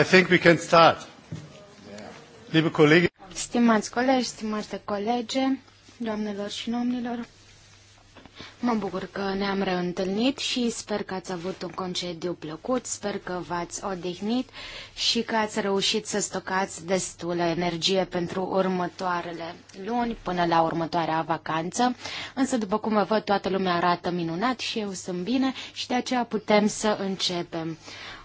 I think we can start. Stimați colegi, stimate colege, doamnelor și domnilor, Mă bucur că ne-am reîntâlnit și sper că ați avut un concediu plăcut, sper că v-ați odihnit și că ați reușit să stocați destulă energie pentru următoarele luni până la următoarea vacanță. Însă, după cum vă văd, toată lumea arată minunat și eu sunt bine și de aceea putem să începem.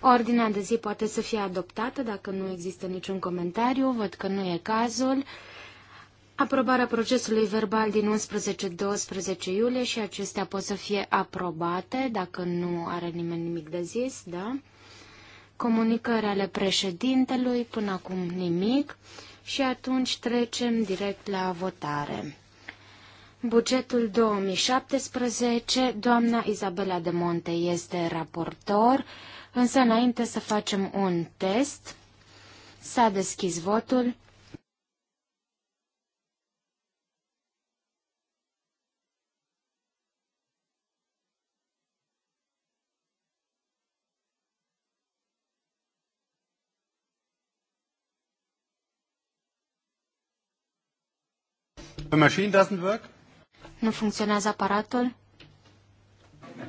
Ordinea de zi poate să fie adoptată dacă nu există niciun comentariu, văd că nu e cazul aprobarea procesului verbal din 11-12 iulie și acestea pot să fie aprobate dacă nu are nimeni nimic de zis, da? Comunicări ale președintelui, până acum nimic și atunci trecem direct la votare. Bugetul 2017, doamna Izabela de Monte este raportor, însă înainte să facem un test, s-a deschis votul, The machine doesn't work? Nu funcționează aparatul? Uh,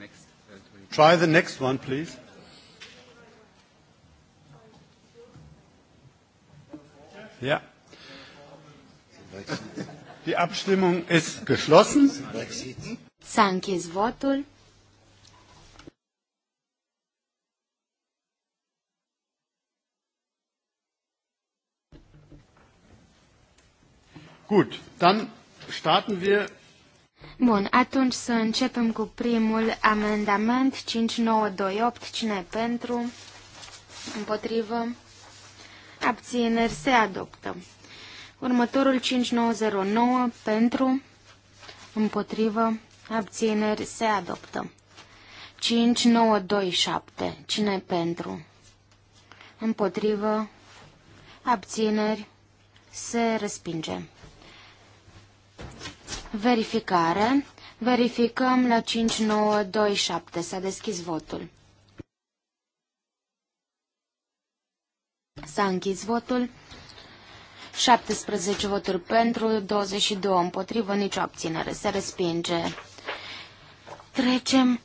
uh, Try the next one, please. Ja. Die Abstimmung ist geschlossen. S-a închis votul. Gut, dann starten wir. Bun, atunci să începem cu primul amendament 5928. Cine pentru? Împotrivă? Abțineri se adoptă. Următorul 5909 pentru? Împotrivă? Abțineri se adoptă. 5927. Cine pentru? Împotrivă? Abțineri se respinge. Verificare. Verificăm la 5927. S-a deschis votul. S-a închis votul. 17 voturi pentru, 22 împotrivă, nicio abținere. Se respinge. Trecem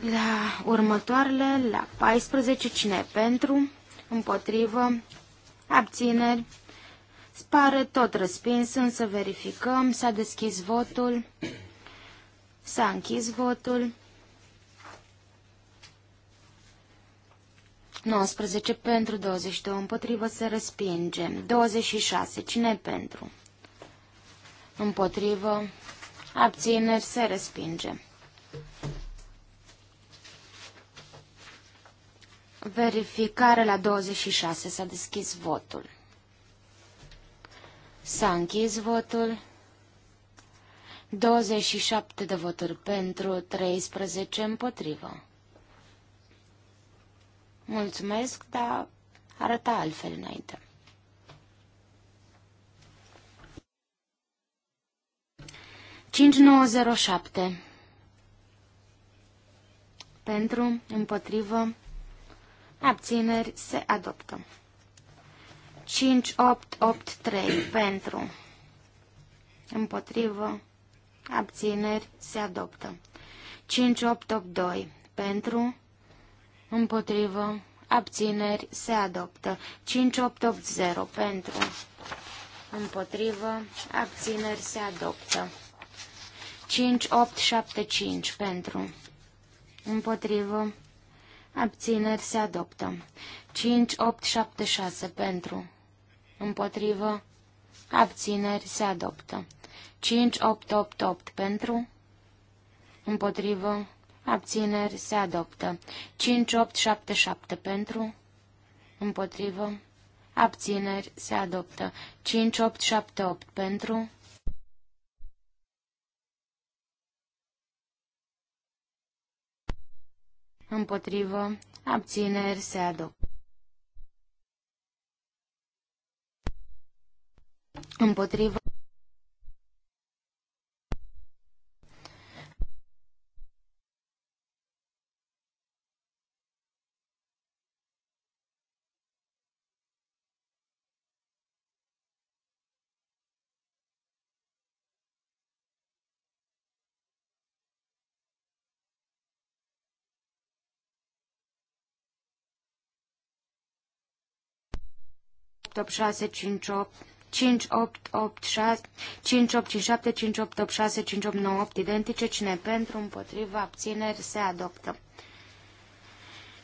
la următoarele, la 14. Cine pentru? Împotrivă? Abțineri? Pare tot respins, însă verificăm. S-a deschis votul. S-a închis votul. 19 pentru, 22 împotrivă, se respinge. 26. Cine pentru? Împotrivă. Abțineri, se respinge. Verificare la 26. S-a deschis votul. S-a închis votul. 27 de voturi pentru, 13 împotrivă. Mulțumesc, dar arăta altfel înainte. Cinci nouă zero șapte. Pentru, împotrivă, abțineri se adoptă. 5883 pentru. Împotrivă. Abțineri. Se adoptă. 5882 pentru. Împotrivă. Abțineri. Se adoptă. 5880 pentru. Împotrivă. Abțineri. Se adoptă. 5875 pentru. Împotrivă. Abțineri se adoptă. 5876 pentru împotrivă, abțineri se adoptă. 5888 pentru, împotrivă, abțineri se adoptă. 5877 pentru, împotrivă, abțineri se adoptă. 5878 pentru, împotrivă, abțineri se adoptă. împotriva top 6, 5, 8. 5, 8, 8, 6, 5, 8, 5, 7, 5, 8, 8, 6, 5, 8, 9, 8 identice, cine pentru, împotriva, abțineri, se adoptă.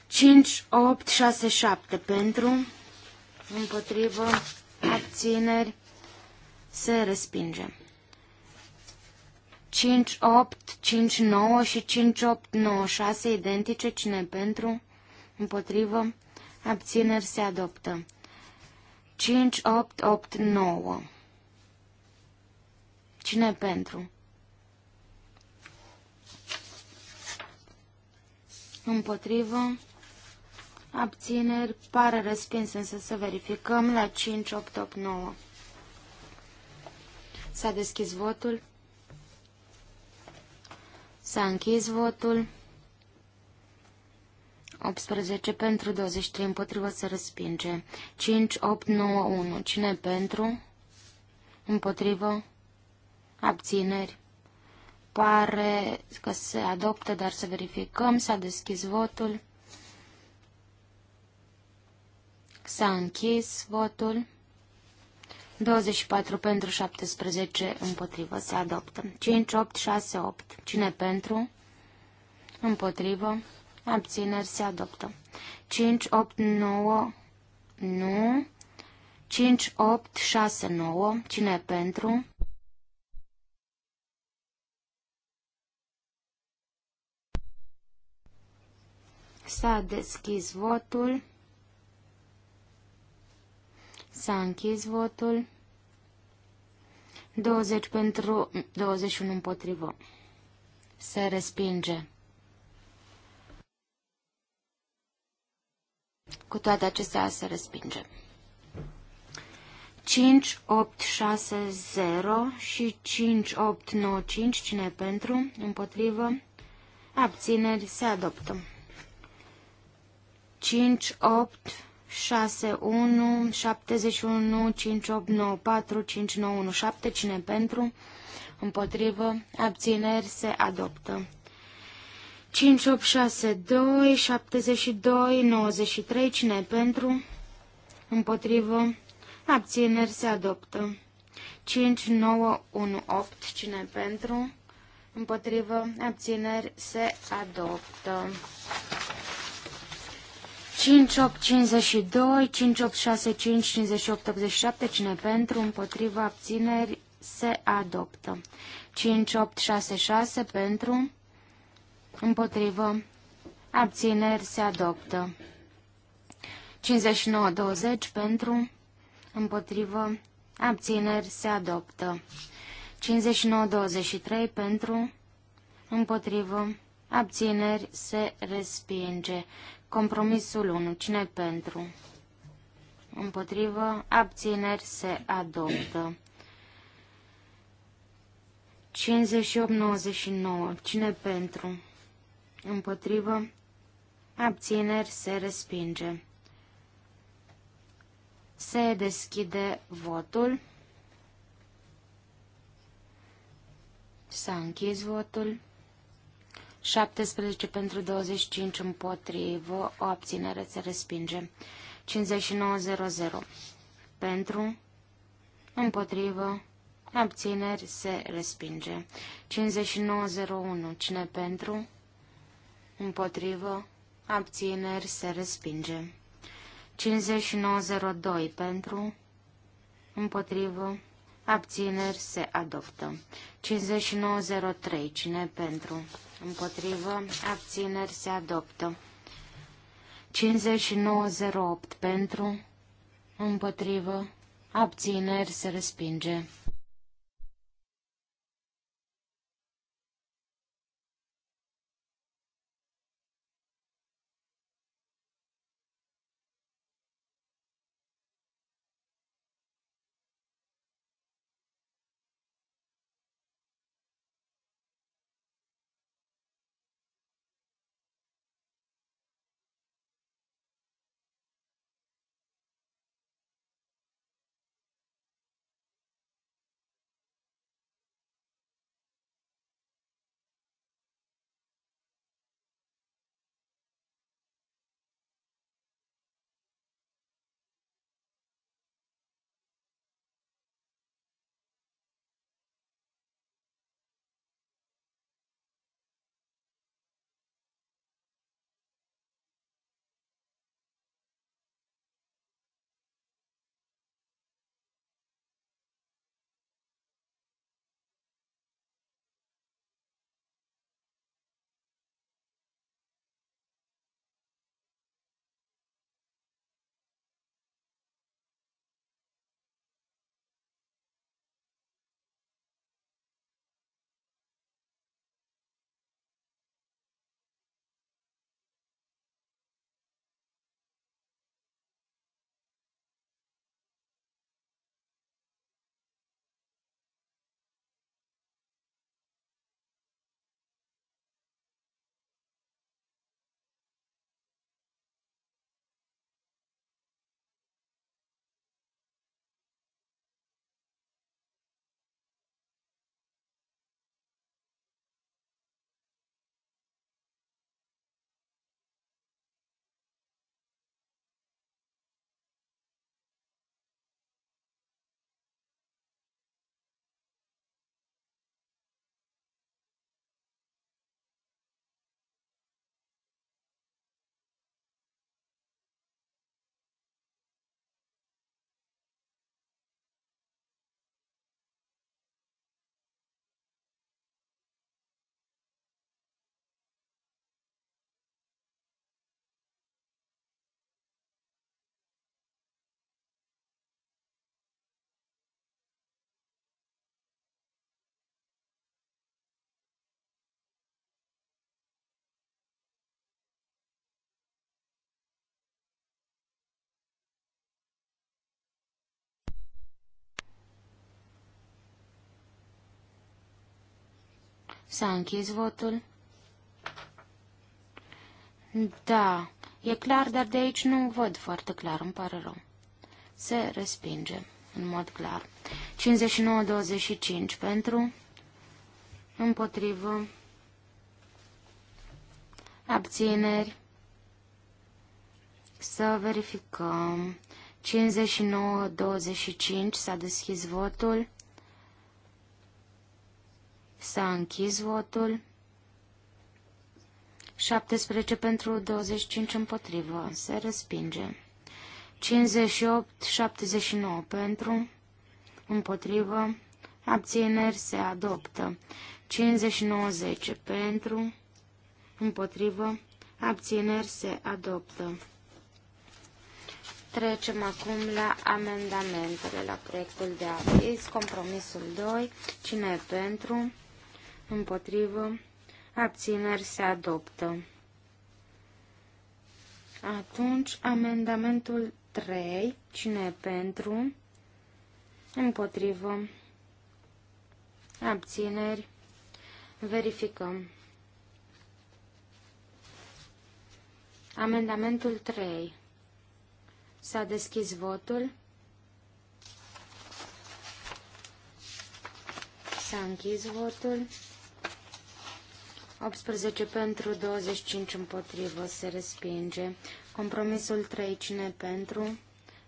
5, 8, 6, 7 pentru, împotrivă, abțineri, se respinge. 5, 8, 5, 9 și 5, 8, 9, 6 identice, cine pentru, împotrivă, abțineri, se adoptă. 9. Cine pentru? Împotrivă. Abțineri. Pare respins, însă să verificăm la 9. S-a deschis votul. S-a închis votul. 18 pentru 23 împotrivă se respinge. 5, 8, 9, 1. Cine pentru? Împotrivă? Abțineri? Pare că se adoptă, dar să verificăm. S-a deschis votul. S-a închis votul. 24 pentru 17 împotrivă se adoptă. 5, 8, 6, 8. Cine pentru? Împotrivă abțineri se adoptă. 5, 8, 9, nu. 5, 8, 6, 9, cine e pentru? S-a deschis votul. S-a închis votul. 20 pentru, 21 împotrivă. Se respinge. Cu toate acestea se respinge. 5, 8, 6, 0 și 5, 8, 9, 5, cine pentru, împotrivă, abțineri, se adoptă. 5, 8, 6, 1, 71, 5, 8, 9, 4, 5, 9, 1, 7, cine pentru, împotrivă, abțineri, se adoptă. 5, 8, 6, 2, 72, 93, cine e pentru? Împotrivă. Abțineri se adoptă. 5, 9, 1, 8, cine e pentru? Împotrivă. Abțineri se adoptă. 5, 8, 52, 5, 8, 6, 5, 58, 87, cine pentru? Împotrivă. Abțineri se adoptă. 5, 8, 6, 6, pentru? Împotrivă. Abțineri se adoptă. 59-20 pentru. Împotrivă. Abțineri se adoptă. 59-23 pentru. Împotrivă. Abțineri se respinge. Compromisul 1. Cine pentru? Împotrivă. Abțineri se adoptă. 58-99. Cine pentru? împotrivă, abțineri se respinge. Se deschide votul. S-a închis votul. 17 pentru 25 împotrivă, o abținere se respinge. 5900 pentru, împotrivă, abțineri se respinge. 5901 cine pentru, împotrivă, abțineri se respinge. 5902 pentru, împotrivă, abțineri se adoptă. 5903 cine pentru, împotrivă, abțineri se adoptă. 5908 pentru, împotrivă, abțineri se respinge. S-a închis votul? Da, e clar, dar de aici nu văd foarte clar, îmi pare rău. Se respinge, în mod clar. 59-25 pentru, împotrivă, abțineri, să verificăm. 59-25 s-a deschis votul. S-a închis votul. 17 pentru 25 împotrivă. Se respinge. 58-79 pentru, împotrivă, abțineri se adoptă. 59-10 pentru, împotrivă, abțineri se adoptă. Trecem acum la amendamentele la proiectul de aviz, compromisul 2, cine e pentru, împotrivă, abțineri se adoptă. Atunci, amendamentul 3, cine e pentru, împotrivă, abțineri, verificăm. Amendamentul 3. S-a deschis votul. S-a închis votul. 18 pentru, 25 împotrivă, se respinge. Compromisul 3, cine pentru,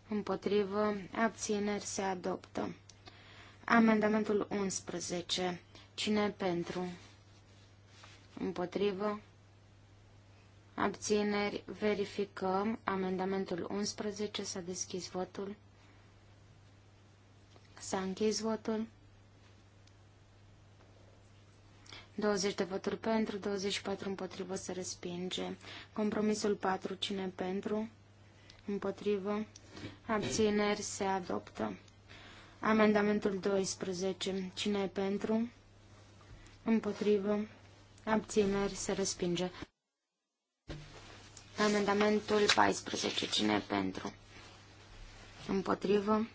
împotrivă, abțineri, se adoptă. Amendamentul 11, cine pentru, împotrivă, abțineri, verificăm. Amendamentul 11, s-a deschis votul. S-a închis votul. 20 de voturi pentru, 24 împotrivă se respinge. Compromisul 4, cine pentru? Împotrivă. Abțineri se adoptă. Amendamentul 12, cine pentru? Împotrivă. Abțineri se respinge. Amendamentul 14, cine pentru? Împotrivă.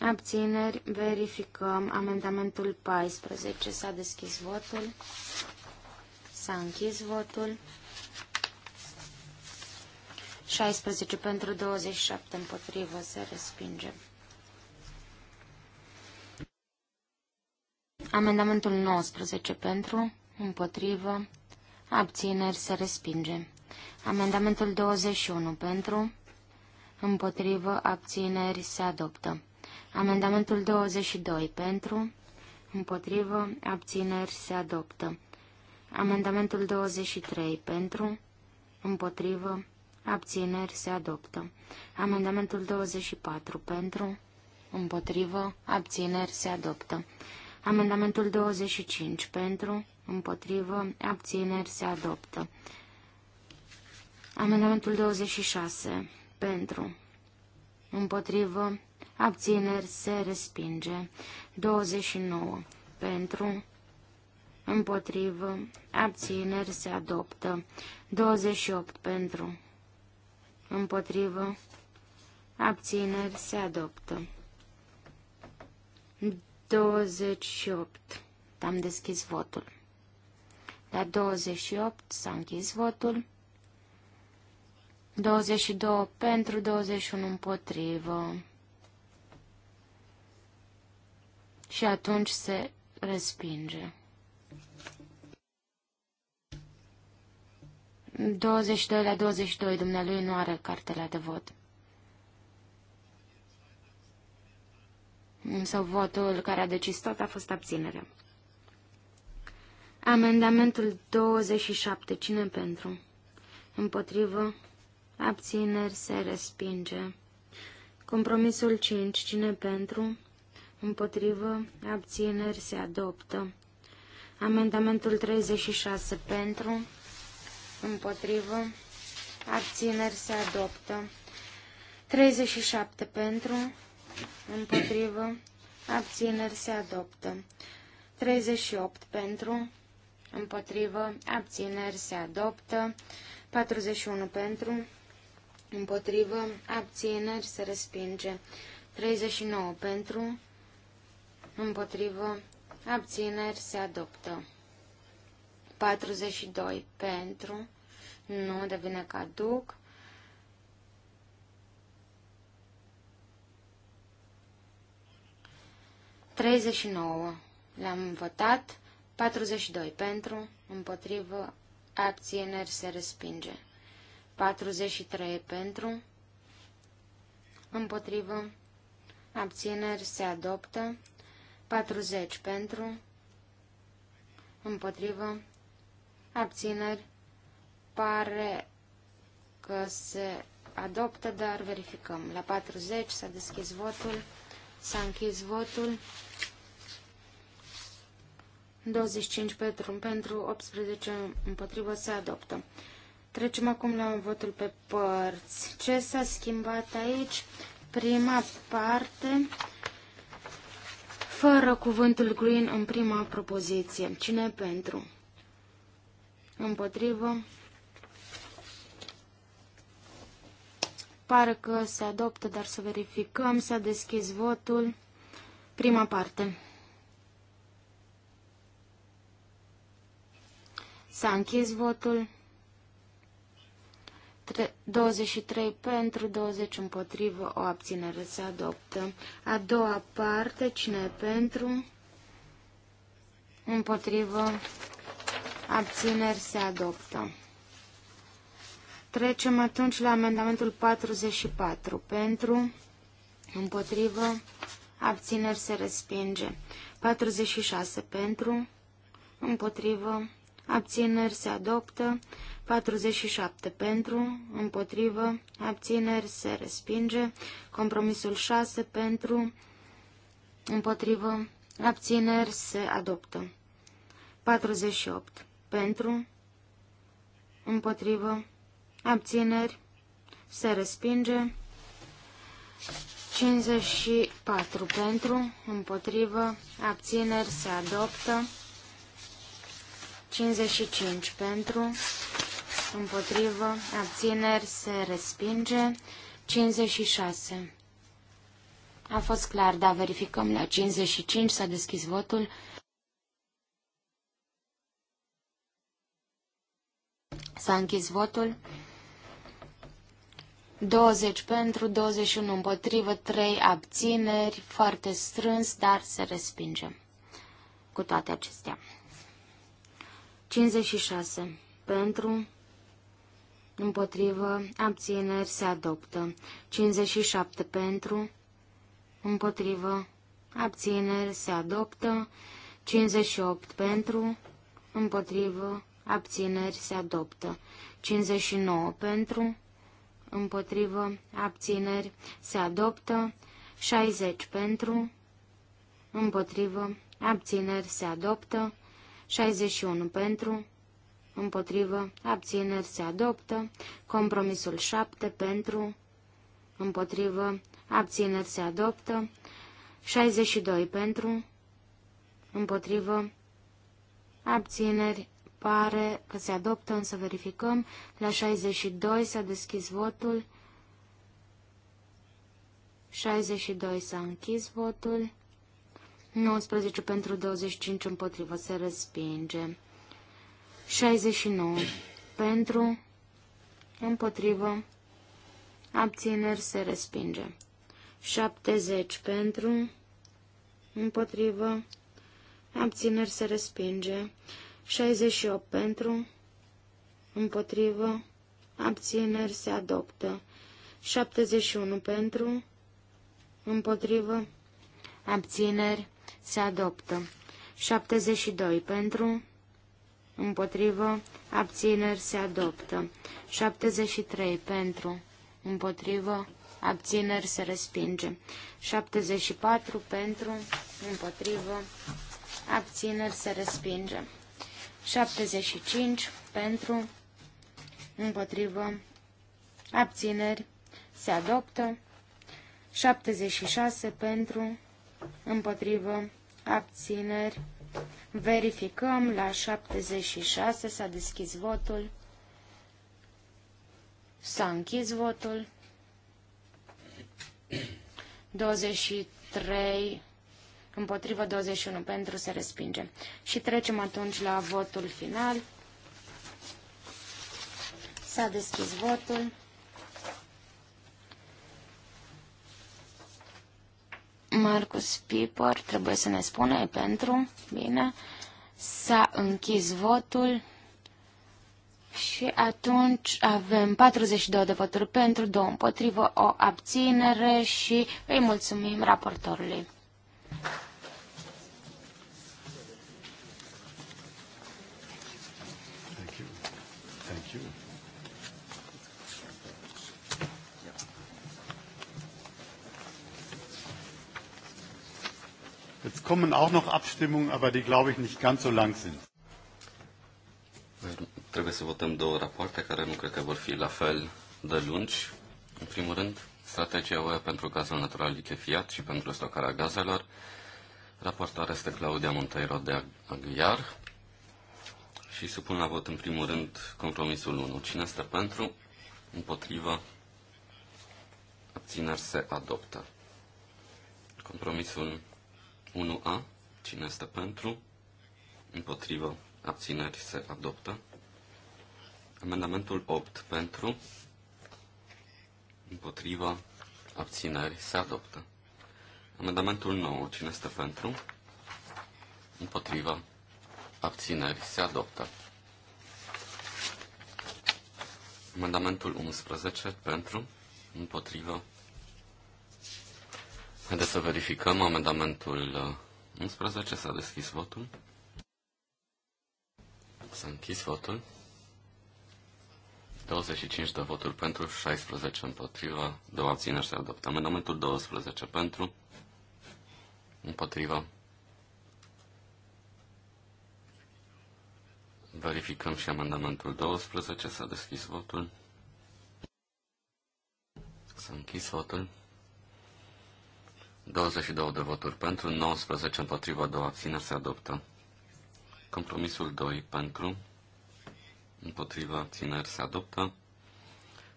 Abțineri, verificăm amendamentul 14. S-a deschis votul. S-a închis votul. 16 pentru 27 împotrivă se respinge. Amendamentul 19 pentru, împotrivă, abțineri se respinge. Amendamentul 21 pentru, împotrivă, abțineri se adoptă. Amendamentul 22 pentru, împotrivă, abțineri se adoptă. Amendamentul 23 pentru, împotrivă, abțineri se adoptă. Amendamentul 24 pentru, împotrivă, abțineri se adoptă. Amendamentul 25 pentru, împotrivă, abțineri se adoptă. Amendamentul 26 pentru, împotrivă, Abțineri se respinge. 29. Pentru. Împotrivă. Abțineri se adoptă. 28. Pentru. Împotrivă. Abțineri se adoptă. 28. Am deschis votul. La 28 s-a închis votul. 22 pentru, 21 împotrivă. și atunci se respinge. 22 la 22, dumnealui nu are cartela de vot. Însă votul care a decis tot a fost abținere. Amendamentul 27. Cine pentru? Împotrivă? Abțineri se respinge. Compromisul 5. Cine pentru? împotrivă, abțineri se adoptă. Amendamentul 36 pentru, împotrivă, abțineri se adoptă. 37 pentru, împotrivă, abțineri se adoptă. 38 pentru, împotrivă, abțineri se adoptă. 41 pentru, împotrivă, abțineri se respinge. 39 pentru, împotrivă, abțineri se adoptă. 42 pentru, nu devine caduc. Treizeci și nouă. L-am votat. 42 pentru, împotrivă, abțineri se respinge. 43 pentru, împotrivă, abțineri se adoptă. 40 pentru, împotrivă, abțineri, pare că se adoptă, dar verificăm. La 40 s-a deschis votul, s-a închis votul, 25 pentru, pentru 18 împotrivă se adoptă. Trecem acum la votul pe părți. Ce s-a schimbat aici? Prima parte fără cuvântul green în prima propoziție. Cine pentru? Împotrivă. Pare că se adoptă, dar să verificăm. S-a deschis votul. Prima parte. S-a închis votul. 23 pentru, 20 împotrivă, o abținere se adoptă. A doua parte, cine e pentru, împotrivă, abțineri se adoptă. Trecem atunci la amendamentul 44. Pentru, împotrivă, abțineri se respinge. 46 pentru, împotrivă, abțineri se adoptă. 47 pentru, împotrivă, abțineri se respinge. Compromisul 6 pentru, împotrivă, abțineri se adoptă. 48 pentru, împotrivă, abțineri se respinge. 54 pentru, împotrivă, abțineri se adoptă. 55 pentru, împotrivă, abțineri, se respinge. 56. A fost clar, da, verificăm la 55, s-a deschis votul. S-a închis votul. 20 pentru, 21 împotrivă, 3 abțineri, foarte strâns, dar se respinge cu toate acestea. 56 pentru, împotrivă, abțineri se adoptă. 57 pentru, împotrivă, abțineri se adoptă. 58 pentru, împotrivă, abțineri se adoptă. 59 pentru, împotrivă, abțineri se adoptă. 60 pentru, împotrivă, abțineri se adoptă. 61 pentru, împotrivă, abțineri se adoptă, compromisul 7 pentru, împotrivă, abțineri se adoptă, 62 pentru, împotrivă, abțineri, pare că se adoptă, însă verificăm, la 62 s-a deschis votul, 62 s-a închis votul, 19 pentru 25 împotrivă se respinge. 69. Pentru, împotrivă, abțineri se respinge. 70. Pentru, împotrivă, abțineri se respinge. 68. Pentru, împotrivă, abțineri se adoptă. 71. Pentru, împotrivă, abțineri se adoptă. 72. Pentru, împotrivă, abțineri se adoptă. 73 pentru, împotrivă, abțineri se respinge. 74 pentru, împotrivă, abțineri se respinge. 75 pentru, împotrivă, abțineri se adoptă. 76 pentru, împotrivă, abțineri Verificăm la 76, s-a deschis votul, s-a închis votul, 23 împotrivă 21 pentru se respinge. Și trecem atunci la votul final. S-a deschis votul. Marcus Piper, trebuie să ne spună, e pentru, bine, s-a închis votul și atunci avem 42 de voturi pentru, 2 împotrivă, o abținere și îi mulțumim raportorului. kommen auch noch Abstimmungen, aber die, glaube ich, nicht ganz so lang sind. Păi, trebuie să votăm două rapoarte care nu cred că vor fi la fel de lungi. În primul rând, strategia UE pentru gazul natural lichefiat și pentru stocarea gazelor. Raportarea este Claudia Monteiro de Aguiar. Și supun la vot în primul rând compromisul 1. Cine este pentru? Împotrivă? Abțineri se adoptă. Compromisul 1A. Cine este pentru? Împotrivă. Abțineri se adoptă. Amendamentul 8 pentru. Împotriva. Abțineri se adoptă. Amendamentul 9. Cine este pentru? Împotriva. Abțineri se adoptă. Amendamentul 11 pentru. Împotriva. Haideți să verificăm amendamentul 11. Uh, s-a deschis votul. S-a închis votul. 25 de voturi pentru, 16 împotriva, două abțineri se adoptă. Amendamentul 12 pentru, împotriva. Verificăm și amendamentul 12, s-a deschis votul. S-a închis votul. 22 de voturi pentru, 19 împotriva, 2 abține, se adoptă. Compromisul 2 pentru, împotriva, abțineri, se adoptă.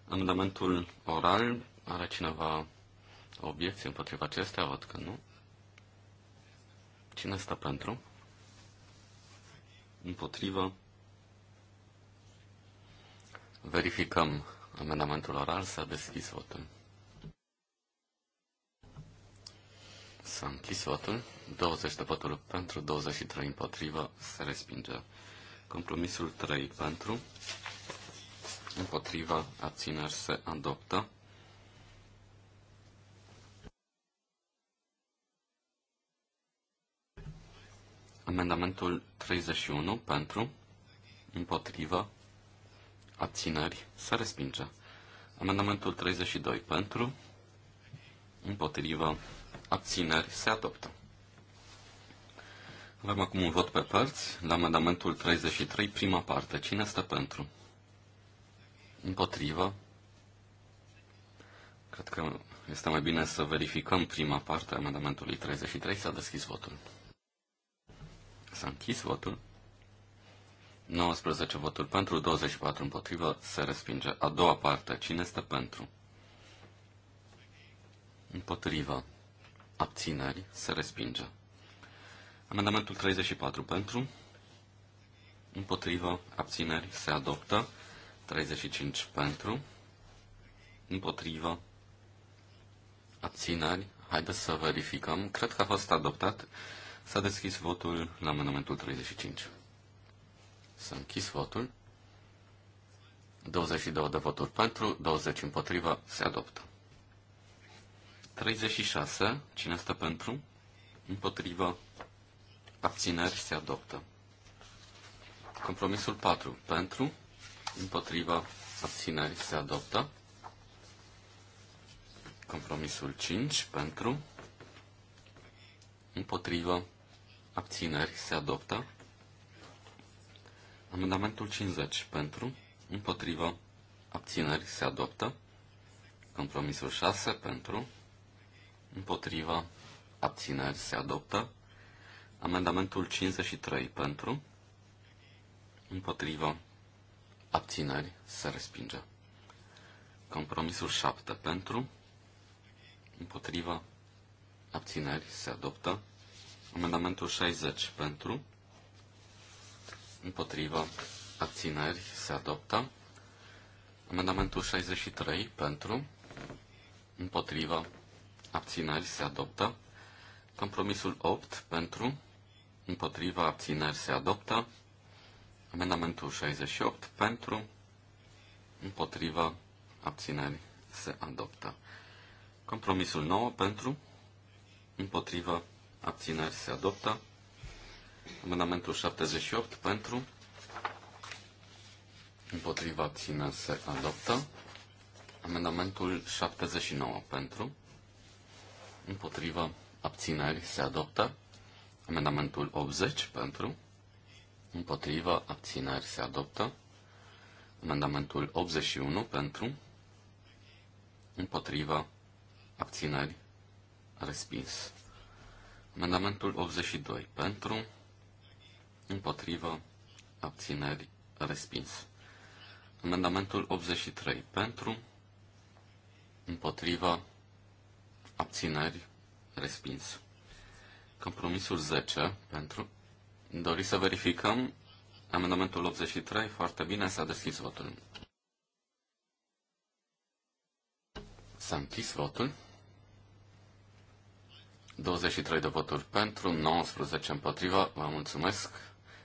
Amendamentul oral, are cineva obiecții împotriva acestea? Văd că nu. Cine stă pentru? Împotrivă. Verificăm amendamentul oral, s-a deschis votul. S-a închis votul. 20 de voturi pentru, 23 împotrivă, se respinge. Compromisul 3 pentru, împotriva, abțineri, se adoptă. Amendamentul 31 pentru, împotriva, abțineri, se respinge. Amendamentul 32 pentru, împotriva, abțineri, se adoptă. Avem acum un vot pe părți la amendamentul 33, prima parte. Cine stă pentru? Împotrivă? Cred că este mai bine să verificăm prima parte a amendamentului 33. S-a deschis votul. S-a închis votul. 19 voturi pentru, 24 împotrivă, se respinge. A doua parte, cine este pentru? Împotrivă, abțineri, se respinge. Amendamentul 34 pentru, împotrivă, abțineri, se adoptă. 35 pentru, împotrivă, abțineri. Haideți să verificăm. Cred că a fost adoptat. S-a deschis votul la amendamentul 35. S-a închis votul. 22 de voturi pentru, 20 împotrivă, se adoptă. 36. Cine stă pentru? Împotrivă. Abțineri se adoptă. Compromisul 4. Pentru. Împotrivă. Abțineri se adoptă. Compromisul 5. Pentru. Împotrivă. Abțineri se adoptă. Amendamentul 50. Pentru. Împotrivă. Abțineri se adoptă. Compromisul 6. Pentru împotriva, abțineri se adoptă. Amendamentul 53 pentru, împotriva, abțineri se respinge. Compromisul 7 pentru, împotriva, abțineri se adoptă. Amendamentul 60 pentru, împotriva, abțineri se adoptă. Amendamentul 63 pentru, împotriva, abțineri se adoptă. Compromisul 8 pentru, împotriva abțineri se adoptă. Amendamentul 68 pentru, împotriva abțineri se adoptă. Compromisul 9 pentru, împotriva abțineri se adoptă. Amendamentul 78 pentru, împotriva abțineri se adoptă. Amendamentul 79 pentru, împotrivă, abțineri, se adoptă. Amendamentul 80 pentru, împotrivă, abțineri, se adoptă. Amendamentul 81 pentru, împotrivă, abțineri, respins. Amendamentul 82 pentru, împotrivă, abțineri, respins. Amendamentul 83 pentru, împotriva, abțineri, respins. Compromisul 10 pentru. Dori să verificăm amendamentul 83? Foarte bine, s-a deschis votul. S-a închis votul. 23 de voturi pentru, 19 împotriva. Vă mulțumesc.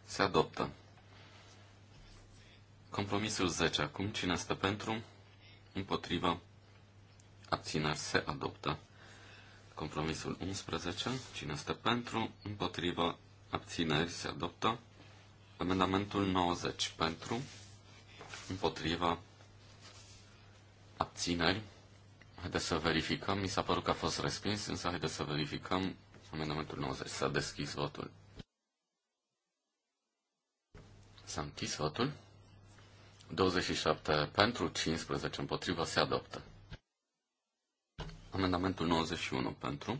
Se adoptă. Compromisul 10. Acum cine este pentru? Împotriva. Abțineri se adoptă. Compromisul 11. Cine este pentru? Împotriva. Abțineri se adoptă. Amendamentul 90. Pentru. Împotriva. Abțineri. Haideți să verificăm. Mi s-a părut că a fost respins, însă haideți să verificăm. Amendamentul 90. S-a deschis votul. S-a închis votul. 27 pentru, 15 împotriva, se adoptă. Amendamentul 91 pentru,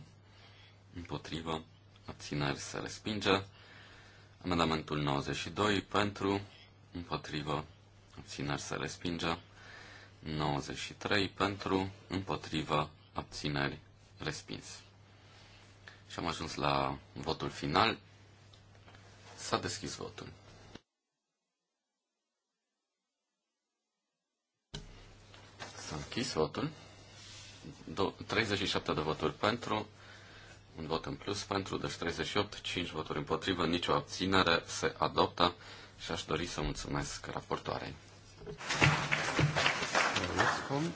împotrivă, abțineri se respinge. Amendamentul 92 pentru, împotrivă, abțineri se respinge. 93 pentru, împotrivă, abțineri respins. Și am ajuns la votul final. S-a deschis votul. S-a închis votul. 37 de voturi pentru, un vot în plus pentru, deci 38, 5 voturi împotrivă, nicio abținere se adoptă și aș dori să mulțumesc raportoarei. Mhm.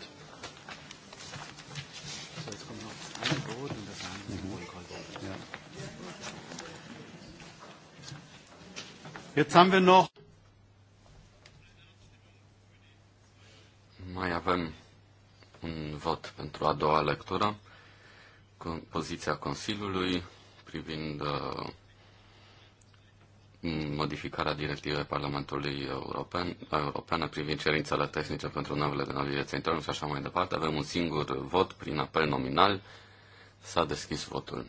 Jetzt haben wir noch. Mai avem un vot pentru a doua lectură, poziția Consiliului privind uh, modificarea directivei Parlamentului European, europeană privind cerințele tehnice pentru navele de navigație internă și așa mai departe. Avem un singur vot prin apel nominal. S-a deschis votul.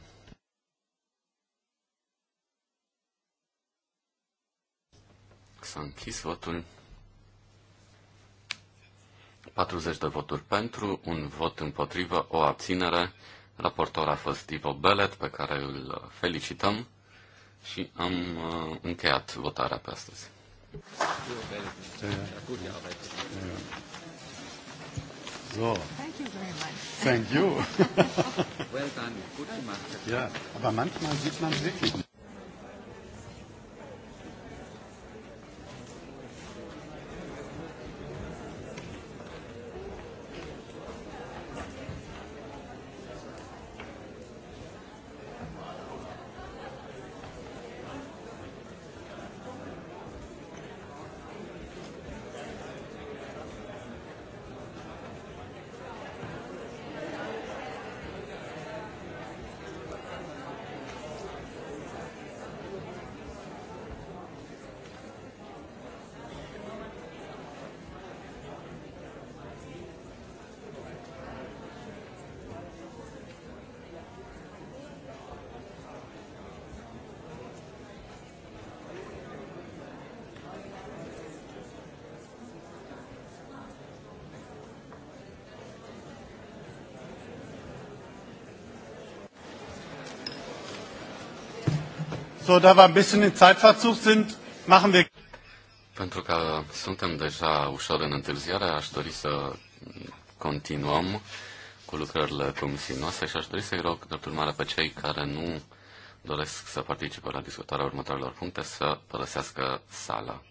S-a închis votul. 40 de voturi pentru, un vot împotrivă, o abținere. Raportor a fost Ivo Belet, pe care îl felicităm și am uh, încheiat votarea pe astăzi. So. Thank you very much. Thank you. well done. Gut gemacht. Ja, aber manchmal sieht man wirklich. So, da wir ein bisschen in Zeitverzug sind, machen wir. Pentru că suntem deja ușor în întârziere, aș dori să continuăm cu lucrările comisiei noastre și aș dori să-i rog, de urmare, pe cei care nu doresc să participe la discutarea următoarelor puncte să părăsească sala.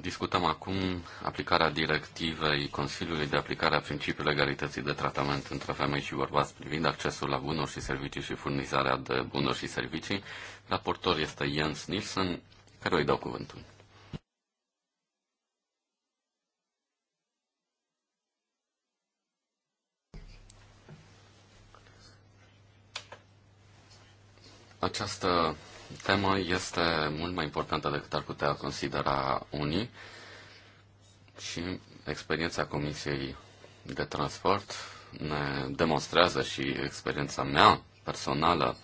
Discutăm acum aplicarea directivei Consiliului de aplicare a principiului egalității de tratament între femei și bărbați privind accesul la bunuri și servicii și furnizarea de bunuri și servicii. Raportor este Jens Nielsen, care îi dau cuvântul. Această tema este mult mai importantă decât ar putea considera unii și experiența Comisiei de Transport ne demonstrează și experiența mea personală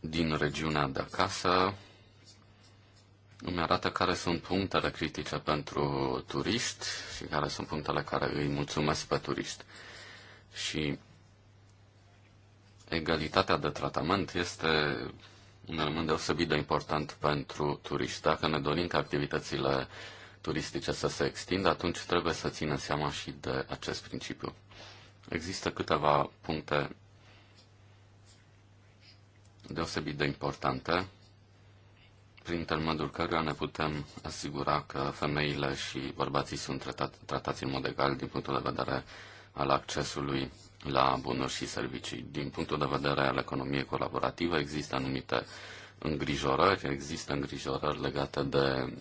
din regiunea de acasă îmi arată care sunt punctele critice pentru turist și care sunt punctele care îi mulțumesc pe turist. Și egalitatea de tratament este un element deosebit de important pentru turiști. Dacă ne dorim ca activitățile turistice să se extindă, atunci trebuie să țină seama și de acest principiu. Există câteva puncte deosebit de importante, prin intermediul căruia ne putem asigura că femeile și bărbații sunt tratați în mod egal din punctul de vedere al accesului la bunuri și servicii. Din punctul de vedere al economiei colaborative există anumite îngrijorări, există îngrijorări legate de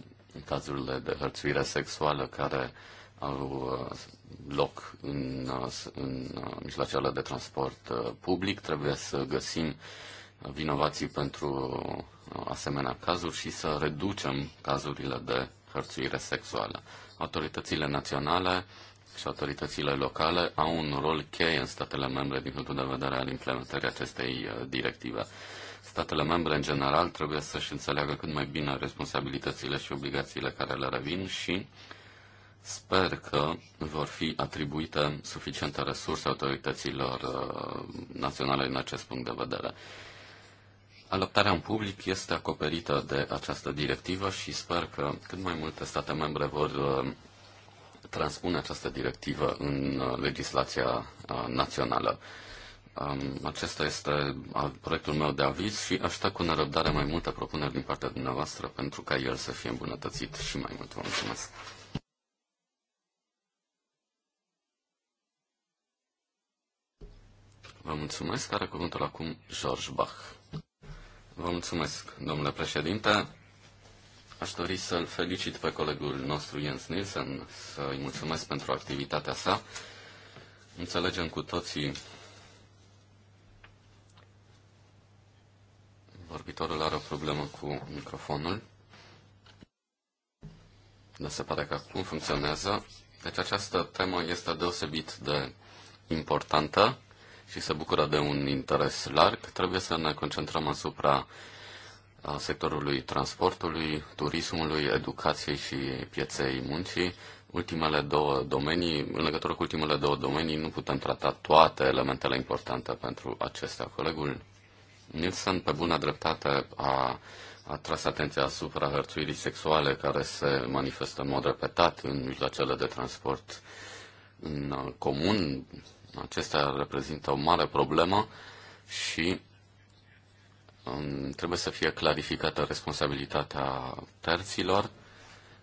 cazurile de hărțuire sexuală care au uh, loc în, uh, în uh, mijloacele de transport public. Trebuie să găsim vinovații pentru asemenea cazuri și să reducem cazurile de hărțuire sexuală. Autoritățile naționale și autoritățile locale au un rol cheie în statele membre din punctul de vedere al implementării acestei uh, directive. Statele membre, în general, trebuie să-și înțeleagă cât mai bine responsabilitățile și obligațiile care le revin și sper că vor fi atribuite suficiente resurse autorităților uh, naționale în acest punct de vedere. Alăptarea în public este acoperită de această directivă și sper că cât mai multe state membre vor uh, transpune această directivă în uh, legislația uh, națională. Um, acesta este proiectul meu de aviz și aștept cu nerăbdare mai multe propuneri din partea dumneavoastră pentru ca el să fie îmbunătățit și mai mult. Vă mulțumesc! Vă mulțumesc. Are cuvântul acum George Bach. Vă mulțumesc, domnule președinte. Aș dori să-l felicit pe colegul nostru Jens Nielsen, să-i mulțumesc pentru activitatea sa. Înțelegem cu toții Vorbitorul are o problemă cu microfonul. Dar se pare că acum funcționează. Deci această temă este deosebit de importantă și se bucură de un interes larg. Trebuie să ne concentrăm asupra uh, a sectorului transportului, turismului, educației și pieței muncii. Ultimele două domenii, în legătură cu ultimele două domenii, nu putem trata toate elementele importante pentru acestea. Colegul Nilsson, pe bună dreptate, a a tras atenția asupra hărțuirii sexuale care se manifestă în mod repetat în mijloacele de transport în comun. Acestea reprezintă o mare problemă și trebuie să fie clarificată responsabilitatea terților.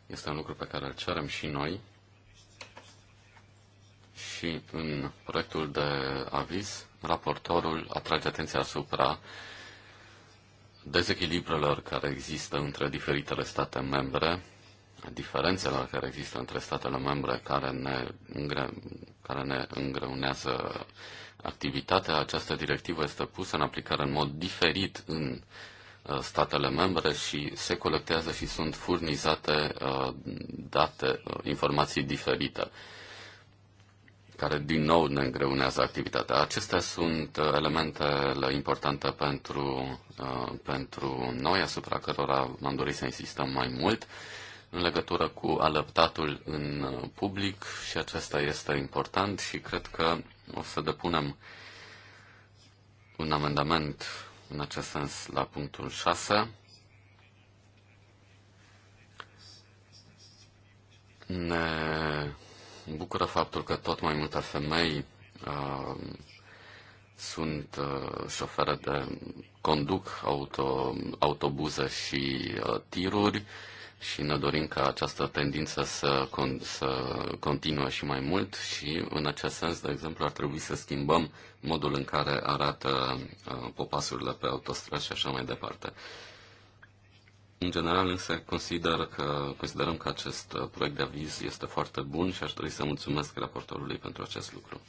Este un lucru pe care îl cerem și noi. Și în proiectul de aviz, raportorul atrage atenția asupra dezechilibrelor care există între diferitele state membre, diferențelor care există între statele membre care ne, îngre, care ne îngreunează activitatea, această directivă este pusă în aplicare în mod diferit în uh, statele membre și se colectează și sunt furnizate uh, date, uh, informații diferite care din nou ne îngreunează activitatea. Acestea sunt elementele importante pentru, pentru noi, asupra cărora am dorit să insistăm mai mult în legătură cu alăptatul în uh, public și acesta este important și cred că o să depunem un amendament în acest sens la punctul 6. Ne bucură faptul că tot mai multe femei uh, sunt uh, șofere de conduc auto, autobuze și uh, tiruri. Uh, și ne dorim ca această tendință să, con- să continue și mai mult și în acest sens, de exemplu, ar trebui să schimbăm modul în care arată uh, popasurile pe autostrăzi și așa mai departe. În general, însă, consider că, considerăm că acest uh, proiect de aviz este foarte bun și aș dori să mulțumesc raportorului pentru acest lucru.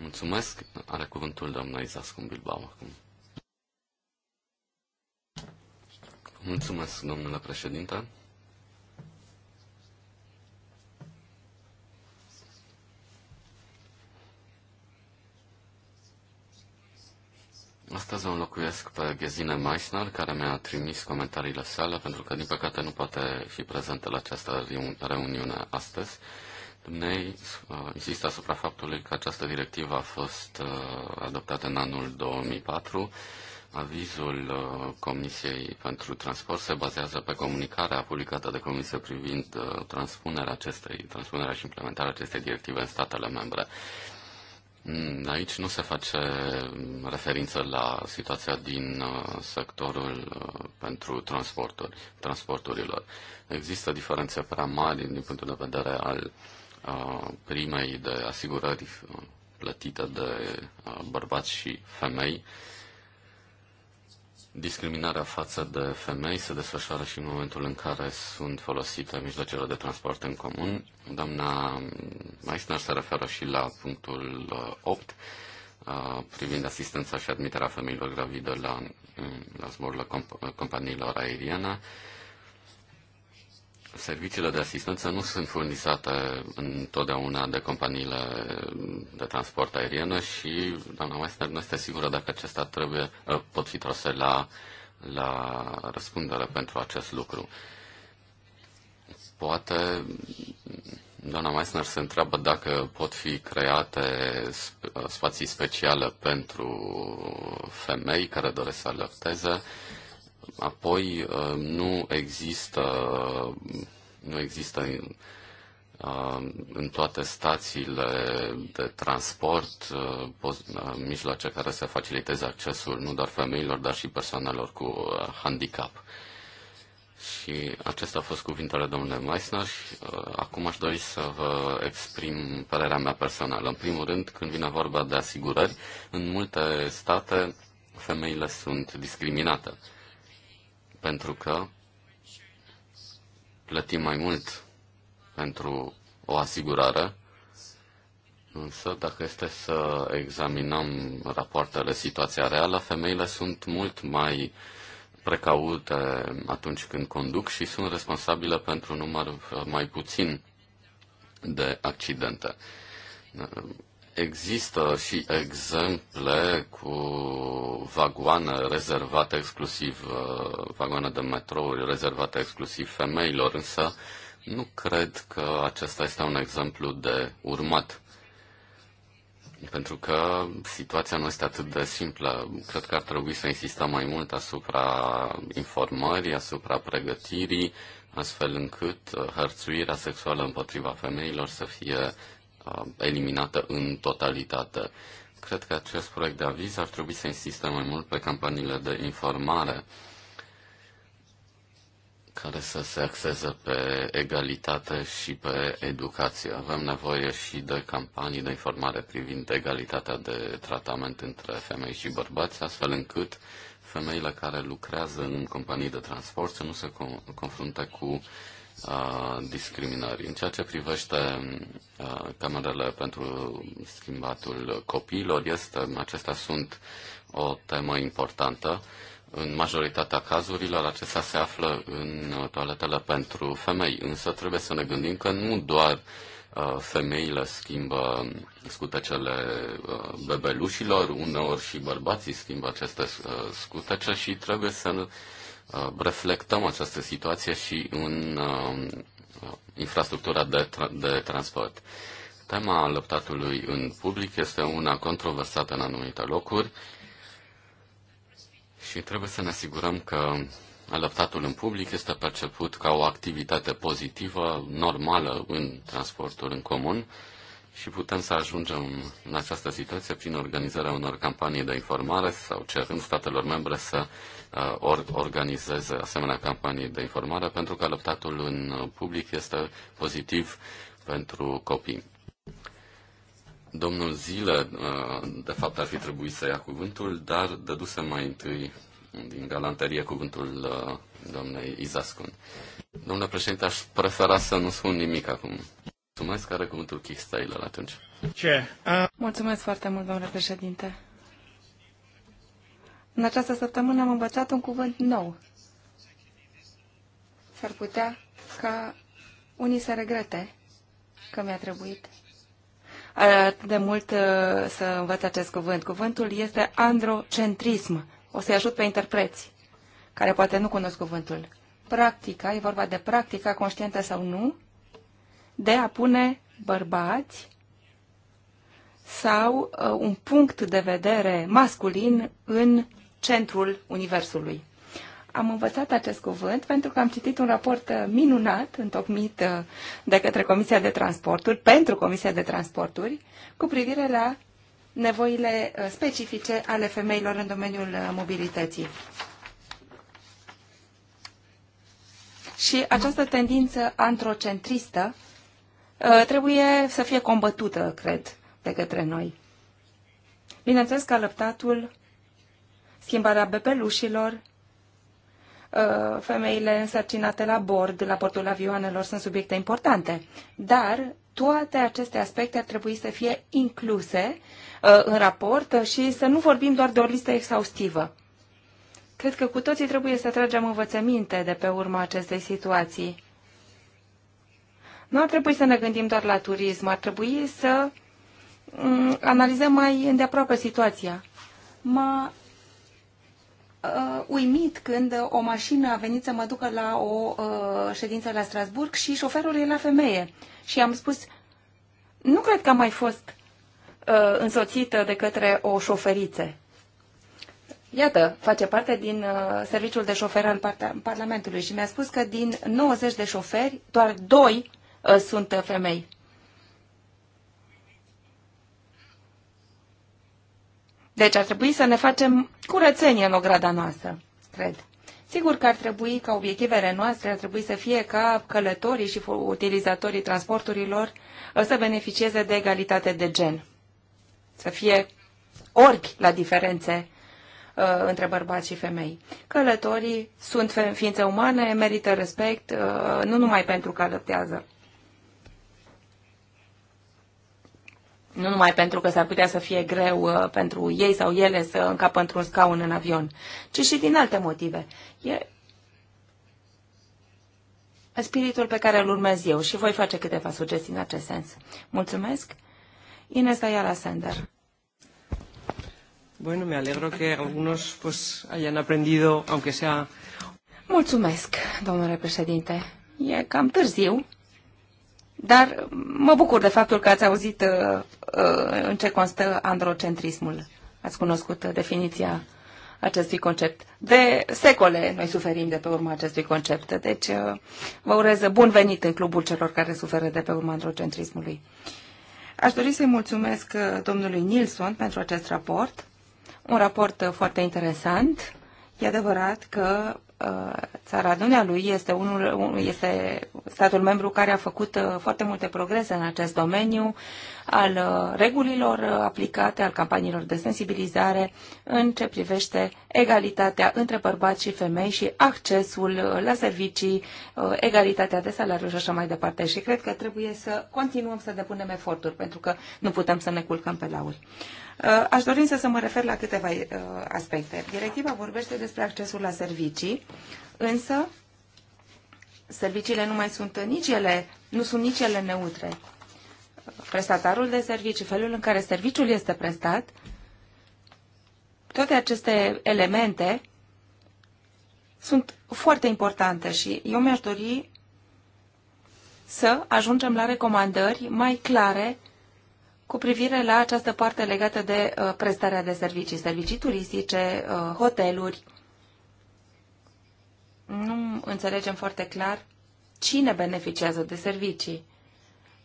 Mulțumesc. Are cuvântul doamna în Bilbao acum. Mulțumesc, domnule președinte. Astăzi o înlocuiesc pe Ghezine Meissner, care mi-a trimis comentariile sale, pentru că, din păcate, nu poate fi prezentă la această reuniune astăzi. Dumnei uh, insistă asupra faptului că această directivă a fost uh, adoptată în anul 2004 Avizul uh, Comisiei pentru Transport se bazează pe comunicarea publicată de Comisie privind uh, transpunerea acestei, transpunerea și implementarea acestei directive în statele membre. Mm, aici nu se face referință la situația din uh, sectorul pentru transporturi, transporturilor. Există diferențe prea mari din punctul de vedere al primei de asigurări plătite de bărbați și femei Discriminarea față de femei se desfășoară și în momentul în care sunt folosite mijloacele de transport în comun. Doamna Meissner se referă și la punctul 8 uh, uh, privind asistența și admiterea femeilor gravide la, la zborurile comp- uh, companiilor aeriene serviciile de asistență nu sunt furnizate întotdeauna de companiile de transport aeriană și doamna Meissner nu este sigură dacă acestea trebuie, ă, pot fi trase la, la răspundere pentru acest lucru. Poate doamna Meissner se întreabă dacă pot fi create ă, spații speciale pentru femei care doresc să alăpteze Apoi uh, nu există, nu există uh, în toate stațiile de transport uh, mijloace care să faciliteze accesul nu doar femeilor, dar și persoanelor cu handicap. Și acestea au fost cuvintele domnului Meissner și acum aș dori să vă exprim părerea mea personală. În primul rând, când vine vorba de asigurări, în multe state femeile sunt discriminate pentru că plătim mai mult pentru o asigurare, însă dacă este să examinăm rapoartele situația reală, femeile sunt mult mai precaute atunci când conduc și sunt responsabile pentru număr mai puțin de accidente. Există și exemple cu vagoane rezervate exclusiv, uh, vagoane de metrouri rezervate exclusiv femeilor, însă nu cred că acesta este un exemplu de urmat. Pentru că situația nu este atât de simplă. Cred că ar trebui să insistăm mai mult asupra informării, asupra pregătirii, astfel încât uh, hărțuirea sexuală împotriva femeilor să fie eliminată în totalitate. Cred că acest proiect de aviz ar trebui să insistăm mai mult pe campaniile de informare care să se axeze pe egalitate și pe educație. Avem nevoie și de campanii de informare privind egalitatea de tratament între femei și bărbați, astfel încât femeile care lucrează în companii de transport să nu se confrunte cu discriminării. În ceea ce privește camerele pentru schimbatul copiilor, este, acestea sunt o temă importantă. În majoritatea cazurilor, acestea se află în toaletele pentru femei, însă trebuie să ne gândim că nu doar femeile schimbă scutecele bebelușilor, uneori și bărbații schimbă aceste scutece și trebuie să Uh, reflectăm această situație și în uh, infrastructura de, tra- de transport. Tema lăptatului în public este una controversată în anumite locuri și trebuie să ne asigurăm că lăptatul în public este perceput ca o activitate pozitivă, normală în transportul în comun și putem să ajungem în această situație prin organizarea unor campanii de informare sau cerând statelor membre să uh, or, organizeze asemenea campanii de informare, pentru că lăptatul în public este pozitiv pentru copii. Domnul Zile, de fapt, ar fi trebuit să ia cuvântul, dar dăduse mai întâi din galanterie cuvântul doamnei Izascun. Domnule președinte, aș prefera să nu spun nimic acum. Mulțumesc, are cuvântul Keith Taylor atunci. Ce? Uh... Mulțumesc foarte mult, domnule președinte. În această săptămână am învățat un cuvânt nou. S-ar putea ca unii să regrete că mi-a trebuit atât de mult uh, să învăț acest cuvânt. Cuvântul este androcentrism. O să-i ajut pe interpreți care poate nu cunosc cuvântul. Practica, e vorba de practica conștientă sau nu, de a pune bărbați sau uh, un punct de vedere masculin în centrul Universului. Am învățat acest cuvânt pentru că am citit un raport uh, minunat întocmit uh, de către Comisia de Transporturi, pentru Comisia de Transporturi, cu privire la nevoile uh, specifice ale femeilor în domeniul mobilității. Și această tendință antrocentristă trebuie să fie combătută, cred, de către noi. Bineînțeles că alăptatul schimbarea bebelușilor, uh, femeile însărcinate la bord, la portul avioanelor, sunt subiecte importante. Dar toate aceste aspecte ar trebui să fie incluse uh, în raport și să nu vorbim doar de o listă exhaustivă. Cred că cu toții trebuie să tragem învățăminte de pe urma acestei situații. Nu ar trebui să ne gândim doar la turism, ar trebui să mm, analizăm mai îndeaproape situația. M-a uh, uimit când o mașină a venit să mă ducă la o uh, ședință la Strasburg și șoferul era femeie. Și am spus, nu cred că am mai fost uh, însoțită de către o șoferiță. Iată, face parte din uh, serviciul de șofer al par Parlamentului și mi-a spus că din 90 de șoferi, doar doi uh, sunt femei. Deci ar trebui să ne facem curățenie în ograda noastră, cred. Sigur că ar trebui ca obiectivele noastre ar trebui să fie ca călătorii și utilizatorii transporturilor uh, să beneficieze de egalitate de gen. Să fie orbi la diferențe uh, între bărbați și femei. Călătorii sunt ființe umane, merită respect, uh, nu numai pentru că alăptează. nu numai pentru că s-ar putea să fie greu uh, pentru ei sau ele să încapă într-un scaun în avion, ci și din alte motive. E spiritul pe care îl urmez eu și voi face câteva sugestii în acest sens. Mulțumesc! Ines Ayala Sender. Bueno, me alegro que algunos pues hayan aprendido, aunque sea... Mulțumesc, domnule președinte. E cam târziu, dar mă bucur de faptul că ați auzit uh, uh, în ce constă androcentrismul. Ați cunoscut uh, definiția acestui concept. De secole noi suferim de pe urma acestui concept. Deci vă urez bun venit în clubul celor care suferă de pe urma androcentrismului. Aș dori să-i mulțumesc domnului Nilsson pentru acest raport. Un raport foarte interesant. E adevărat că Uh, țara dumnealui este, unul, este statul membru care a făcut uh, foarte multe progrese în acest domeniu al uh, regulilor aplicate, al campaniilor de sensibilizare în ce privește egalitatea între bărbați și femei și accesul la servicii, egalitatea de salariu și așa mai departe. Și cred că trebuie să continuăm să depunem eforturi, pentru că nu putem să ne culcăm pe lauri. Uh, aș dori să, să mă refer la câteva uh, aspecte. Directiva vorbește despre accesul la servicii, însă serviciile nu mai sunt nici ele, nu sunt nici ele neutre. Prestatarul de servicii, felul în care serviciul este prestat, toate aceste elemente sunt foarte importante și eu mi-aș dori să ajungem la recomandări mai clare cu privire la această parte legată de uh, prestarea de servicii, servicii turistice, uh, hoteluri. Nu înțelegem foarte clar cine beneficiază de servicii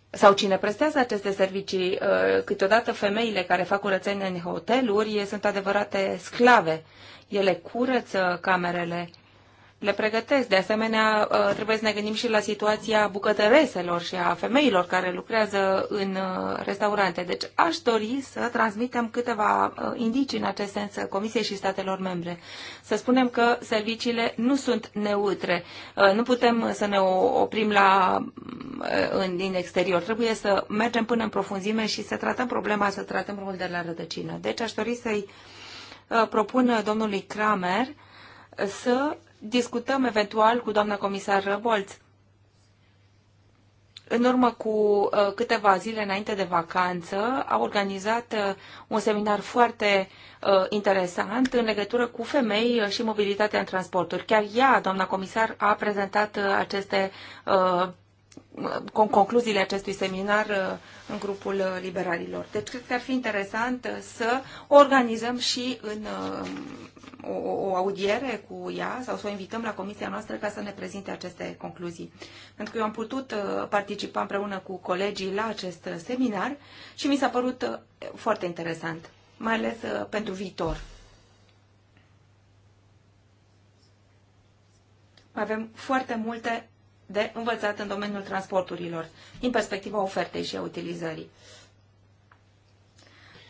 sau cine prestează aceste servicii. Uh, câteodată femeile care fac curățenie în hoteluri sunt adevărate sclave. Ele curăță camerele le pregătesc. De asemenea, uh, trebuie să ne gândim și la situația bucătăreselor și a femeilor care lucrează în uh, restaurante. Deci aș dori să transmitem câteva uh, indicii în acest sens Comisiei și statelor membre. Să spunem că serviciile nu sunt neutre. Nu putem să ne oprim la, în, din exterior. Trebuie să mergem până în profunzime și să tratăm problema, să tratăm rolul de la rădăcină. Deci aș dori să-i propun domnului Kramer să discutăm eventual cu doamna comisar Răbolț. În urmă cu uh, câteva zile înainte de vacanță, a organizat uh, un seminar foarte uh, interesant în legătură cu femei și mobilitatea în transporturi. Chiar ea, doamna comisar, a prezentat aceste concluziile acestui seminar în grupul liberalilor. Deci cred că ar fi interesant să organizăm și în o, o audiere cu ea sau să o invităm la comisia noastră ca să ne prezinte aceste concluzii. Pentru că eu am putut uh, participa împreună cu colegii la acest uh, seminar și mi s-a părut uh, foarte interesant, mai ales pentru viitor. Mai avem foarte multe de învățat în domeniul transporturilor, din perspectiva ofertei și a utilizării.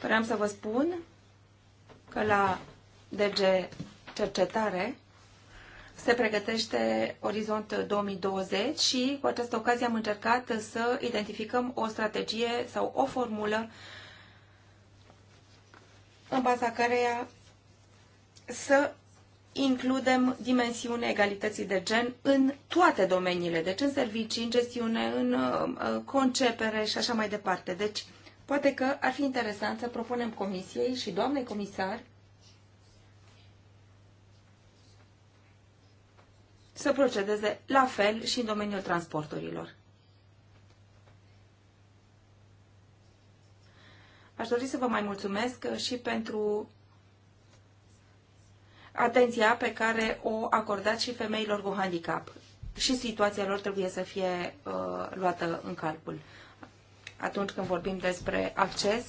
Vreau să vă spun că la DG Cercetare se pregătește Orizont 2020 și cu această ocazie am încercat să identificăm o strategie sau o formulă în baza căreia să includem dimensiunea egalității de gen în toate domeniile, deci în servicii, în gestiune, în uh, uh, concepere și așa mai departe. Deci, poate că ar fi interesant să propunem comisiei și doamnei comisar să procedeze la fel și în domeniul transporturilor. Aș dori să vă mai mulțumesc și pentru atenția pe care o acordați și femeilor cu handicap. Și situația lor trebuie să fie uh, luată în calcul. Atunci când vorbim despre acces,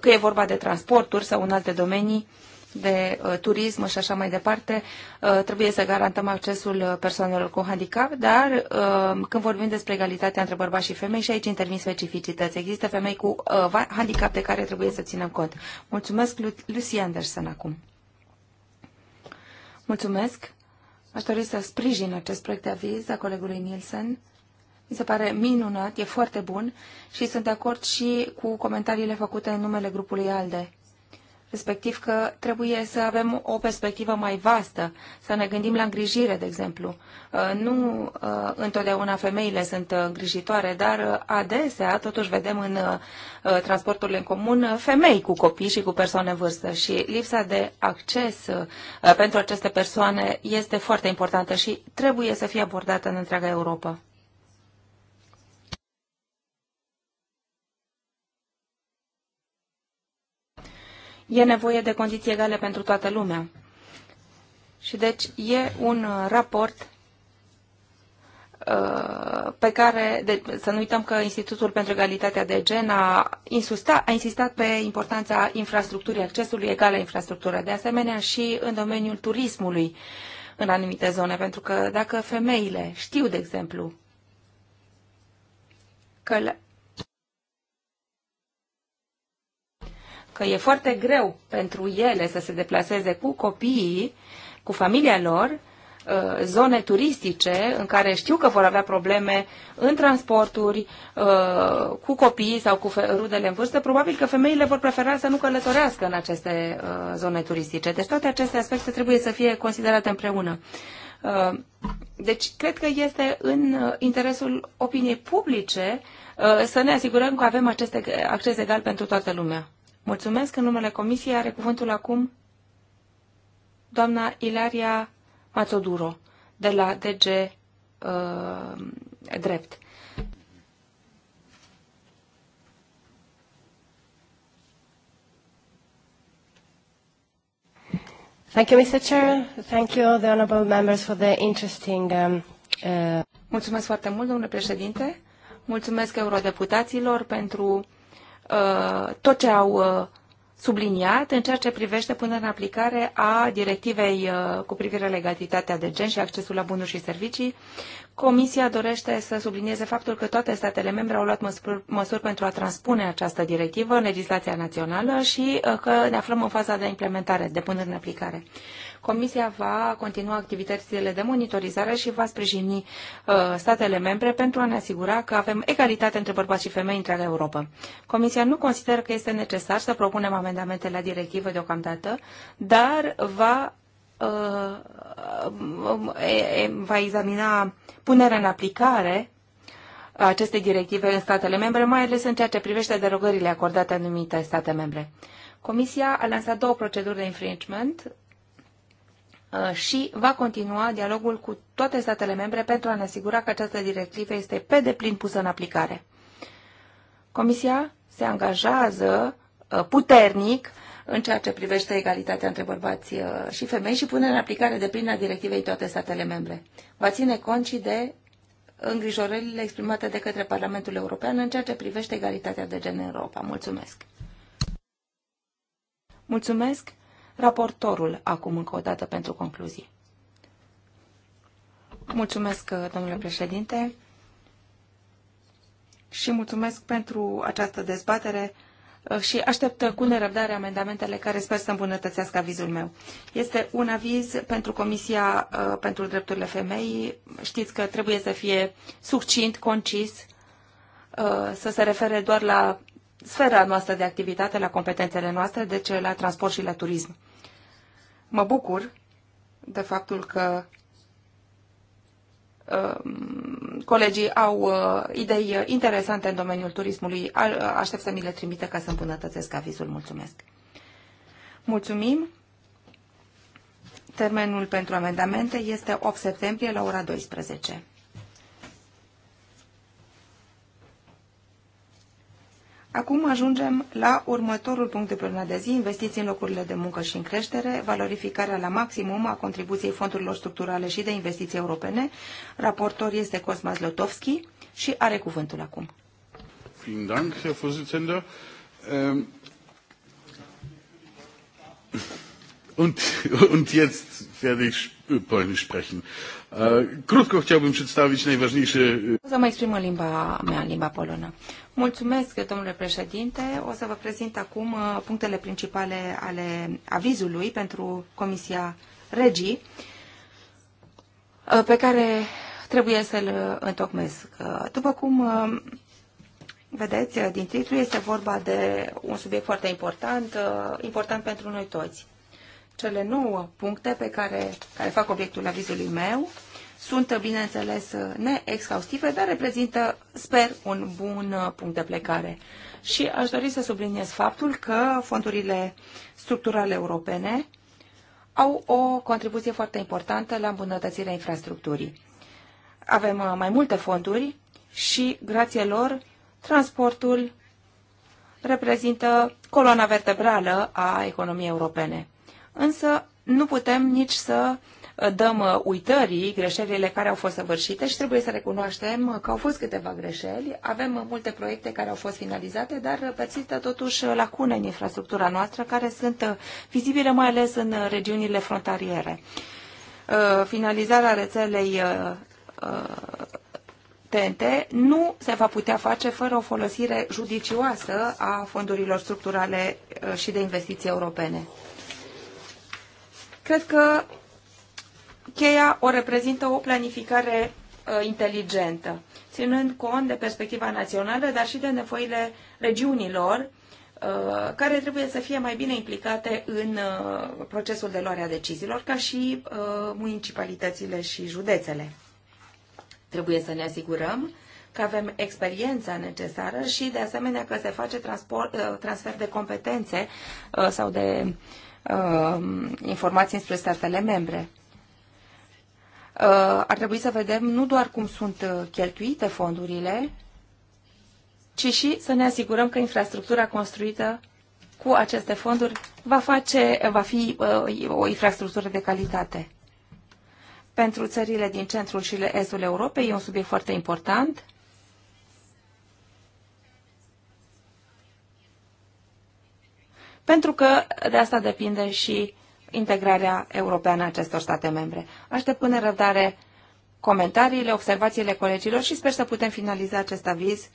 că e vorba de transporturi sau în alte domenii, de uh, turism și așa mai departe, uh, trebuie să garantăm accesul uh, persoanelor cu handicap, dar când vorbim despre egalitatea între bărbați și femei, și aici intervin specificități. Există femei cu handicap de care trebuie să ținem cont. Mulțumesc, Lucy Anderson, acum. Mulțumesc. Aș dori să sprijin acest proiect de aviz a colegului Nielsen. Mi se pare minunat, e foarte bun și sunt de acord și cu comentariile făcute în numele grupului ALDE respectiv că trebuie să avem o perspectivă mai vastă, să ne gândim la îngrijire, de exemplu. Uh, nu uh, întotdeauna femeile sunt îngrijitoare, dar uh, adesea, totuși, vedem în transporturile în comun femei cu copii și cu persoane vârstă și lipsa de acces pentru aceste persoane este foarte importantă și trebuie să fie abordată în întreaga Europa. e nevoie de condiții egale pentru toată lumea. Și deci e un uh, raport uh, pe care, de, să nu uităm că Institutul pentru Egalitatea de Gen a, insusta, a insistat pe importanța infrastructurii, accesului egal la infrastructură, de asemenea și în domeniul turismului în anumite zone, pentru că dacă femeile știu, de exemplu, că că e foarte greu pentru ele să se deplaseze cu copiii, cu familia lor, uh, zone turistice în care știu că vor avea probleme în transporturi, uh, cu copiii sau cu rudele în vârstă, probabil că femeile vor prefera să nu călătorească în aceste uh, zone turistice. Deci toate aceste aspecte trebuie să fie considerate împreună. Deci cred că este în interesul opiniei publice să ne asigurăm că avem aceste acces egal pentru toată lumea. Mulțumesc. În numele Comisiei are cuvântul acum doamna Ilaria Mazoduro de la DG uh, Drept. Thank you, Mr. Chair. Thank you, the honorable members, for the interesting... Um, uh... Mulțumesc foarte mult, domnule președinte. Mulțumesc eurodeputaților pentru Uh, tot ce au uh, subliniat în ceea ce privește până în aplicare a directivei uh, cu privire la egalitatea de gen și accesul la bunuri și servicii. Comisia dorește să sublinieze faptul că toate statele membre au luat măsuri, pentru a transpune această directivă în legislația națională și că ne aflăm în faza de implementare, de punere în aplicare. Comisia va continua activitățile de monitorizare și va sprijini uh, statele membre pentru a ne asigura că avem egalitate între bărbați și femei în întreaga Europa. Comisia nu consideră că este necesar să propunem amendamente la directivă deocamdată, dar va uh, um, va examina punerea în aplicare a acestei directive în statele membre, mai ales în ceea ce privește derogările acordate anumite state membre. Comisia a lansat două proceduri de infringement Uh, și va continua dialogul cu toate statele membre pentru a ne asigura că această directivă este pe deplin pusă în aplicare. Comisia se angajează uh, puternic în ceea ce privește egalitatea între bărbați uh, și femei și pune în aplicare de plină directivei toate statele membre. Va ține cont și de îngrijorările exprimate de către Parlamentul European în ceea ce privește egalitatea de gen în Europa. Mulțumesc! Mulțumesc! raportorul acum încă o dată pentru concluzie. Mulțumesc, domnule președinte, și mulțumesc pentru această dezbatere uh, și aștept cu nerăbdare amendamentele care sper să îmbunătățească avizul meu. Este un aviz pentru Comisia uh, pentru Drepturile Femeii. Știți că trebuie să fie succint, concis, uh, să se refere doar la sfera noastră de activitate, la competențele noastre, deci la transport și la turism. Mă bucur de faptul că um, colegii au uh, idei interesante în domeniul turismului. Aștept să mi le trimite ca să îmbunătățesc avizul. Mulțumesc! Mulțumim! Termenul pentru amendamente este 8 septembrie la ora 12. Acum ajungem la următorul punct de până de zi, investiții în locurile de muncă și în creștere, valorificarea la maximum a contribuției fondurilor structurale și de investiții europene. Raportor este Cosma Lotovski și are cuvântul acum. Vielen Dank, Herr Vorsitzender. Ähm, und, und jetzt werde ich polnisch sprechen. Krótko chciałbym przedstawić najważniejsze... O să mă exprim în limba mea, limba polonă. Mulțumesc, domnule președinte. O să vă prezint acum punctele principale ale avizului pentru Comisia Regii, pe care trebuie să-l întocmesc. După cum vedeți din titlu, este vorba de un subiect foarte important, important pentru noi toți. Cele nouă puncte pe care, care fac obiectul avizului meu sunt, bineînțeles, neexhaustive, dar reprezintă, sper, un bun uh, punct de plecare. Și aș dori să subliniez faptul că fondurile structurale europene au o contribuție foarte importantă la îmbunătățirea infrastructurii. Avem uh, mai multe fonduri și, grație lor, transportul reprezintă coloana vertebrală a economiei europene însă nu putem nici să uh, dăm uh, uitării greșelile care au fost săvârșite și trebuie să recunoaștem că au fost câteva greșeli. Avem uh, multe proiecte care au fost finalizate, dar persistă totuși lacune în infrastructura noastră care sunt vizibile mai ales în regiunile frontaliere. Finalizarea rețelei TNT nu se va putea face fără o folosire judicioasă a fondurilor structurale și de investiții europene. Cred că cheia o reprezintă o planificare uh, inteligentă, ținând cont de perspectiva națională, dar și de nevoile regiunilor, uh, care trebuie să fie mai bine implicate în uh, procesul de luare a deciziilor, ca și municipalitățile și județele. Trebuie să ne asigurăm că avem experiența necesară și, de asemenea, că se face transfer de competențe sau de uh, Um, informații despre statele membre. Uh, ar trebui să vedem nu doar cum sunt uh, cheltuite fondurile, ci și să ne asigurăm că infrastructura construită cu aceste fonduri va, face, uh, va fi o infrastructură de calitate. Pentru țările din centrul și estul Europei e un subiect foarte important pentru că de asta depinde și integrarea europeană a acestor state membre. Aștept până răbdare comentariile, observațiile colegilor și sper să putem finaliza acest aviz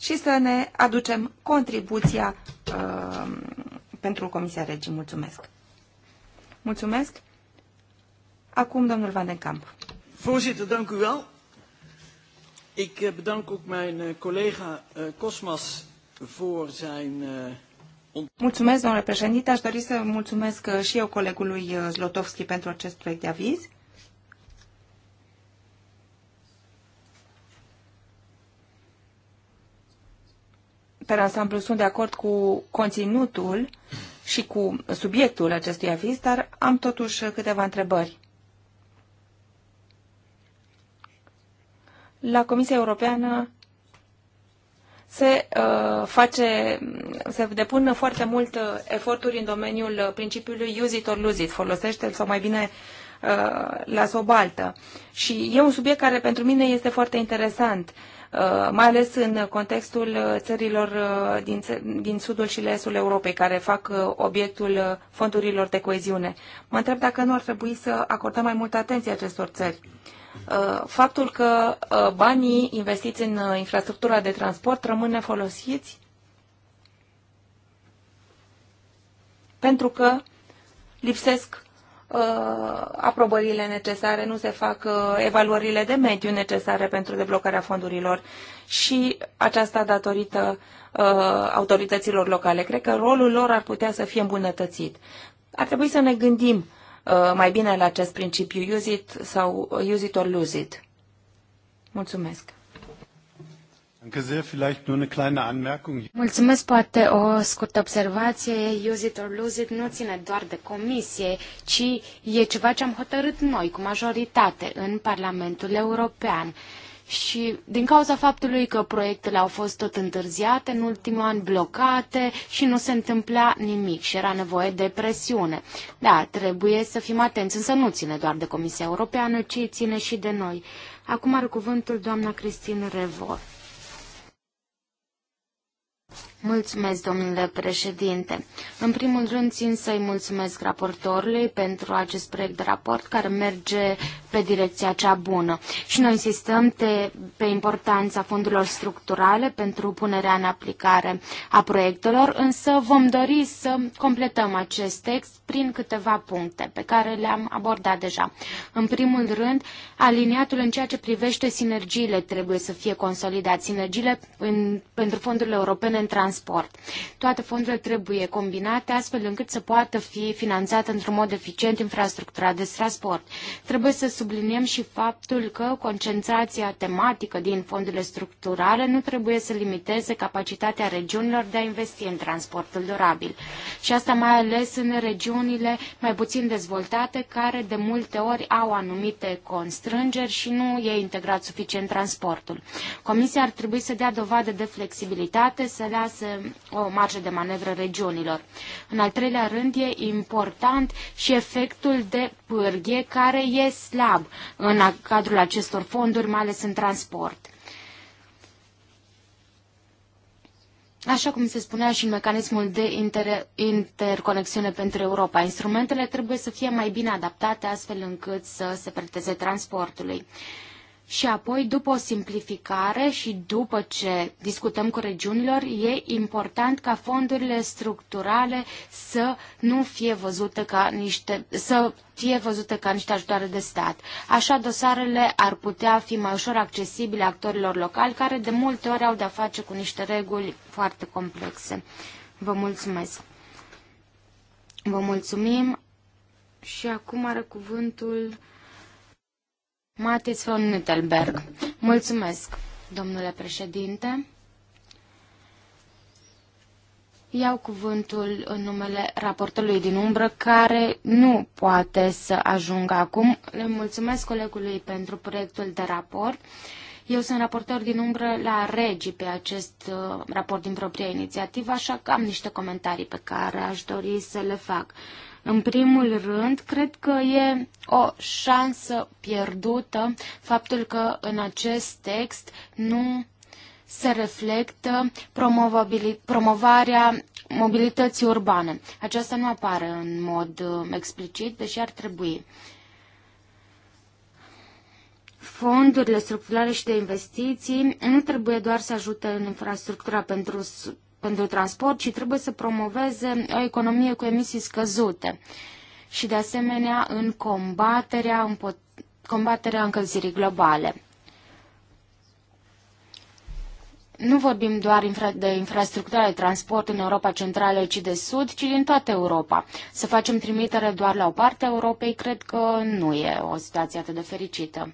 și să ne aducem contribuția uh, pentru Comisia Regii. Mulțumesc! Mulțumesc! Acum domnul Van den Kamp. Voorzitter, dank u wel. Ik eh, bedank ook mijn eh, collega eh, Cosmas voor zijn uh, Mulțumesc, domnule președinte. Aș dori să mulțumesc uh, și eu colegului uh, Zlotovski pentru acest proiect de aviz. Pe ansamblu sunt de acord cu conținutul și cu subiectul acestui aviz, dar am totuși uh, câteva întrebări. La Comisia Europeană se uh, face, se depun foarte mult uh, eforturi în domeniul uh, principiului use it or lose it, folosește-l sau mai bine Uh, la sobaltă. Și e un subiect care pentru mine este foarte interesant, uh, mai ales în contextul țărilor uh, din, din sudul și estul Europei, care fac obiectul fondurilor de coeziune. Mă întreb dacă nu ar trebui să acordăm mai multă atenție acestor țări faptul că banii investiți în infrastructura de transport rămân nefolosiți pentru că lipsesc Uh, aprobările necesare, nu se fac uh, evaluările de mediu necesare pentru deblocarea fondurilor și aceasta datorită uh, autorităților locale. Cred că rolul lor ar putea să fie îmbunătățit. Ar trebui să ne gândim mai bine la acest principiu use it sau use it or lose it. Mulțumesc. Mulțumesc, poate o scurtă observație, use it or lose it nu ține doar de comisie, ci e ceva ce am hotărât noi cu majoritate în Parlamentul European. Și din cauza faptului că proiectele au fost tot întârziate, în ultimul an blocate și nu se întâmpla nimic și era nevoie de presiune. Da, trebuie să fim atenți, însă nu ține doar de Comisia Europeană, ci ține și de noi. Acum are cuvântul doamna Cristin Revor. Mulțumesc, domnule președinte. În primul rând, țin să-i mulțumesc raportorului pentru acest proiect de raport care merge pe direcția cea bună. Și noi insistăm pe, pe importanța fondurilor structurale pentru punerea în aplicare a proiectelor, însă vom dori să completăm acest text prin câteva puncte pe care le-am abordat deja. În primul rând, aliniatul în ceea ce privește sinergiile trebuie să fie consolidat. Sinergiile în, pentru fondurile europene în trans transport. Toate fondurile trebuie combinate astfel încât să poată fi finanțată într-un mod eficient infrastructura de transport. Trebuie să subliniem și faptul că concentrația tematică din fondurile structurale nu trebuie să limiteze capacitatea regiunilor de a investi în transportul durabil. Și asta mai ales în regiunile mai puțin dezvoltate, care de multe ori au anumite constrângeri și nu e integrat suficient transportul. Comisia ar trebui să dea dovadă de flexibilitate, să, las, lase o marjă de manevră regiunilor. În al treilea rând e important și efectul de pârghie care e slab în cadrul acestor fonduri, mai ales în transport. Așa cum se spunea și în mecanismul de inter- interconexiune pentru Europa, instrumentele trebuie să fie mai bine adaptate astfel încât să se preteze transportului. Uh, și apoi, după o simplificare și după ce discutăm cu regiunilor, e important ca fondurile structurale să nu fie văzute ca niște, să fie văzute ca niște ajutoare de stat. Așa, dosarele ar putea fi mai ușor accesibile actorilor locali, care de multe ori au de-a face cu niște reguli foarte complexe. Vă mulțumesc! Vă mulțumim și acum are cuvântul Matis von Nittelberg. Mulțumesc, domnule președinte. Iau cuvântul în numele raportului din umbră, care nu poate să ajungă acum. Le mulțumesc colegului pentru proiectul de raport. Eu sunt raportor din umbră la Regi pe acest uh, raport din propria inițiativă, așa că am niște comentarii pe care aș dori să le fac. În primul rând, cred că e o șansă pierdută faptul că în acest text nu se reflectă promovarea mobilității urbane. Aceasta nu apare în mod uh, explicit, deși ar trebui. Fondurile structurale și de investiții nu trebuie doar să ajute în infrastructura pentru pentru transport, ci trebuie să promoveze o economie cu emisii scăzute și, de asemenea, în combaterea, în combaterea încălzirii globale. Nu vorbim doar de infrastructura de transport în Europa Centrală, ci de Sud, ci din toată Europa. Să facem trimitere doar la o parte a Europei, cred că nu e o situație atât de fericită.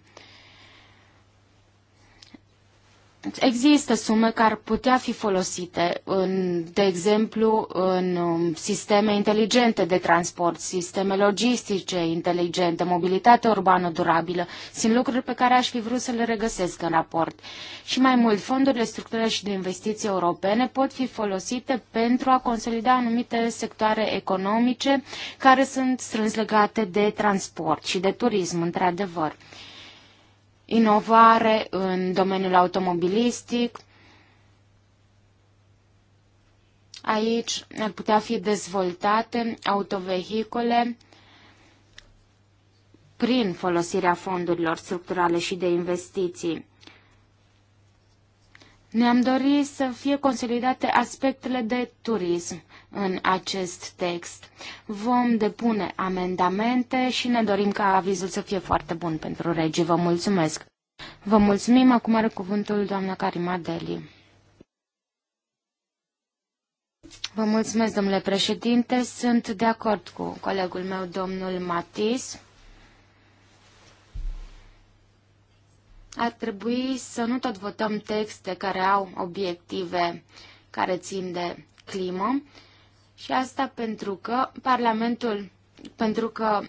Există sume care ar putea fi folosite, în, de exemplu, în um, sisteme inteligente de transport, sisteme logistice inteligente, mobilitate urbană durabilă. Sunt lucruri pe care aș fi vrut să le regăsesc în raport. Și mai mult, fondurile structurale și de investiții europene pot fi folosite pentru a consolida anumite sectoare economice care sunt strâns legate de transport și de turism, într-adevăr inovare în domeniul automobilistic. Aici ar putea fi dezvoltate autovehicole prin folosirea fondurilor structurale și de investiții. Ne-am dorit să fie consolidate aspectele de turism în acest text. Vom depune amendamente și ne dorim ca avizul să fie foarte bun pentru regi. Vă mulțumesc! Vă mulțumim! Acum are cuvântul doamna Karima Deli. Vă mulțumesc, domnule președinte. Sunt de acord cu colegul meu, domnul Matis. Ar trebui să nu tot votăm texte care au obiective care țin de climă, și asta pentru că Parlamentul, pentru că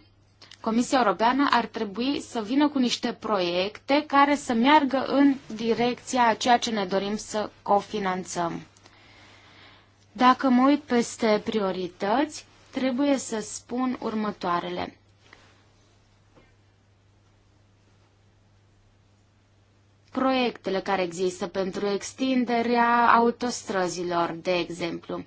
Comisia Europeană ar trebui să vină cu niște proiecte care să meargă în direcția a ceea ce ne dorim să cofinanțăm. Dacă mă uit peste priorități, trebuie să spun următoarele. Proiectele care există pentru extinderea autostrăzilor, de exemplu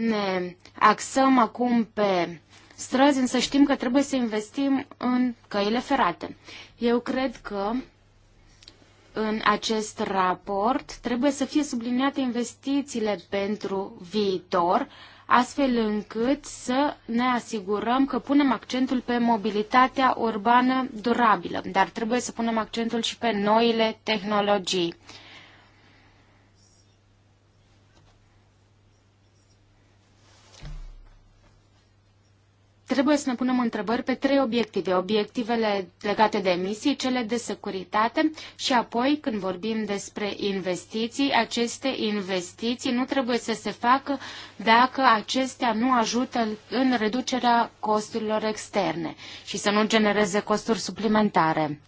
ne axăm acum pe străzi, însă știm că trebuie să investim în căile ferate. Eu cred că în acest raport trebuie să fie subliniate investițiile pentru viitor, astfel încât să ne asigurăm că punem accentul pe mobilitatea urbană durabilă, dar trebuie să punem accentul și pe noile tehnologii. trebuie să ne punem întrebări pe trei obiective. Obiectivele legate de emisii, cele de securitate și apoi când vorbim despre investiții, aceste investiții nu trebuie să se facă dacă acestea nu ajută în reducerea costurilor externe și să nu genereze costuri suplimentare.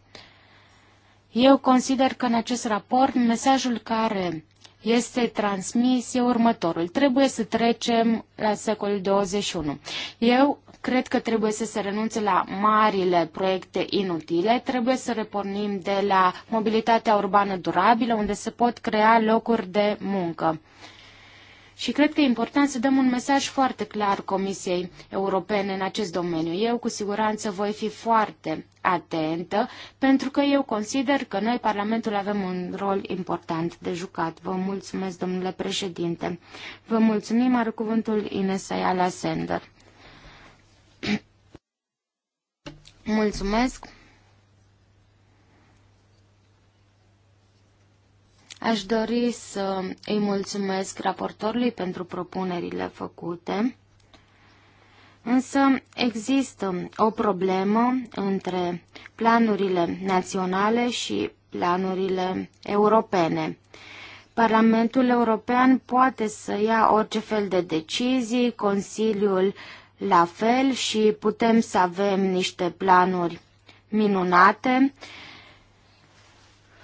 Eu consider că în acest raport mesajul care este transmis e următorul. Trebuie să trecem la secolul 21. Eu Cred că trebuie să se renunțe la marile proiecte inutile, trebuie să repornim de la mobilitatea urbană durabilă, unde se pot crea locuri de muncă. Și cred că e important să dăm un mesaj foarte clar Comisiei Europene în acest domeniu. Eu cu siguranță voi fi foarte atentă, pentru că eu consider că noi, Parlamentul, avem un rol important de jucat. Vă mulțumesc, domnule președinte. Vă mulțumim, are cuvântul Ines Ayala Sender. Mulțumesc! Aș dori să îi mulțumesc raportorului pentru propunerile făcute, însă există o problemă între planurile naționale și planurile europene. Parlamentul European poate să ia orice fel de decizii, Consiliul la fel și putem să avem niște planuri minunate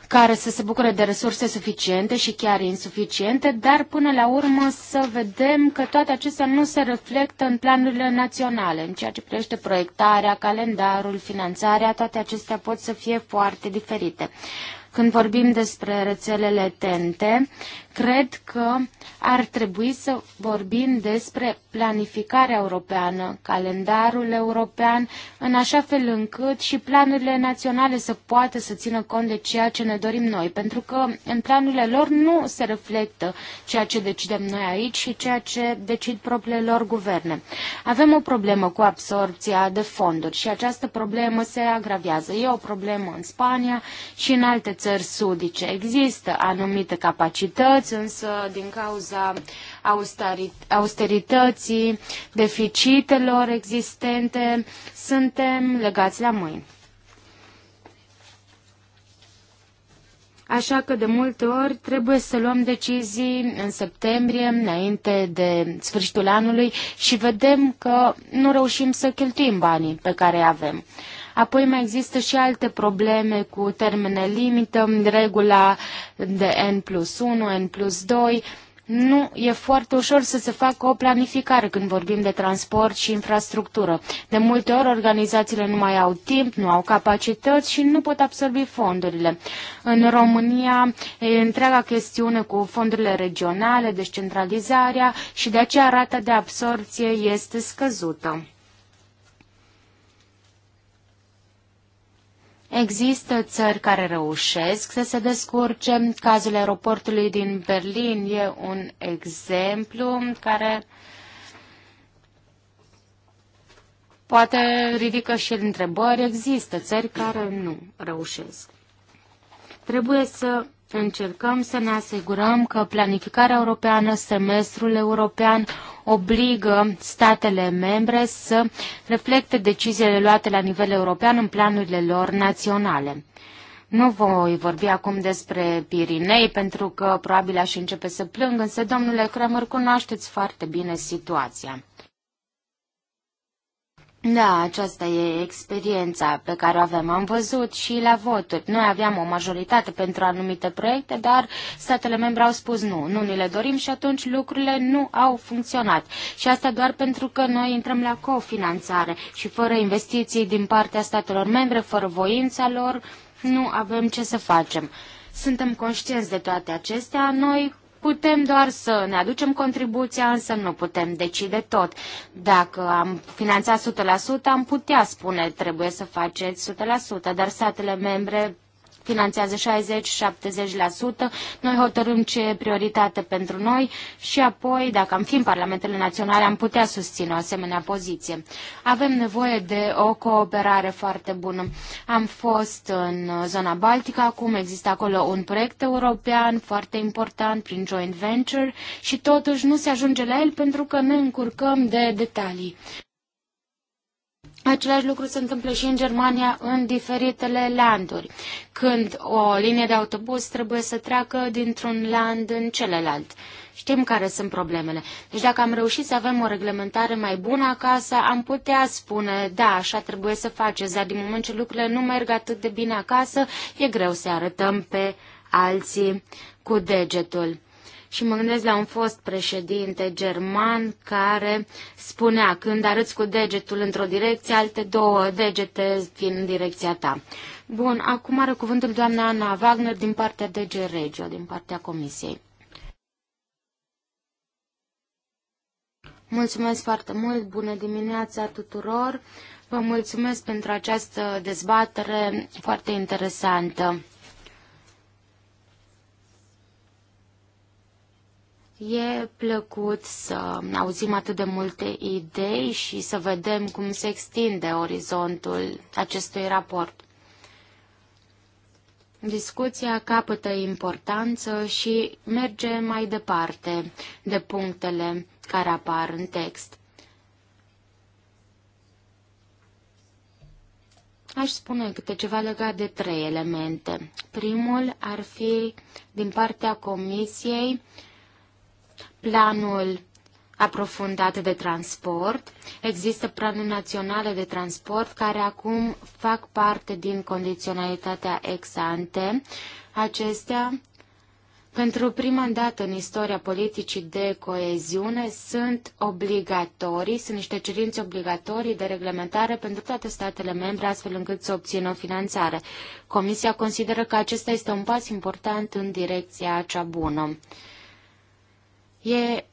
care să se bucure de resurse suficiente și chiar insuficiente, dar până la urmă să vedem că toate acestea nu se reflectă în planurile naționale, în ceea ce privește proiectarea, calendarul, finanțarea, toate acestea pot să fie foarte diferite. Când vorbim despre rețelele TNT, Cred că ar trebui să vorbim despre planificarea europeană, calendarul european, în așa fel încât și planurile naționale să poată să țină cont de ceea ce ne dorim noi, pentru că în planurile lor nu se reflectă ceea ce decidem noi aici și ceea ce decid propriile lor guverne. Avem o problemă cu absorpția de fonduri și această problemă se agravează. E o problemă în Spania și în alte țări sudice. Există anumite capacități, mulți, însă din cauza austerității, deficitelor existente, suntem legați la mâini. Așa că de multe ori trebuie să luăm decizii în septembrie, înainte de sfârșitul anului și vedem că nu reușim să cheltuim banii pe care îi avem. Apoi mai există și alte probleme cu termene limită, regula de N plus 1, N plus 2. Nu e foarte ușor să se facă o planificare când vorbim de transport și infrastructură. De multe ori organizațiile nu mai au timp, nu au capacități și nu pot absorbi fondurile. În România e întreaga chestiune cu fondurile regionale, descentralizarea și de aceea rata de absorție este scăzută. Există țări care reușesc să se descurce. Cazul aeroportului din Berlin e un exemplu care poate ridică și întrebări. Există țări care nu reușesc. Trebuie să încercăm să ne asigurăm că planificarea europeană, semestrul european obligă statele membre să reflecte deciziile luate la nivel european în planurile lor naționale. Nu voi vorbi acum despre Pirinei, pentru că probabil aș începe să plâng, însă, domnule Kramer, cunoașteți foarte bine situația. Da, aceasta e experiența pe care o avem. Am văzut și la voturi. Noi aveam o majoritate pentru anumite proiecte, dar statele membre au spus nu, nu ni le dorim și atunci lucrurile nu au funcționat. Și asta doar pentru că noi intrăm la cofinanțare și fără investiții din partea statelor membre, fără voința lor, nu avem ce să facem. Suntem conștienți de toate acestea. Noi Putem doar să ne aducem contribuția, însă nu putem decide tot. Dacă am finanțat 100%, am putea spune trebuie să faceți 100%, dar statele membre finanțează 60-70%, noi hotărâm ce e prioritate pentru noi și apoi, dacă am fi în Parlamentele Naționale, am putea susține o asemenea poziție. Avem nevoie de o cooperare foarte bună. Am fost în zona Baltică, acum există acolo un proiect european foarte important prin joint venture și totuși nu se ajunge la el pentru că ne încurcăm de detalii. Același lucru se întâmplă și în Germania, în diferitele landuri, când o linie de autobuz trebuie să treacă dintr-un land în celălalt. Știm care sunt problemele. Deci dacă am reușit să avem o reglementare mai bună acasă, am putea spune, da, așa trebuie să faceți, dar din moment ce lucrurile nu merg atât de bine acasă, e greu să arătăm pe alții cu degetul și mă gândesc la un fost președinte german care spunea când arăți cu degetul într-o direcție, alte două degete vin în direcția ta. Bun, acum are cuvântul doamna Ana Wagner din partea DG Regio, din partea Comisiei. Mulțumesc foarte mult, bună dimineața tuturor! Vă mulțumesc pentru această dezbatere foarte interesantă. E plăcut să auzim atât de multe idei și să vedem cum se extinde orizontul acestui raport. Discuția capătă importanță și merge mai departe de punctele care apar în text. Aș spune câte ceva legat de trei elemente. Primul ar fi din partea Comisiei uh, planul aprofundate de transport. Există planuri naționale de transport care acum fac parte din condiționalitatea ex ante. Acestea, pentru prima dată în istoria politicii de coeziune, sunt obligatorii, sunt niște cerințe obligatorii de reglementare pentru toate statele membre, astfel încât să obțină finanțare. Comisia consideră că acesta este un pas important în direcția cea bună. E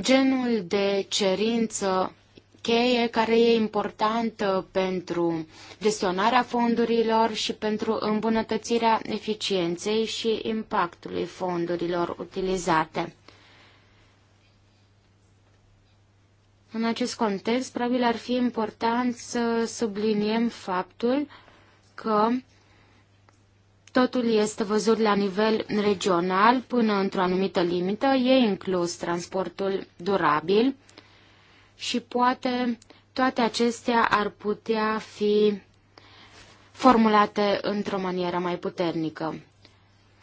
genul de cerință cheie care e importantă pentru gestionarea fondurilor și pentru îmbunătățirea eficienței și impactului fondurilor utilizate. În acest context, probabil ar fi important să subliniem faptul că Totul este văzut la nivel regional până într-o anumită limită, e inclus transportul durabil și poate toate acestea ar putea fi formulate într-o manieră mai puternică.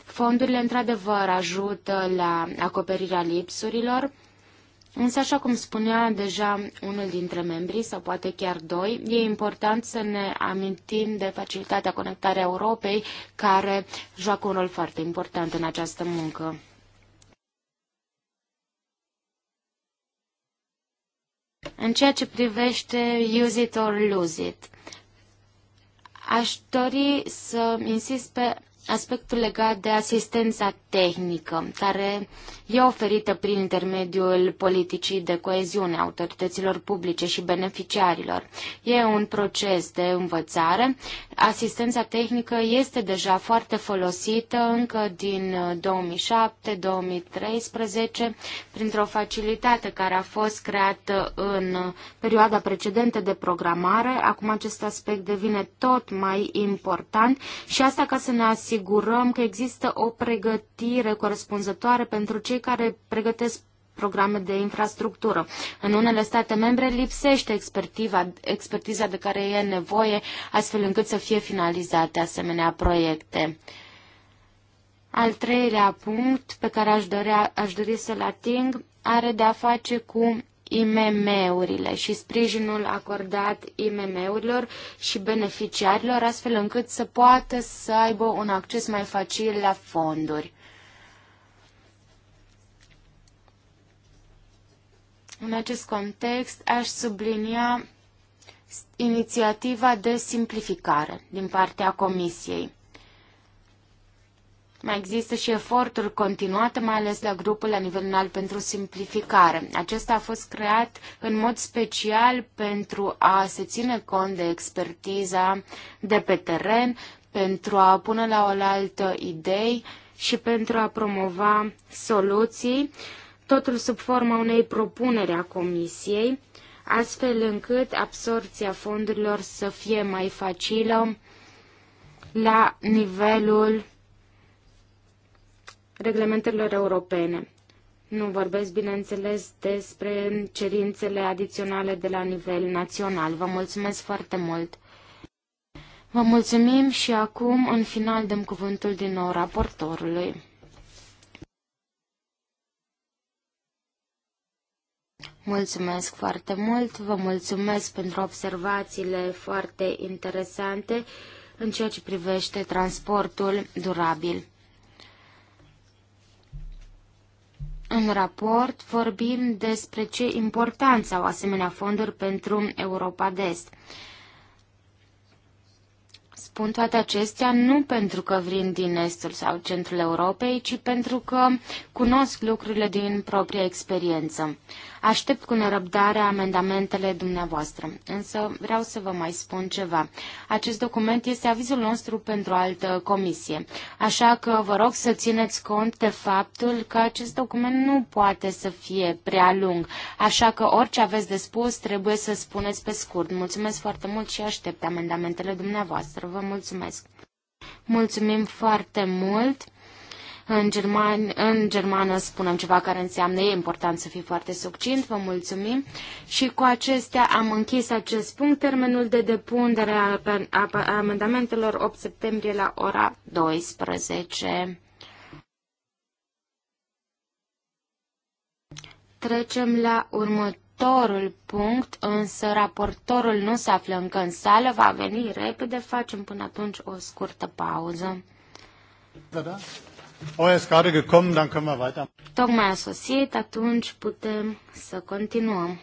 Fondurile, într-adevăr, ajută la acoperirea lipsurilor, Însă, așa cum spunea deja unul dintre membrii, sau poate chiar doi, e important să ne amintim de facilitatea conectarea Europei, care joacă un rol foarte important în această muncă. În ceea ce privește use it or lose it, aș dori să insist pe aspectul legat de asistența tehnică care e oferită prin intermediul politicii de coeziune autorităților publice și beneficiarilor. E un proces de învățare. Asistența tehnică este deja foarte folosită încă din 2007-2013 uh, printr-o facilitate care a fost creată în uh, perioada precedentă de programare. Acum acest aspect devine tot mai important și asta ca să ne asigurăm asigurăm că există o pregătire corespunzătoare pentru cei care pregătesc programe de infrastructură. În unele state membre lipsește expertiza de care e nevoie, astfel încât să fie finalizate asemenea proiecte. Al treilea punct pe care aș, dorea, aș dori să-l ating are de a face cu IMM-urile și sprijinul acordat IMM-urilor și beneficiarilor, astfel încât să poată să aibă un acces mai facil la fonduri. În acest context, aș sublinia inițiativa de simplificare din partea Comisiei. Mai există și eforturi continuate, mai ales la grupul la nivel înalt pentru simplificare. Acesta a fost creat în mod special pentru a se ține cont de expertiza de pe teren, pentru a pune la oaltă idei și pentru a promova soluții, totul sub forma unei propuneri a Comisiei, astfel încât absorpția fondurilor să fie mai facilă la nivelul reglementărilor europene. Nu vorbesc, bineînțeles, despre cerințele adiționale de la nivel național. Vă mulțumesc foarte mult! Vă mulțumim și acum, în final, dăm cuvântul din nou raportorului. Mulțumesc foarte mult, vă mulțumesc pentru observațiile foarte interesante în ceea ce privește transportul durabil. În raport vorbim despre ce importanță au asemenea fonduri pentru Europa de Est. Spun toate acestea nu pentru că vin din estul sau centrul Europei, ci pentru că cunosc lucrurile din propria experiență. Aștept cu nerăbdare amendamentele dumneavoastră, însă vreau să vă mai spun ceva. Acest document este avizul nostru pentru altă comisie, așa că vă rog să țineți cont de faptul că acest document nu poate să fie prea lung, așa că orice aveți de spus trebuie să spuneți pe scurt. Mulțumesc foarte mult și aștept amendamentele dumneavoastră. Vă mulțumesc! Mulțumim foarte mult! În, german, în germană spunem ceva care înseamnă e important să fii foarte succint, vă mulțumim. Și cu acestea am închis acest punct, termenul de depunere a, a, a amendamentelor 8 septembrie la ora 12. Trecem la următorul punct, însă raportorul nu se află încă în sală, va veni repede, facem până atunci o scurtă pauză. Da, da. Tocmai a sosit, atunci putem să continuăm.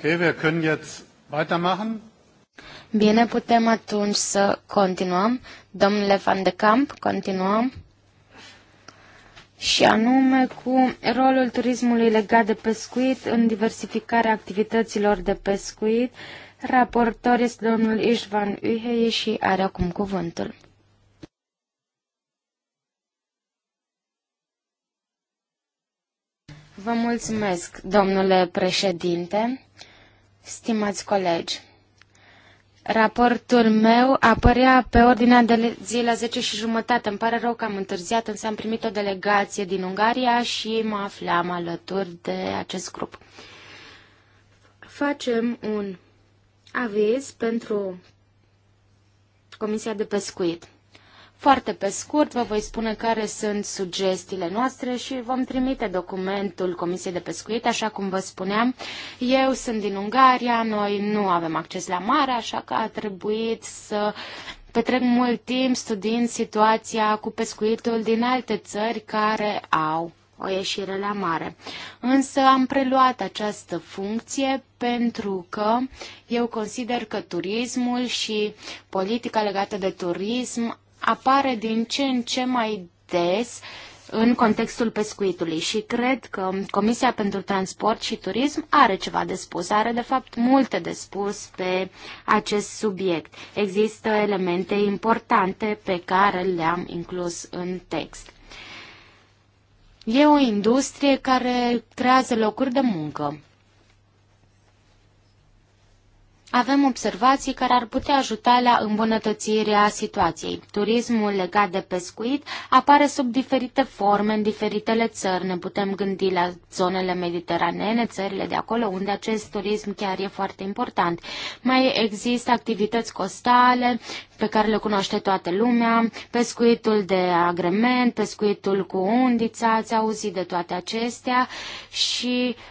Okay, wir können jetzt weitermachen. Bine, putem atunci să continuăm. Domnule Van de Camp, continuăm. Și anume cu rolul turismului legat de pescuit în diversificarea activităților de pescuit. Raportor este domnul Ișvan Uheie și are acum cuvântul. Vă mulțumesc, domnule președinte. Stimați colegi, raportul meu apărea pe ordinea de zi la 10 și jumătate. Îmi pare rău că am întârziat, însă am primit o delegație din Ungaria și mă aflam alături de acest grup. Facem un aviz pentru Comisia de Pescuit. Foarte pe scurt vă voi spune care sunt sugestiile noastre și vom trimite documentul Comisiei de Pescuit, așa cum vă spuneam. Eu sunt din Ungaria, noi nu avem acces la mare, așa că a trebuit să petrec mult timp studiind situația cu pescuitul din alte țări care au o ieșire la mare. Însă am preluat această funcție pentru că eu consider că turismul și politica legată de turism apare din ce în ce mai des în contextul pescuitului și cred că Comisia pentru Transport și Turism are ceva de spus, are de fapt multe de spus pe acest subiect. Există elemente importante pe care le-am inclus în text. E o industrie care creează locuri de muncă avem observații care ar putea ajuta la îmbunătățirea situației. Turismul legat de pescuit apare sub diferite forme în diferitele țări. Ne putem gândi la zonele mediteranene, țările de acolo, unde acest turism chiar e foarte important. Mai există activități costale pe care le cunoaște toată lumea, pescuitul de agrement, pescuitul cu undița, ați auzit de toate acestea și uh,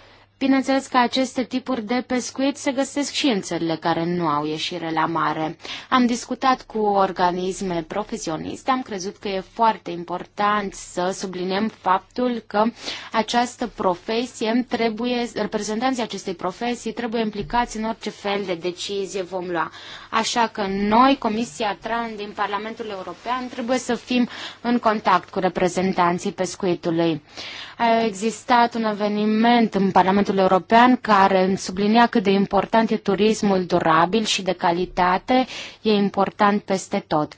Bineînțeles că aceste tipuri de pescuit se găsesc și în țările care nu au ieșire la mare. Am discutat cu organisme profesioniste, am crezut că e foarte important să subliniem faptul că această profesie trebuie, reprezentanții acestei profesii trebuie implicați în orice fel de decizie vom lua. Așa că noi, Comisia Tran din Parlamentul European, trebuie să fim în contact cu reprezentanții pescuitului. A existat un eveniment în Parlamentul European care sublinia cât de important e turismul durabil și de calitate, e important peste tot.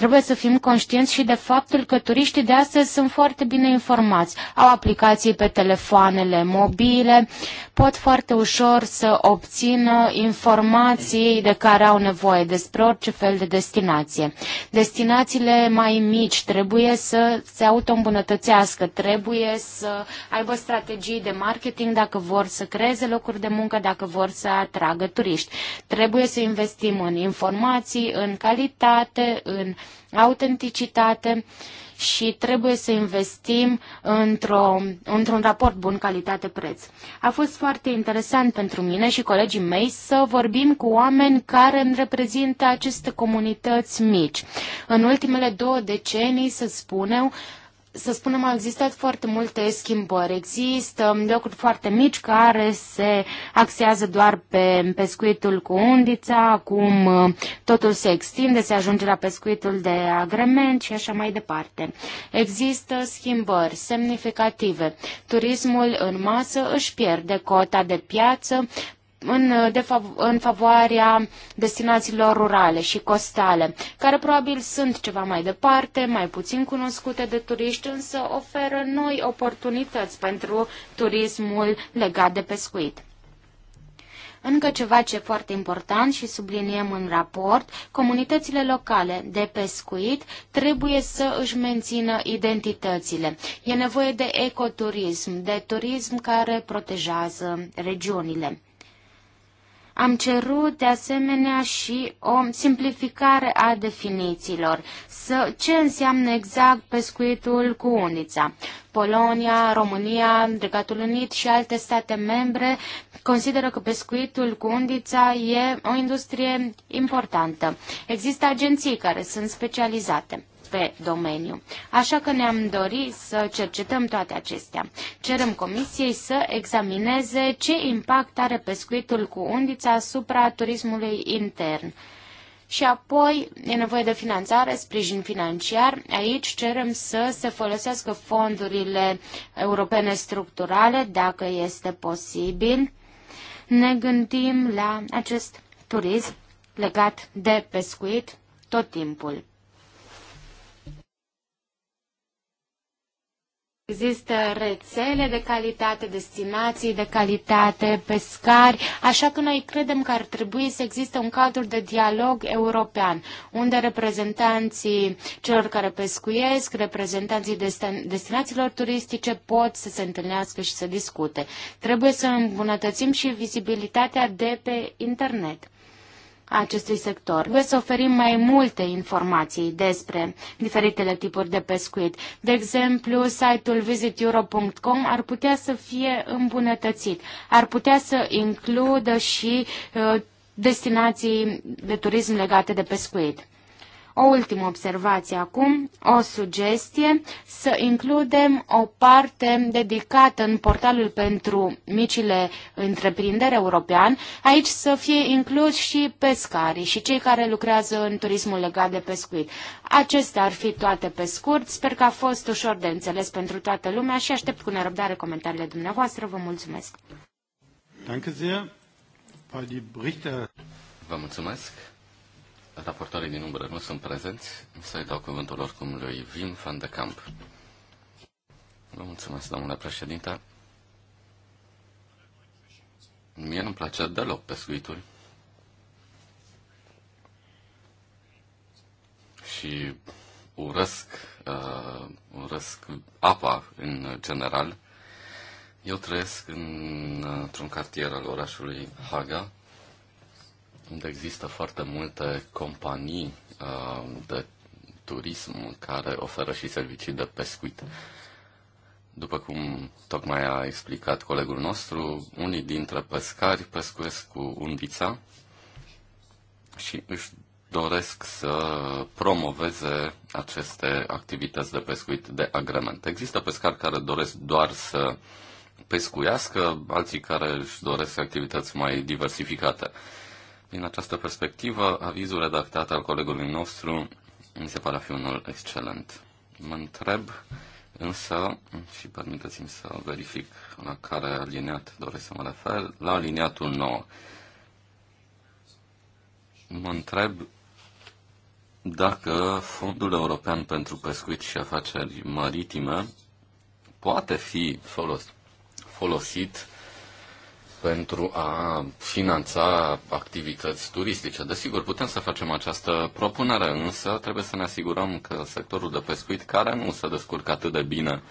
Trebuie să fim conștienți și de faptul că turiștii de astăzi sunt foarte bine informați. Au aplicații pe telefoanele mobile, pot foarte ușor să obțină informații de care au nevoie despre orice fel de destinație. Destinațiile mai mici trebuie să se auto-îmbunătățească, trebuie să aibă strategii de marketing dacă vor să creeze locuri de muncă, dacă vor să atragă turiști. Trebuie să investim în informații, în calitate, în autenticitate și trebuie să investim într-o, într-un raport bun calitate-preț. A fost foarte interesant pentru mine și colegii mei să vorbim cu oameni care îmi reprezintă aceste comunități mici. În ultimele două decenii, să spunem, să spunem, au existat foarte multe schimbări. Există locuri foarte mici care se axează doar pe pescuitul cu undița, acum uh, totul se extinde, se ajunge la pescuitul de agrement și așa mai departe. Există schimbări semnificative. Turismul în masă își pierde cota de piață, în, uh, defav- în favoarea destinațiilor rurale și costale, care probabil sunt ceva mai departe, mai puțin cunoscute de turiști, însă oferă noi oportunități pentru turismul legat de pescuit. Încă ceva ce e foarte important și subliniem în raport, comunitățile locale de pescuit trebuie să își mențină identitățile. E nevoie de ecoturism, de turism care protejează regiunile. Am cerut de asemenea și o simplificare a definițiilor, să ce înseamnă exact pescuitul cu unița. Polonia, România, Regatul Unit și alte state membre consideră că pescuitul cu undița e o industrie importantă. Există agenții care sunt specializate pe domeniu. Așa că ne-am dorit să cercetăm toate acestea. Cerem Comisiei să examineze ce impact are pescuitul cu undița asupra turismului intern. Și apoi e nevoie de finanțare, sprijin financiar. Aici cerem să se folosească fondurile europene structurale, dacă este posibil. Ne gândim la acest turism legat de pescuit tot timpul. Există rețele de calitate, destinații de calitate, pescari, așa că noi credem că ar trebui să existe un cadru de dialog european, unde reprezentanții celor care pescuiesc, reprezentanții destinațiilor turistice pot să se întâlnească și să discute. Trebuie să îmbunătățim și vizibilitatea de pe internet acestui sector. Trebuie să oferim mai multe informații despre diferitele tipuri de pescuit. De exemplu, site-ul visiteuro.com ar putea să fie îmbunătățit. Ar putea să includă și uh, destinații de turism legate de pescuit. O ultimă observație acum, o sugestie, să includem o parte dedicată în portalul pentru micile întreprinderi european, aici să fie incluși și pescarii și cei care lucrează în turismul legat de pescuit. Acestea ar fi toate pe scurt, sper că a fost ușor de înțeles pentru toată lumea și aștept cu nerăbdare comentariile dumneavoastră, vă mulțumesc! Vă mulțumesc raportorii din umbră nu sunt prezenți, să-i dau cuvântul cum lui Vim van de Camp. Vă mulțumesc, domnule președinte. Mie nu-mi place deloc pescuitul. Și urăsc, uh, urăsc apa în general. Eu trăiesc în, într-un cartier al orașului Haga, unde există foarte multe companii uh, de turism care oferă și servicii de pescuit. După cum tocmai a explicat colegul nostru, unii dintre pescari pescuiesc cu undița și își doresc să promoveze aceste activități de pescuit de agrement. Există pescari care doresc doar să pescuiască, alții care își doresc activități mai diversificate. Din această perspectivă, avizul redactat al colegului nostru mi se pare a fi unul excelent. Mă întreb însă, și permiteți-mi să verific la care aliniat doresc să mă refer, la aliniatul 9. Mă întreb dacă Fondul European pentru Pescuit și Afaceri Maritime poate fi folos, folosit pentru a finanța activități turistice. Desigur, putem să facem această propunere, însă trebuie să ne asigurăm că sectorul de pescuit, care nu se descurcă atât de bine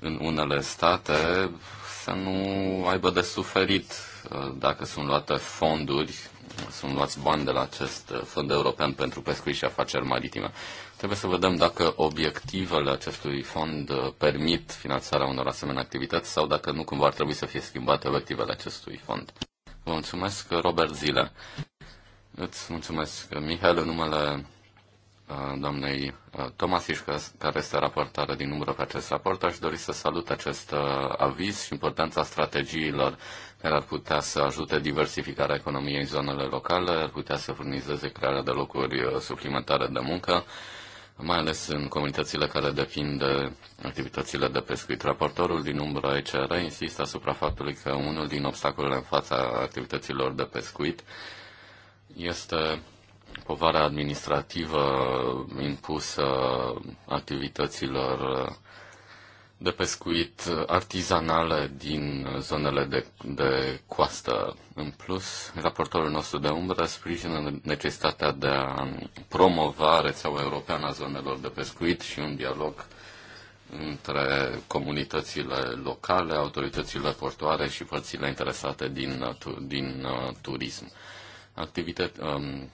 în unele state, să nu aibă de suferit dacă sunt luate fonduri, sunt luați bani de la acest fond european pentru pescuit și afaceri maritime. Trebuie să vedem dacă obiectivele acestui fond uh, permit finanțarea unor asemenea activități sau dacă nu cumva ar trebui să fie schimbate obiectivele acestui fond. Vă mulțumesc, Robert Zile. Îți mulțumesc, Mihail, în numele uh, doamnei uh, Tomasiș, care este raportare din numărul pe acest raport. Aș dori să salut acest aviz și importanța strategiilor care ar putea să ajute diversificarea economiei în zonele locale, ar putea să furnizeze crearea de locuri suplimentare de muncă mai ales în comunitățile care depind de activitățile de pescuit. Raportorul din umbra ECR insistă asupra faptului că unul din obstacolele în fața activităților de pescuit este povara administrativă impusă activităților de pescuit artizanale din zonele de, de coastă. În plus, raportorul nostru de umbră sprijină necesitatea de a promova rețeaua europeană a zonelor de pescuit și un dialog între comunitățile locale, autoritățile portoare și părțile interesate din, din uh, turism. Activitate, um,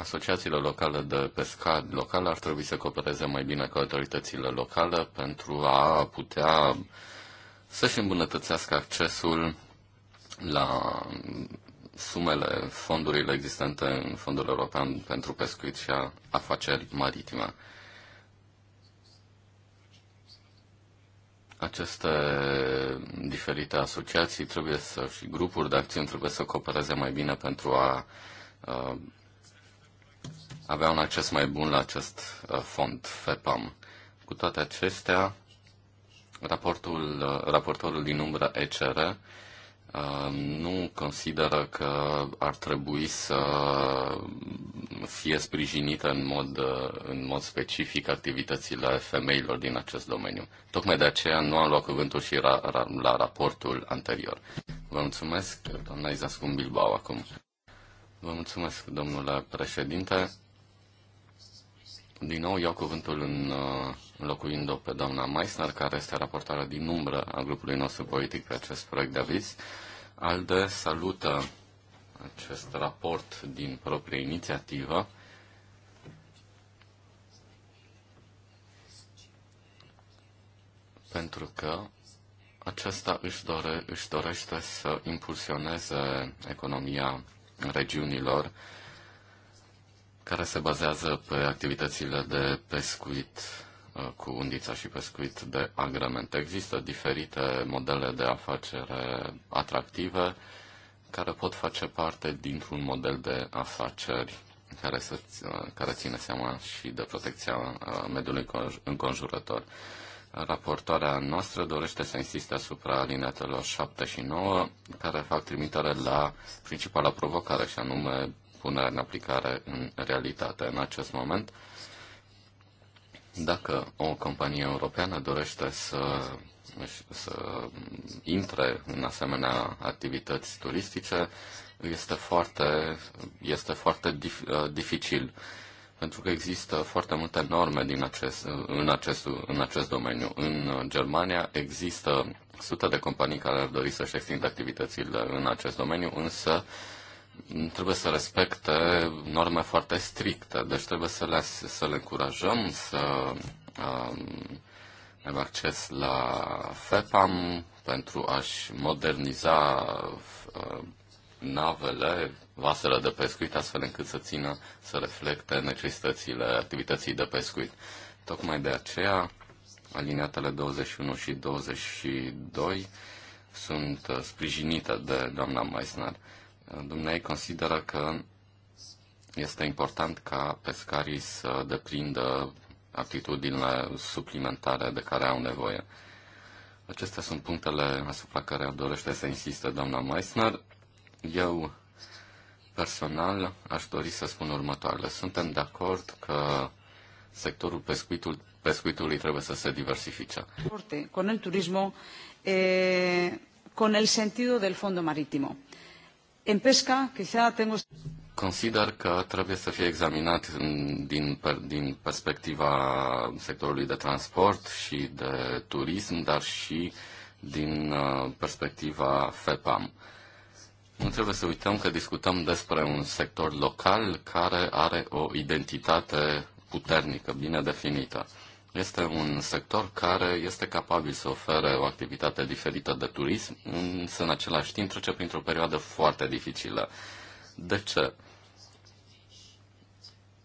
asociațiile locale de pescat locale ar trebui să coopereze mai bine cu autoritățile locale pentru a putea să-și îmbunătățească accesul la sumele, fondurile existente în Fondul European pentru Pescuit și a afaceri maritime. Aceste diferite asociații trebuie să și grupuri de acțiuni trebuie să coopereze mai bine pentru a uh, avea un acces mai bun la acest uh, fond FEPAM. Cu toate acestea, raportul, uh, raportorul din umbră ECR uh, nu consideră că ar trebui să fie sprijinită în mod, în mod specific activitățile femeilor din acest domeniu. Tocmai de aceea nu am luat cuvântul și ra, ra, la raportul anterior. Vă mulțumesc, doamna Izascum Bilbao, acum. Vă mulțumesc, domnule președinte. Din nou iau cuvântul în, uh, înlocuind-o pe doamna Meissner, care este raportarea din umbră a grupului nostru politic pe acest proiect de aviz. ALDE salută acest raport din proprie inițiativă. Pentru că acesta își, dore, își dorește să impulsioneze economia regiunilor uh, care se bazează pe activitățile de pescuit uh, cu undița și pescuit de agrement. Există diferite modele de afacere atractive care pot face parte dintr-un model de afaceri care, să, uh, care ține seama și de protecția uh, mediului înconjurător. Raportoarea noastră dorește să insiste asupra alineatelor 7 și 9, care fac trimitere la principala provocare, și anume pune în aplicare în realitate. În acest moment, dacă o companie europeană dorește să, să intre în asemenea activități turistice, este foarte, este foarte dif, uh, dificil pentru că există foarte multe norme din acest, în, acest, în acest domeniu. În Germania există sute de companii care ar dori să-și extindă activitățile în acest domeniu, însă uh, trebuie să respecte norme foarte stricte, deci trebuie să le, să le încurajăm să um, avem acces la FEPAM pentru a-și moderniza uh, navele, vasele de pescuit, astfel încât să țină să reflecte necesitățile activității de pescuit. Tocmai de aceea, aliniatele 21 și 22 sunt uh, sprijinite de doamna Meissner. Dumnezeu consideră că este important ca pescarii să deprindă atitudinile suplimentare de care au nevoie. Acestea sunt punctele asupra care dorește să insiste doamna Meissner. Eu personal aș dori să spun următoarele. Suntem de acord că sectorul pescuitul, pescuitului trebuie să se diversifice. Cu el turismo, eh, con el sentido del fondo maritimo. În pesca, quizá tengo... Consider că trebuie să fie examinat din, din perspectiva sectorului de transport și de turism, dar și din uh, perspectiva FEPAM. Nu trebuie să uităm că discutăm despre un sector local care are o identitate puternică, bine definită. Este un sector care este capabil să ofere o activitate diferită de turism, însă în același timp trece printr-o perioadă foarte dificilă. De ce?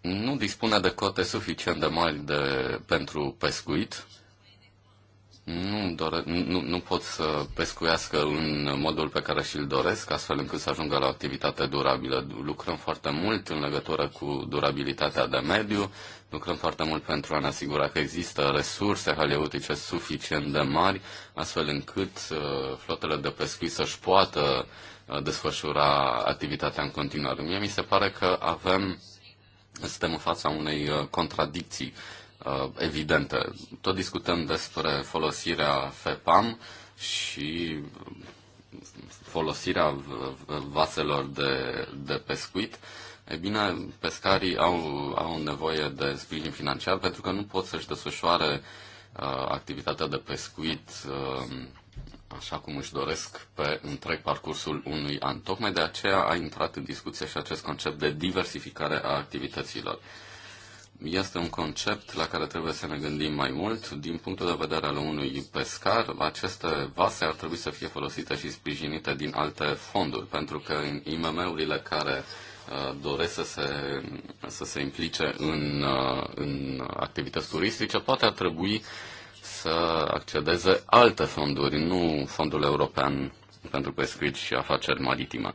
Nu dispune de cote suficient de mari de, pentru pescuit, nu, dore, nu, nu pot să pescuiască în modul pe care și-l doresc, astfel încât să ajungă la o activitate durabilă. Lucrăm foarte mult în legătură cu durabilitatea de mediu, Lucrăm foarte mult pentru a ne asigura că există resurse haleutice suficient de mari, astfel încât uh, flotele de pescuit să-și poată uh, desfășura activitatea în continuare. Mie mi se pare că avem, suntem în fața unei uh, contradicții evidente. Tot discutăm despre folosirea FEPAM și folosirea vaselor de, de pescuit, E bine, pescarii au, au nevoie de sprijin financiar pentru că nu pot să-și desfășoare uh, activitatea de pescuit uh, așa cum își doresc pe întreg parcursul unui an. Tocmai de aceea a intrat în discuție și acest concept de diversificare a activităților. Este un concept la care trebuie să ne gândim mai mult. Din punctul de vedere al unui pescar, aceste vase ar trebui să fie folosite și sprijinite din alte fonduri, pentru că IMM-urile care uh, Uh, doresc să se, să se implice în, uh, în activități turistice, poate ar trebui să accedeze alte fonduri, nu fondul european pentru pescuit și afaceri maritime.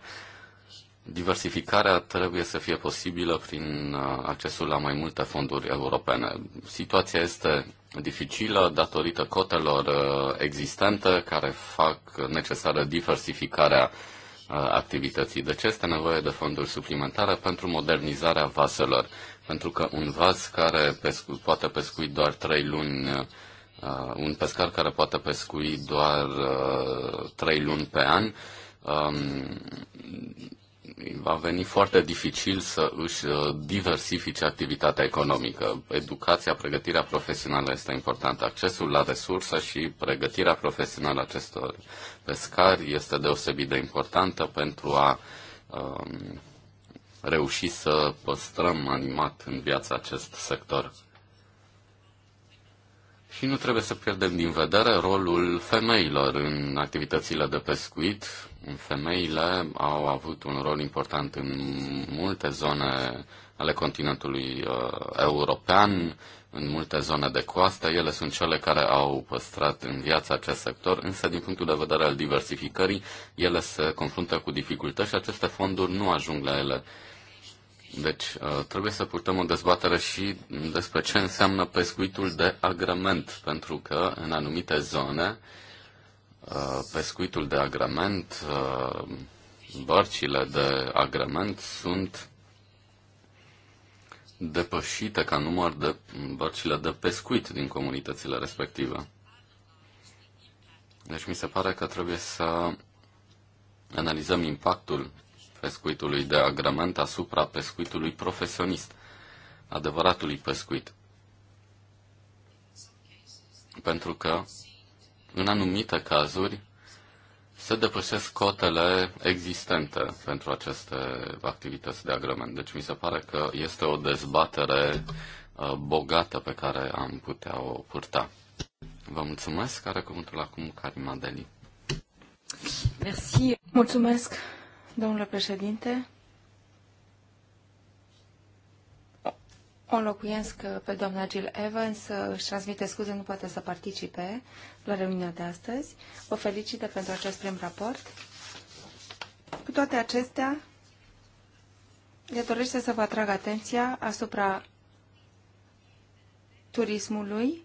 Diversificarea trebuie să fie posibilă prin uh, accesul la mai multe fonduri europene. Situația este dificilă datorită cotelor existente care fac necesară diversificarea uh, activității. De deci ce este nevoie de fonduri suplimentare? Pentru modernizarea vaselor. Pentru că un vas care pescu, poate pescui doar 3 luni, uh, un pescar care poate pescui doar 3 uh, luni pe an, um, va veni foarte dificil să își uh, diversifice activitatea economică. Educația, pregătirea profesională este importantă, accesul la resurse și pregătirea profesională acestor pescari este deosebit de importantă pentru a um, reuși să păstrăm animat în viața acest sector. Și nu trebuie să pierdem din vedere rolul femeilor în activitățile de pescuit. Femeile au avut un rol important în multe zone ale continentului uh, european, în multe zone de coastă. Ele sunt cele care au păstrat în viață acest sector, însă din punctul de vedere al diversificării, ele se confruntă cu dificultăți și aceste fonduri nu ajung la ele. Deci uh, trebuie să purtăm o dezbatere și despre ce înseamnă pescuitul de agrement, pentru că în anumite zone uh, pescuitul de agrement, uh, bărcile de agrement sunt depășită ca număr de bărcile de pescuit din comunitățile respective. Deci mi se pare că trebuie să analizăm impactul pescuitului de agrement asupra pescuitului profesionist, adevăratului pescuit. Pentru că, în anumite cazuri, se depășesc cotele existente pentru aceste activități de agrement. Deci mi se pare că este o dezbatere uh, bogată pe care am putea o purta. Vă mulțumesc. Are cuvântul acum Karima Deli. Mulțumesc, domnule președinte. O înlocuiesc pe doamna Jill Evans, își transmite scuze, nu poate să participe la reuniunea de astăzi. Vă felicită pentru acest prim raport. Cu toate acestea, le dorește să vă atrag atenția asupra turismului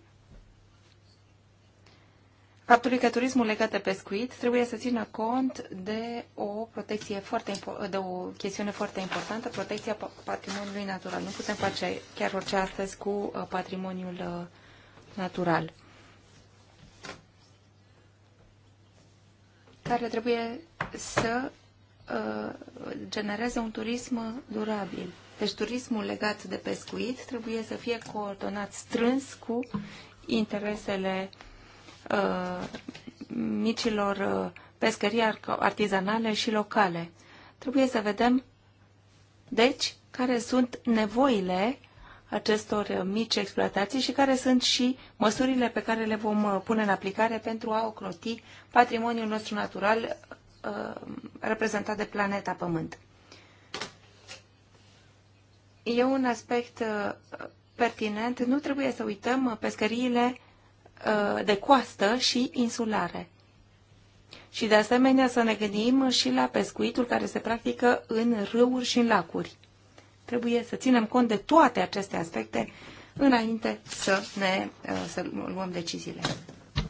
faptului că turismul legat de pescuit trebuie să țină cont de o protecție foarte de o chestiune foarte importantă, protecția patrimoniului natural. Nu putem face chiar orice astăzi cu uh, patrimoniul uh, natural. Care trebuie să uh, genereze un turism durabil. Deci turismul legat de pescuit trebuie să fie coordonat strâns cu interesele Uh, micilor uh, pescării artizanale și locale. Trebuie să vedem, deci, care sunt nevoile acestor mici exploatații și care sunt și măsurile pe care le vom uh, pune în aplicare pentru a ocroti patrimoniul nostru natural reprezentat de planeta Pământ. E un aspect pertinent. Nu trebuie să uităm pescăriile Uh, de coastă și insulare. Și de asemenea să ne gândim și la pescuitul care se practică în râuri și în lacuri. Trebuie să ținem cont de toate aceste aspecte înainte să ne uh, să luăm deciziile.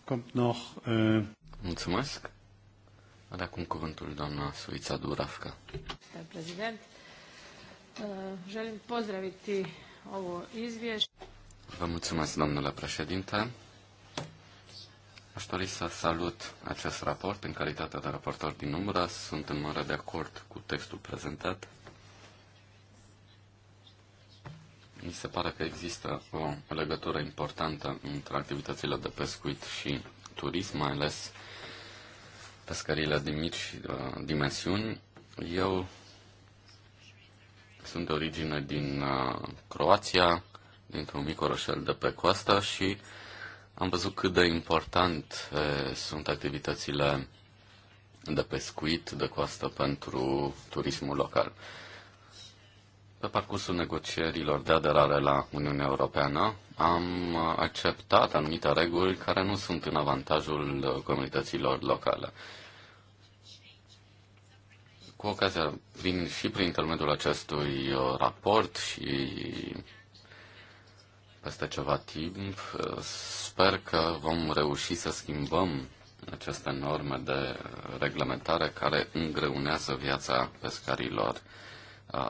Uh, mulțumesc. Are acum cuvântul doamna Suița Duravka. Vă mulțumesc, domnule președinte. Aș dori să salut acest raport în calitate de raportor din Umbra. Sunt în mare de acord cu textul prezentat. Mi se pare că există o legătură importantă între activitățile de pescuit și turism, mai ales pescările de mici uh, dimensiuni. Eu sunt de origine din uh, Croația, dintr-un mic orășel de pe coastă și uh, am văzut cât de important sunt activitățile de pescuit de coastă pentru turismul local. Pe parcursul negocierilor de aderare la Uniunea Europeană, am acceptat anumite reguli care nu sunt în avantajul comunităților locale. Cu ocazia, vin și prin intermediul acestui uh, raport și peste ceva timp. Sper că vom reuși să schimbăm aceste norme de reglementare care îngreunează viața pescarilor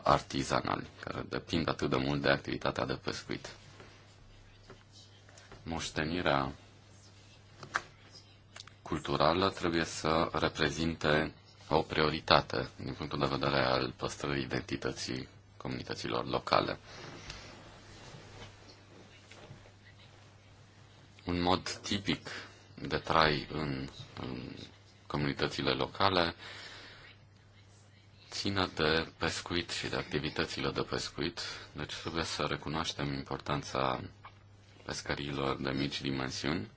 artizanali, care depind atât de mult de activitatea de pescuit. Moștenirea culturală trebuie să reprezinte o prioritate din punctul de vedere al păstrării identității comunităților locale. un mod tipic de trai în, în comunitățile locale ține de pescuit și de activitățile de pescuit, deci trebuie să recunoaștem importanța pescăriilor de mici dimensiuni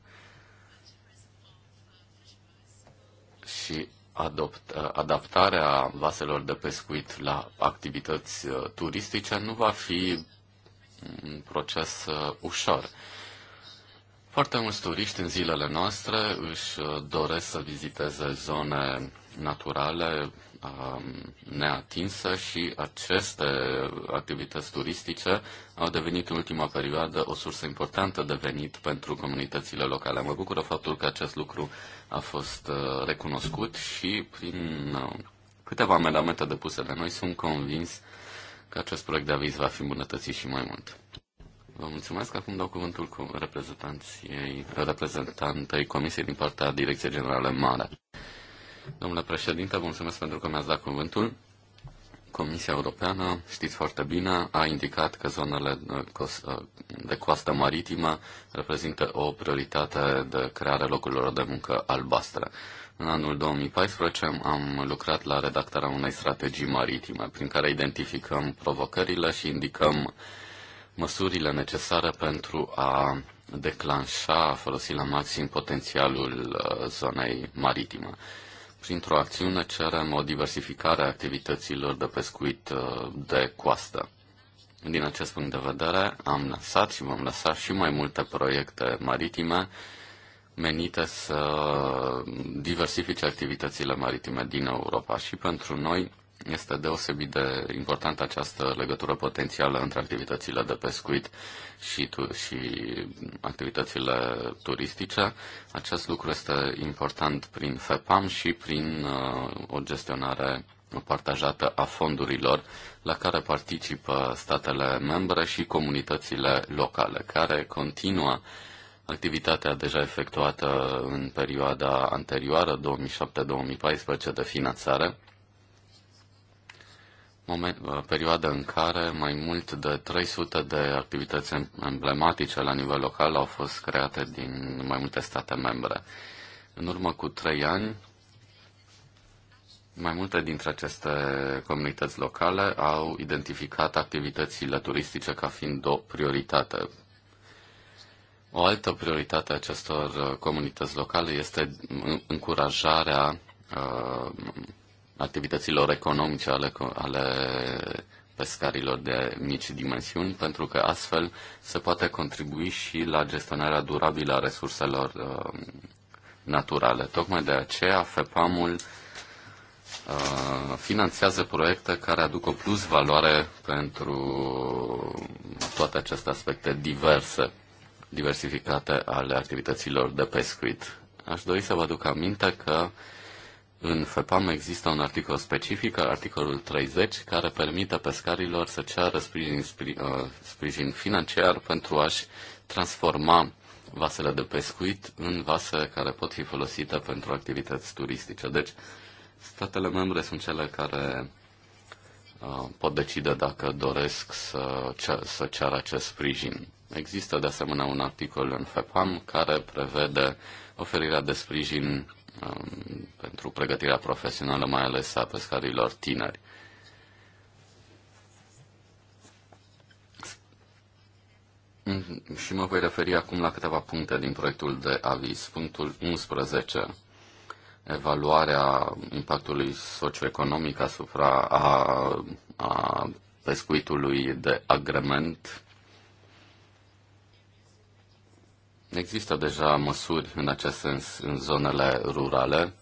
și adopt, adaptarea vaselor de pescuit la activități uh, turistice nu va fi un proces uh, ușor. Foarte mulți turiști în zilele noastre își uh, doresc să viziteze zone naturale um, neatinse și aceste activități turistice au devenit în ultima perioadă o sursă importantă de venit pentru comunitățile locale. Mă bucură faptul că acest lucru a fost uh, recunoscut și prin uh, câteva amendamente depuse de noi sunt convins că acest proiect de aviz va fi îmbunătățit și mai mult. Vă mulțumesc. Acum dau cuvântul cu reprezentanții, reprezentantei Comisiei din partea Direcției Generale Mare. Domnule președinte, mulțumesc pentru că mi-ați dat cuvântul. Comisia Europeană, știți foarte bine, a indicat că zonele uh, uh, de coastă maritimă reprezintă o prioritate de creare locurilor de muncă albastre. În anul 2014 am lucrat la redactarea unei strategii maritime prin care identificăm provocările și indicăm uh, măsurile necesare pentru a declanșa, a folosi la maxim potențialul uh, zonei maritime. Printr-o acțiune cerem o diversificare a activităților de pescuit uh, de coastă. Din acest punct de vedere, am lansat și vom lăsa și mai multe proiecte maritime menite să diversifice activitățile maritime din Europa și pentru noi este deosebit de importantă această legătură potențială între activitățile de pescuit și, tu- și activitățile turistice. Acest lucru este important prin FEPAM și prin uh, o gestionare partajată a fondurilor la care participă statele membre și comunitățile locale, care continuă activitatea deja efectuată în perioada anterioară, 2007-2014, de finanțare moment, uh, perioadă în care mai mult de 300 de activități emblematice la nivel local au fost create din mai multe state membre. În urmă cu trei ani, mai multe dintre aceste comunități locale au identificat activitățile turistice ca fiind o prioritate. O altă prioritate a acestor uh, comunități locale este uh, încurajarea activităților economice ale, ale pescarilor de mici dimensiuni, pentru că astfel se poate contribui și la gestionarea durabilă a resurselor uh, naturale. Tocmai de aceea FEPAM-ul uh, finanțează proiecte care aduc o plus valoare pentru toate aceste aspecte diverse, diversificate ale activităților de pescuit. Aș dori să vă aduc aminte că uh, în FEPAM există un articol specific, articolul 30, care permite pescarilor să ceară sprijin, uh, sprijin financiar pentru a-și transforma vasele de pescuit în vase care pot fi folosite pentru activități turistice. Deci, statele membre sunt cele care uh, pot decide dacă doresc să, ce- să ceară acest sprijin. Există de asemenea un articol în FEPAM care prevede oferirea de sprijin Um, pentru pregătirea profesională, mai ales a pescarilor tineri. Și mă voi referi acum la câteva puncte din proiectul de aviz. Punctul 11. Evaluarea impactului socioeconomic asupra a, a pescuitului de agrement Există deja măsuri în acest sens în zonele rurale.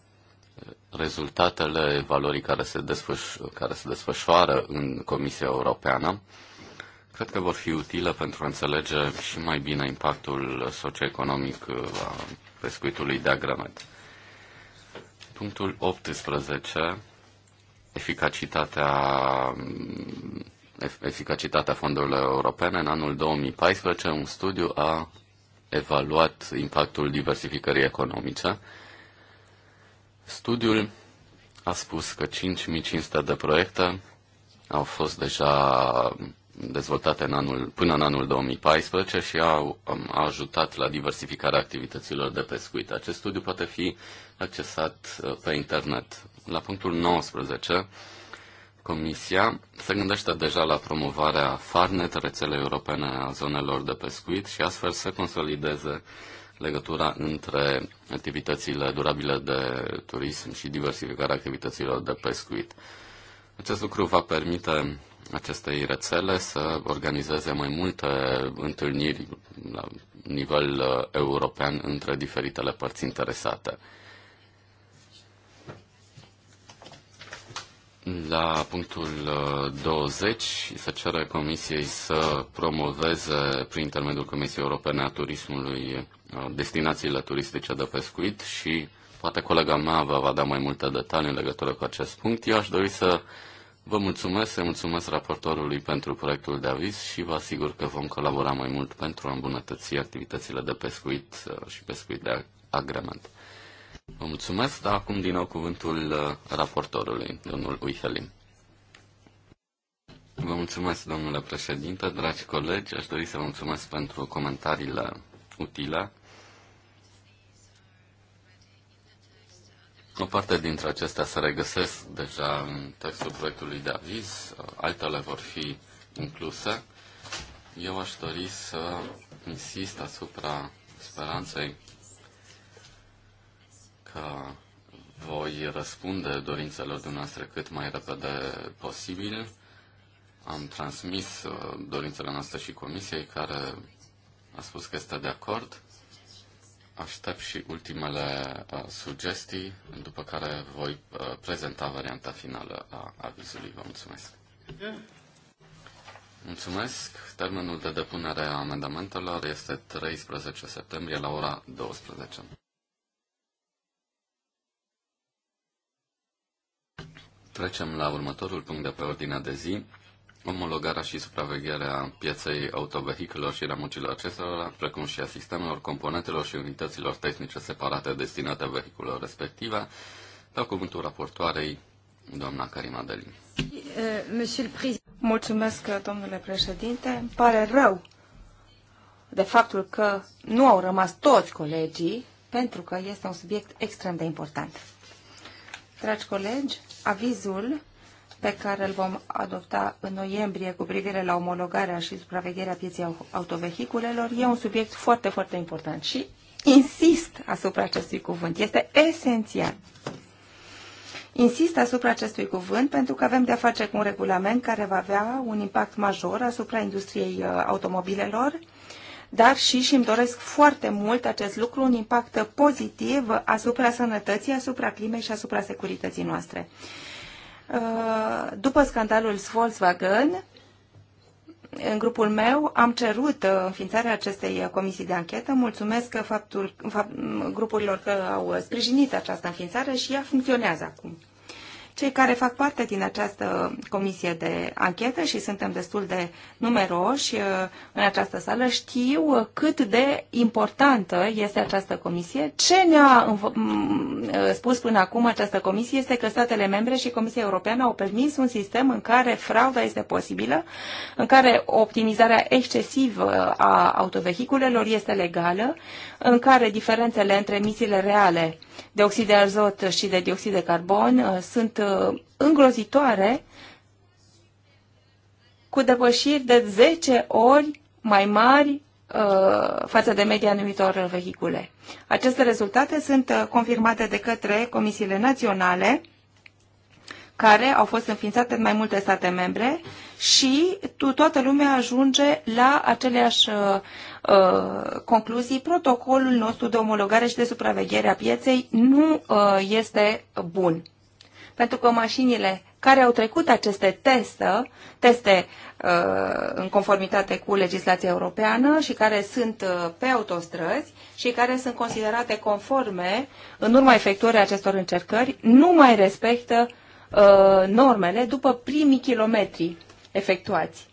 Rezultatele valorii care se, desfăș- care se desfășoară în Comisia Europeană cred că vor fi utile pentru a înțelege și mai bine impactul socioeconomic uh, a pescuitului de agrement. Punctul 18. Eficacitatea mm, eficacitatea fondurilor europene. În anul 2014, un studiu a evaluat impactul diversificării economice. Studiul a spus că 5500 de proiecte au fost deja dezvoltate în anul, până în anul 2014 și au um, ajutat la diversificarea activităților de pescuit. Acest studiu poate fi accesat uh, pe internet. La punctul 19 Comisia se gândește deja la promovarea Farnet, rețelei europene a zonelor de pescuit și astfel să consolideze legătura între activitățile durabile de turism și diversificarea activităților de pescuit. Acest lucru va permite acestei rețele să organizeze mai multe întâlniri la nivel uh, european între diferitele părți interesate. La punctul 20 uh, se cere Comisiei să promoveze prin intermediul Comisiei Europene a Turismului uh, destinațiile turistice de pescuit și poate colega mea vă va da mai multe detalii în legătură cu acest punct. Eu aș dori să vă mulțumesc, să mulțumesc raportorului pentru proiectul de aviz și vă asigur că vom colabora mai mult pentru a îmbunătăți activitățile de pescuit uh, și pescuit de agrement. Vă mulțumesc, dar acum din nou cuvântul uh, raportorului, domnul Uihelin. Vă mulțumesc, domnule președinte, dragi colegi, aș dori să vă mulțumesc pentru comentariile utile. O parte dintre acestea se regăsesc deja în textul proiectului de aviz, altele vor fi incluse. Eu aș dori să insist asupra speranței că voi răspunde dorințelor dumneavoastră cât mai repede posibil. Am transmis uh, dorințele noastre și comisiei care a spus că este de acord. Aștept și ultimele uh, sugestii, după care voi uh, prezenta varianta finală a avizului. Vă mulțumesc. Mulțumesc. Termenul de depunere a amendamentelor este 13 septembrie la ora 12. Trecem la următorul punct de pe ordinea de zi. Omologarea și supravegherea pieței autovehiculor și ramurilor acestora, precum și a sistemelor, componentelor și unităților tehnice separate destinate vehiculelor respective, dau cuvântul raportoarei doamna Karima Delin. Mulțumesc, domnule președinte. Îmi pare rău de faptul că nu au rămas toți colegii, pentru că este un subiect extrem de important. Dragi colegi, avizul pe care îl vom adopta în noiembrie cu privire la omologarea și supravegherea pieței autovehiculelor e un subiect foarte, foarte important și insist asupra acestui cuvânt. Este esențial. Insist asupra acestui cuvânt pentru că avem de-a face cu un regulament care va avea un impact major asupra industriei uh, automobilelor dar și și îmi doresc foarte mult acest lucru, un impact pozitiv asupra sănătății, asupra climei și asupra securității noastre. Uh, după scandalul Volkswagen, în grupul meu am cerut uh, înființarea acestei uh, comisii de anchetă. Mulțumesc faptul, fapt, mm, grupurilor că au sprijinit această înființare și ea funcționează acum. Cei care fac parte din această comisie de anchetă și suntem destul de numeroși uh, în această sală știu cât de importantă este această comisie. Ce ne-a uh, spus până acum această comisie este că statele membre și Comisia Europeană au permis un sistem în care frauda este posibilă, în care optimizarea excesivă a autovehiculelor este legală, în care diferențele între emisiile reale de oxid de azot și de dioxid de carbon uh, sunt uh, îngrozitoare cu depășiri de 10 ori mai mari uh, față de media anumitor vehicule. Aceste rezultate sunt confirmate de către comisiile naționale care au fost înființate în mai multe state membre și toată lumea ajunge la aceleași uh, uh, concluzii. Protocolul nostru de omologare și de supraveghere a pieței nu uh, este bun. Pentru că mașinile care au trecut aceste testă, teste uh, în conformitate cu legislația europeană și care sunt uh, pe autostrăzi și care sunt considerate conforme în urma efectuării acestor încercări, nu mai respectă uh, normele după primii kilometri efectuați.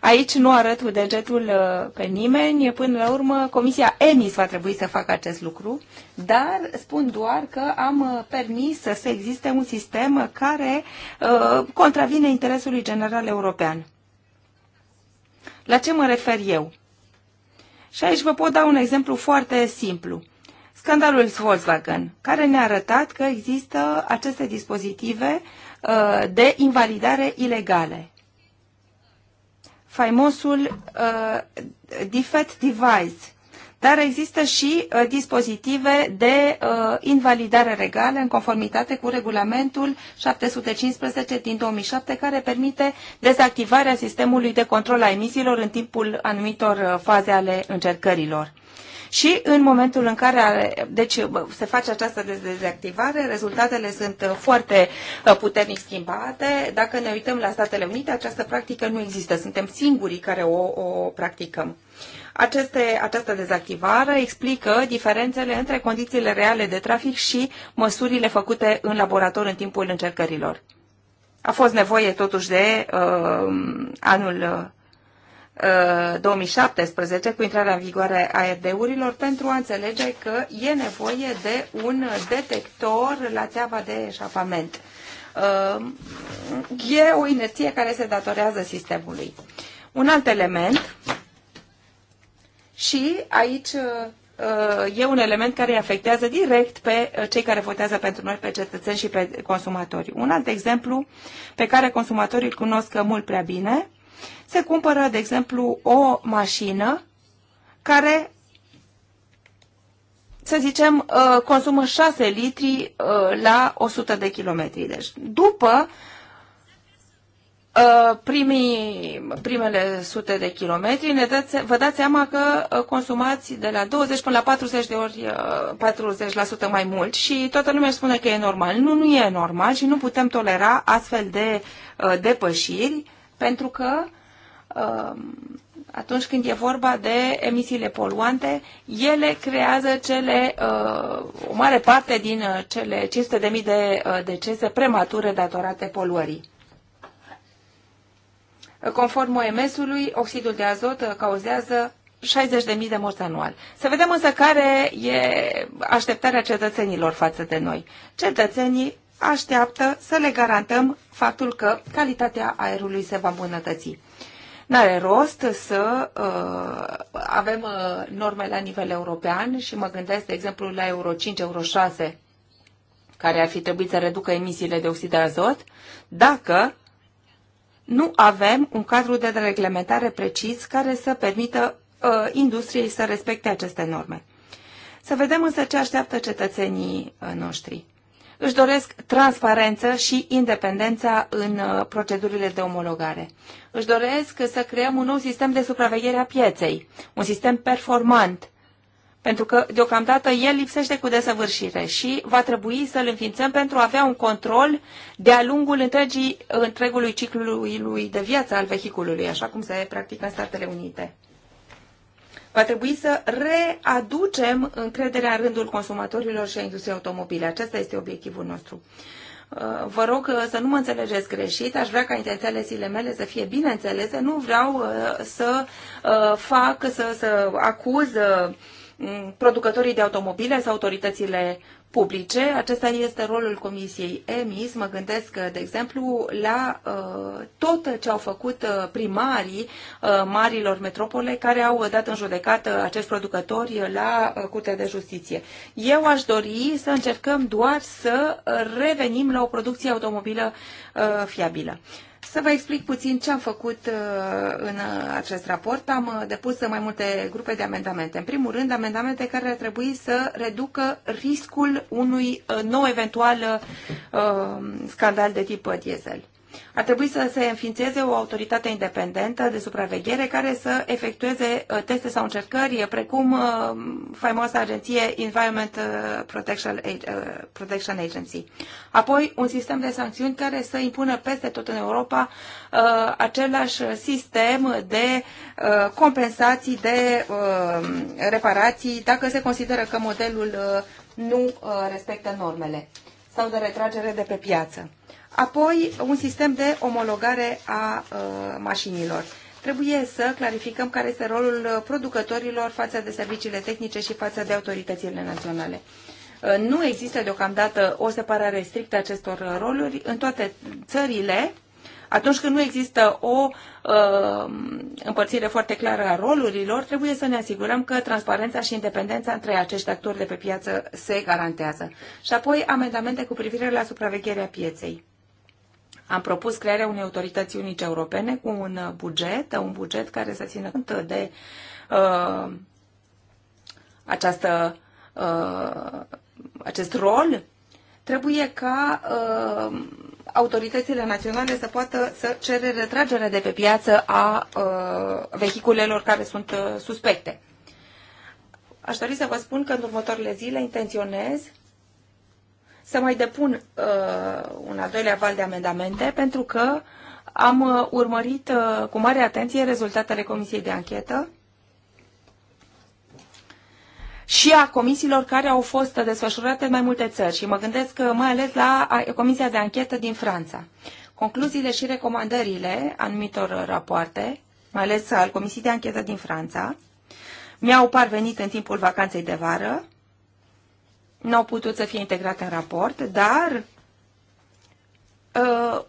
Aici nu arăt cu degetul uh, pe nimeni, până la urmă Comisia EMIS va trebui să facă acest lucru, dar spun doar că am uh, permis să existe un sistem care uh, contravine interesului general european. La ce mă refer eu? Și aici vă pot da un exemplu foarte simplu. Scandalul Volkswagen, care ne-a arătat că există aceste dispozitive uh, Uh, de invalidare ilegale. Faimosul uh, defect device. Dar există și uh, dispozitive de uh, invalidare regală în conformitate cu regulamentul 715 din 2007 care permite dezactivarea sistemului de control a emisiilor în timpul anumitor uh, faze ale încercărilor și în momentul în care are, deci, se face această dezactivare, rezultatele sunt uh, foarte uh, puternic schimbate. Dacă ne uităm la Statele Unite, această practică nu există. Suntem singurii care o, o practicăm. Aceste, această dezactivare explică diferențele între condițiile reale de trafic și măsurile făcute în laborator în timpul încercărilor. A fost nevoie totuși de uh, anul uh, 2017 uh, cu intrarea în vigoare a RD-urilor pentru a înțelege că e nevoie de un detector la țeava de eșapament. Uh, e o inerție care se datorează sistemului. Un alt element și aici uh, e un element care îi afectează direct pe cei care votează pentru noi, pe cetățeni și pe consumatori. Un alt exemplu pe care consumatorii îl cunosc mult prea bine se cumpără, de exemplu, o mașină care, să zicem, uh, consumă 6 litri uh, la 100 de kilometri. Deci, după uh, primii, primele sute de kilometri, ne dați, vă dați seama că consumați de la 20 până la 40 de ori, 40% mai mult și toată lumea spune că e normal. Nu, nu e normal și nu putem tolera astfel de depășiri pentru că Um, atunci când e vorba de emisiile poluante, ele creează cele, uh, o mare parte din uh, cele 500.000 de uh, decese premature datorate poluării. Conform OMS-ului, oxidul de azot cauzează 60.000 de morți anual. Să vedem însă care e așteptarea cetățenilor față de noi. Cetățenii așteaptă să le garantăm faptul că calitatea aerului se va îmbunătăți. N-are rost să uh, avem uh, norme la nivel european și mă gândesc, de exemplu, la Euro 5, Euro 6, care ar fi trebuit să reducă emisiile de oxid de azot, dacă nu avem un cadru de reglementare precis care să permită uh, industriei să respecte aceste norme. Să vedem însă ce așteaptă cetățenii uh, noștri își doresc transparență și independența în uh, procedurile de omologare. Își doresc să creăm un nou sistem de supraveghere a pieței, un sistem performant, pentru că deocamdată el lipsește cu desăvârșire și va trebui să-l înființăm pentru a avea un control de-a lungul întregii, întregului ciclului de viață al vehiculului, așa cum se practică în Statele Unite va trebui să readucem încrederea în rândul consumatorilor și a industriei automobile. Acesta este obiectivul nostru. Uh, vă rog uh, să nu mă înțelegeți greșit, aș vrea ca intențiile mele să fie bine înțelese, nu vreau uh, să fac, să, să acuz producătorii de automobile sau autoritățile publice. Acesta este rolul Comisiei EMIS. Mă gândesc, de exemplu, la uh, tot ce au făcut uh, primarii uh, marilor metropole care au dat în judecată acești producători la uh, Curtea de Justiție. Eu aș dori să încercăm doar să revenim la o producție automobilă fiabilă. Să vă explic puțin ce am făcut uh, în uh, acest raport. Am uh, depus mai multe grupe de amendamente. În primul rând, amendamente care ar trebui să reducă riscul unui nou eventual scandal de tip diesel. Ar trebui să se înființeze o autoritate independentă de supraveghere care să efectueze uh, teste sau încercări, precum uh, faimoasa agenție Environment uh, Protection Agency. Apoi, un sistem de sancțiuni care să impună peste tot în Europa același sistem de compensații, de reparații, dacă se consideră că modelul nu respectă normele sau de retragere de pe piață. Apoi, un sistem de omologare a uh, mașinilor. Trebuie să clarificăm care este rolul uh, producătorilor față de serviciile tehnice și față de autoritățile naționale. Uh, nu există deocamdată o separare strictă a acestor roluri în toate țările. Atunci când nu există o uh, împărțire foarte clară a rolurilor, trebuie să ne asigurăm că transparența și independența între acești actori de pe piață se garantează. Și apoi amendamente cu privire la supravegherea pieței. Am propus crearea unei autorități unice europene cu un uh, buget, un buget care să țină cont de uh, această, uh, acest rol. Trebuie ca uh, autoritățile naționale să poată să cere retragerea de pe piață a uh, vehiculelor care sunt uh, suspecte. Aș dori să vă spun că în următoarele zile intenționez să mai depun uh, un al doilea val de amendamente, pentru că am uh, urmărit uh, cu mare atenție rezultatele Comisiei de Anchetă și a comisiilor care au fost desfășurate în mai multe țări și mă gândesc uh, mai ales la Comisia de Anchetă din Franța. Concluziile și recomandările anumitor uh, rapoarte, mai ales al Comisiei de Anchetă din Franța, mi-au parvenit în timpul vacanței de vară nu au putut să fie integrate în raport, dar uh,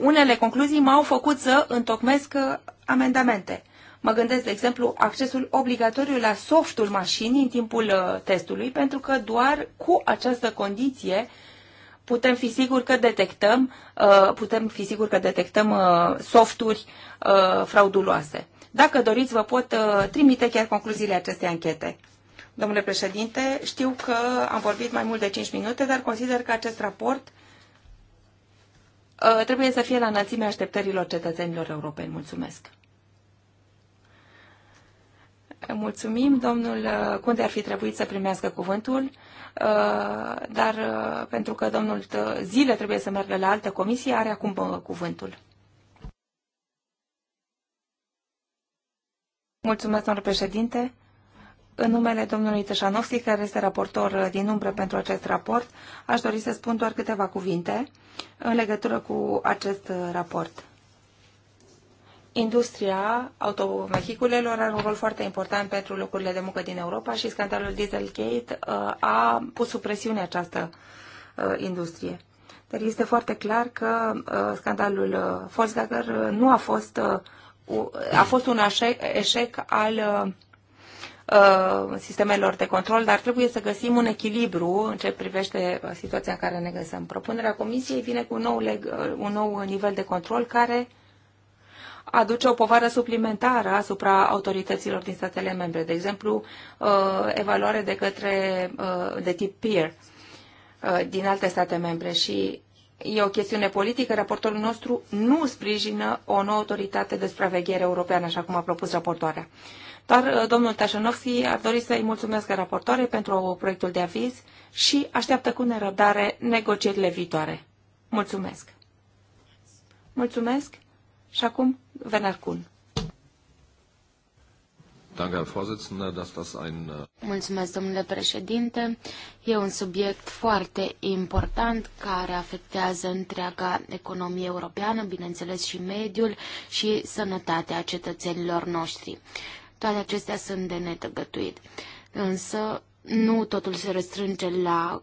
unele concluzii m-au făcut să întocmesc uh, amendamente. Mă gândesc, de exemplu, accesul obligatoriu la softul mașinii în timpul uh, testului, pentru că doar cu această condiție putem fi siguri că detectăm, uh, putem fi siguri că detectăm softuri frauduloase. Dacă doriți, vă pot trimite chiar concluziile acestei anchete. Domnule președinte, știu că am vorbit mai mult de 5 minute, dar consider că acest raport uh, trebuie să fie la înălțimea așteptărilor cetățenilor europeni. Mulțumesc! Mulțumim, domnul uh, Cunde ar fi trebuit să primească cuvântul, uh, dar pentru că domnul Zile trebuie să meargă la altă comisie, are acum cuvântul. Mulțumesc, domnul președinte. În numele domnului Tășanovski, care este raportor din umbră pentru acest raport, aș dori să spun doar câteva cuvinte în legătură cu acest raport. Industria autovehiculelor are un rol foarte important pentru locurile de muncă din Europa și scandalul Dieselgate uh, a pus sub presiune această uh, industrie. Dar este foarte clar că uh, scandalul Volkswagen nu a fost, a fost un eșec al Uh, sistemelor de control, dar trebuie să găsim un echilibru în ce privește uh, situația în care ne găsim. Propunerea Comisiei vine cu un nou, leg, uh, un nou nivel de control care aduce o povară suplimentară asupra autorităților din statele membre, de exemplu, evaluare de către de tip peer din alte state membre și e o chestiune politică, raportorul nostru nu sprijină o nouă autoritate de supraveghere europeană, așa cum a propus raportoarea. Dar uh, domnul Tașanovski ar dori să-i mulțumesc raportoare pentru proiectul de aviz și așteaptă cu nerăbdare negocierile viitoare. Mulțumesc! Mulțumesc și acum Venarcun. Äh, Mulțumesc, domnule președinte. E un subiect foarte important care afectează întreaga economie europeană, bineînțeles și mediul și sănătatea cetățenilor noștri. Toate acestea sunt de netăgătuit. Însă nu totul se restrânge la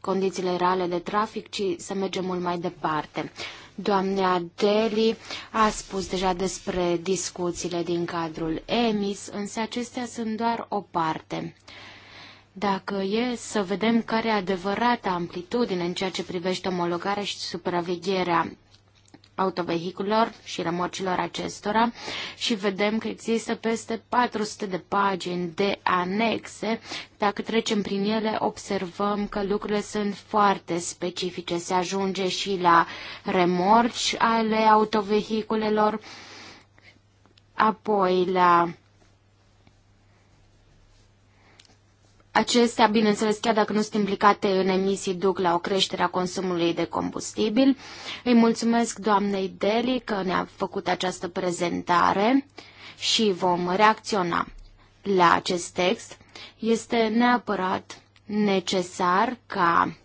condițiile reale de trafic, ci să mergem mult mai departe. Doamna Deli a spus deja despre discuțiile din cadrul EMIS, însă acestea sunt doar o parte. Dacă e să vedem care e adevărata amplitudine în ceea ce privește omologarea și supravegherea autovehiculor și rămocilor acestora și vedem că există peste 400 de pagini de anexe. Dacă trecem prin ele, observăm că lucrurile sunt foarte specifice. Se ajunge și la remorci ale autovehiculelor, apoi la Acestea, bineînțeles, chiar dacă nu sunt implicate în emisii, duc la o creștere a consumului de combustibil. Îi mulțumesc doamnei Deli că ne-a făcut această prezentare și vom reacționa la acest text. Este neapărat necesar ca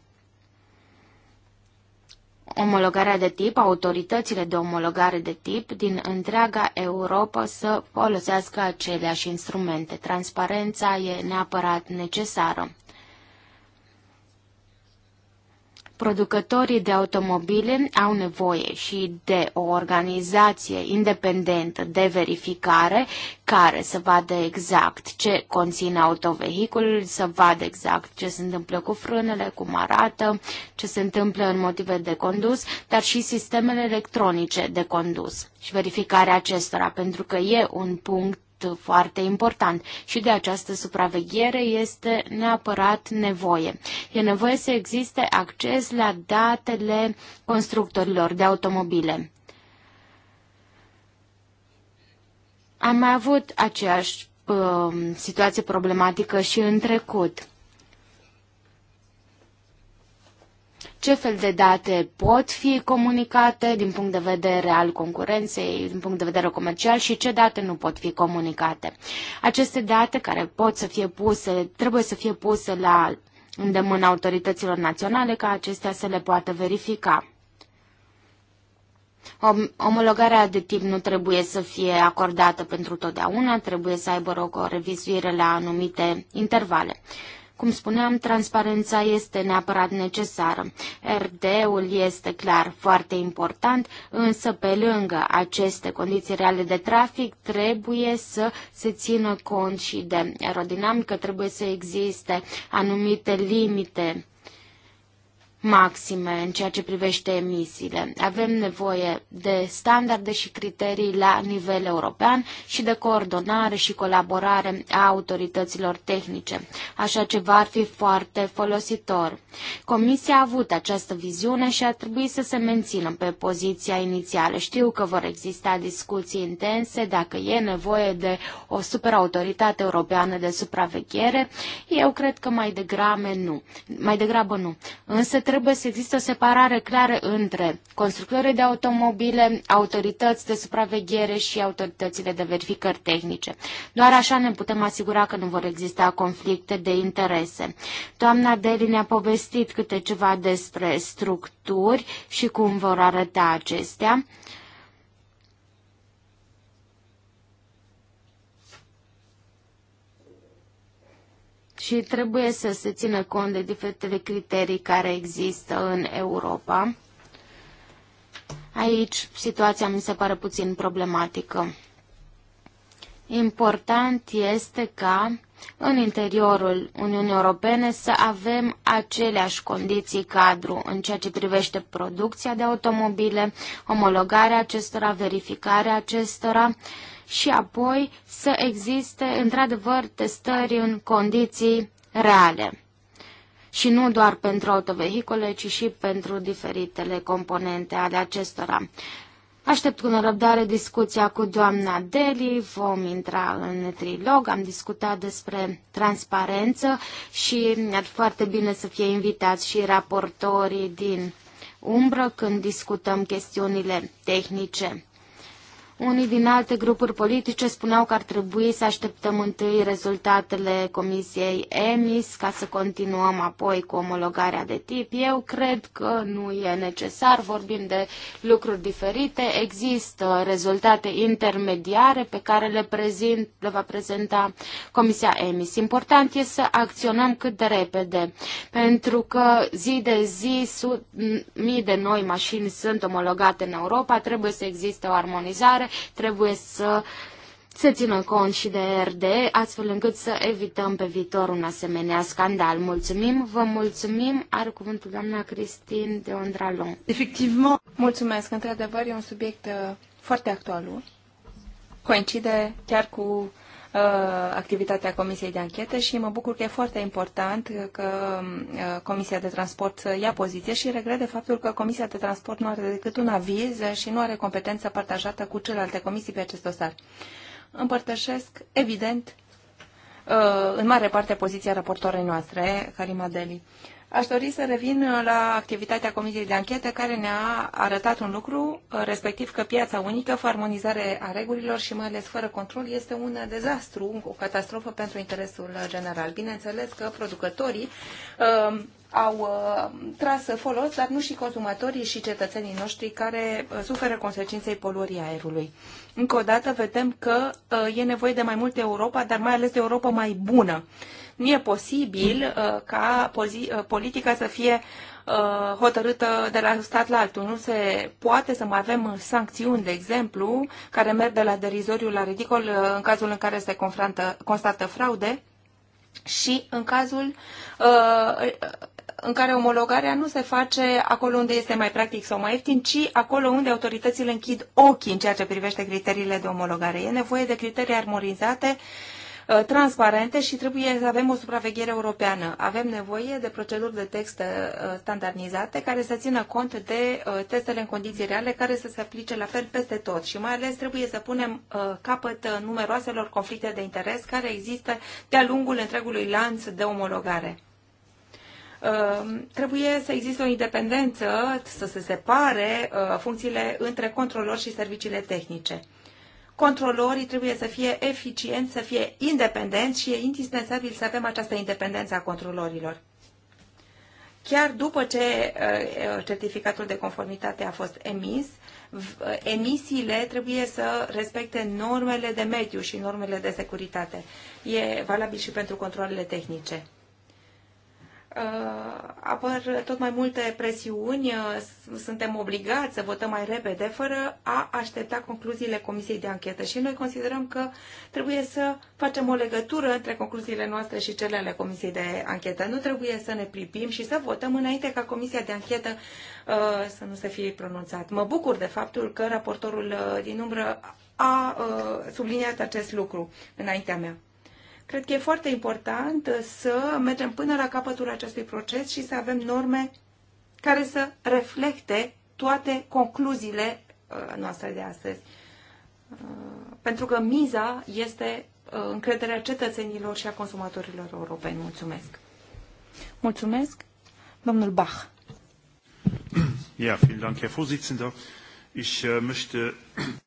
omologarea de tip, autoritățile de omologare de tip din întreaga Europa să folosească aceleași instrumente. Transparența e neapărat necesară. Producătorii de automobile au nevoie și de o organizație independentă de verificare care să vadă exact ce conține autovehiculul, să vadă exact ce se întâmplă cu frânele, cum arată, ce se întâmplă în motive de condus, dar și sistemele electronice de condus și verificarea acestora, pentru că e un punct foarte important și de această supraveghere este neapărat nevoie. E nevoie să existe acces la datele constructorilor de automobile. Am mai avut aceeași uh, situație problematică și în trecut. ce fel de date pot fi comunicate din punct de vedere al concurenței, din punct de vedere comercial și ce date nu pot fi comunicate. Aceste date care pot să fie puse, trebuie să fie puse la îndemână autorităților naționale ca acestea să le poată verifica. Omologarea de tip nu trebuie să fie acordată pentru totdeauna, trebuie să aibă loc o revizuire la anumite intervale. Cum spuneam, transparența este neapărat necesară. RD-ul este clar foarte important, însă pe lângă aceste condiții reale de trafic trebuie să se țină cont și de aerodinamică, trebuie să existe anumite limite maxime în ceea ce privește emisiile. Avem nevoie de standarde și criterii la nivel european și de coordonare și colaborare a autorităților tehnice. Așa ceva ar fi foarte folositor. Comisia a avut această viziune și a trebuit să se mențină pe poziția inițială. Știu că vor exista discuții intense dacă e nevoie de o superautoritate europeană de supraveghere. Eu cred că mai degrabă nu. Mai degrabă nu. Însă trebuie să existe o separare clară între constructorii de automobile, autorități de supraveghere și autoritățile de verificări tehnice. Doar așa ne putem asigura că nu vor exista conflicte de interese. Doamna Deli ne-a povestit câte ceva despre structuri și cum vor arăta acestea. și trebuie să se țină cont de diferitele criterii care există în Europa. Aici situația mi se pare puțin problematică. Important este ca în interiorul Uniunii Europene să avem aceleași condiții cadru în ceea ce privește producția de automobile, omologarea acestora, verificarea acestora și apoi să existe într-adevăr testări în condiții reale și nu doar pentru autovehicule, ci și pentru diferitele componente ale acestora. Aștept cu nerăbdare discuția cu doamna Deli, vom intra în trilog, am discutat despre transparență și ar foarte bine să fie invitați și raportorii din umbră când discutăm chestiunile tehnice. Unii din alte grupuri politice spuneau că ar trebui să așteptăm întâi rezultatele Comisiei EMIS ca să continuăm apoi cu omologarea de tip. Eu cred că nu e necesar, vorbim de lucruri diferite. Există rezultate intermediare pe care le, prezint, le va prezenta Comisia EMIS. Important e să acționăm cât de repede, pentru că zi de zi mii de noi mașini sunt omologate în Europa, trebuie să existe o armonizare trebuie să se țină cont și de RD, astfel încât să evităm pe viitor un asemenea scandal. Mulțumim, vă mulțumim. Are cuvântul doamna Cristin de Ondralon. Efectivement. Mulțumesc. Într-adevăr, e un subiect uh, foarte actual. Coincide chiar cu Uh, activitatea Comisiei de Anchetă și mă bucur că e foarte important că uh, Comisia de Transport ia poziție și regret de faptul că Comisia de Transport nu are decât un aviz și nu are competență partajată cu celelalte comisii pe acest dosar. Împărtășesc, evident, uh, în mare parte poziția raportoarei noastre, Karima Deli. Aș dori să revin la activitatea Comisiei de Anchetă care ne-a arătat un lucru, respectiv că piața unică, fără armonizare a regulilor și mai ales fără control, este un dezastru, o catastrofă pentru interesul general. Bineînțeles că producătorii uh, au uh, tras folos, dar nu și consumatorii și cetățenii noștri care uh, suferă consecinței poluării aerului. Încă o dată vedem că uh, e nevoie de mai multă Europa, dar mai ales de Europa mai bună nu e posibil uh, ca uh, politica să fie uh, hotărâtă de la stat la altul. Nu se poate să mai avem sancțiuni, de exemplu, care merg de la derizoriu la ridicol în cazul în care se confruntă, constată fraude și în cazul în care omologarea nu se face acolo unde este mai practic sau mai ieftin, ci acolo unde autoritățile închid ochii în ceea ce privește criteriile de omologare. E nevoie de criterii armonizate uh, Uh, transparente și trebuie să avem o supraveghere europeană. Avem nevoie de proceduri de text uh, standardizate care să țină cont de uh, testele în condiții reale care să se aplice la fel peste tot și mai ales trebuie să punem capăt numeroaselor conflicte de interes care există de-a lungul întregului lanț de omologare trebuie să existe o independență, să se separe funcțiile între controlor și serviciile tehnice controlorii trebuie să fie eficienți, să fie independenți și e indispensabil să avem această independență a controlorilor. Chiar după ce uh, certificatul de conformitate a fost emis, uh, emisiile trebuie să respecte normele de mediu și normele de securitate. E valabil și pentru controlele tehnice. Uh, apar tot mai multe presiuni, uh, suntem obligați să votăm mai repede, fără a aștepta concluziile Comisiei de Anchetă. Și noi considerăm că trebuie să facem o legătură între concluziile noastre și cele ale Comisiei de Anchetă. Nu trebuie să ne pripim și să votăm înainte ca Comisia de Anchetă uh, să nu se fie pronunțat. Mă bucur de faptul că raportorul din umbră a subliniat acest lucru înaintea mea. Cred că e foarte important să mergem până la capătul acestui proces și să avem norme care să reflecte toate concluziile uh, noastre de astăzi. Uh, pentru că miza este uh, încrederea cetățenilor și a consumatorilor europeni. Mulțumesc! Mulțumesc, domnul Bach! Ja, vielen Dank, Herr Vorsitzender. Äh,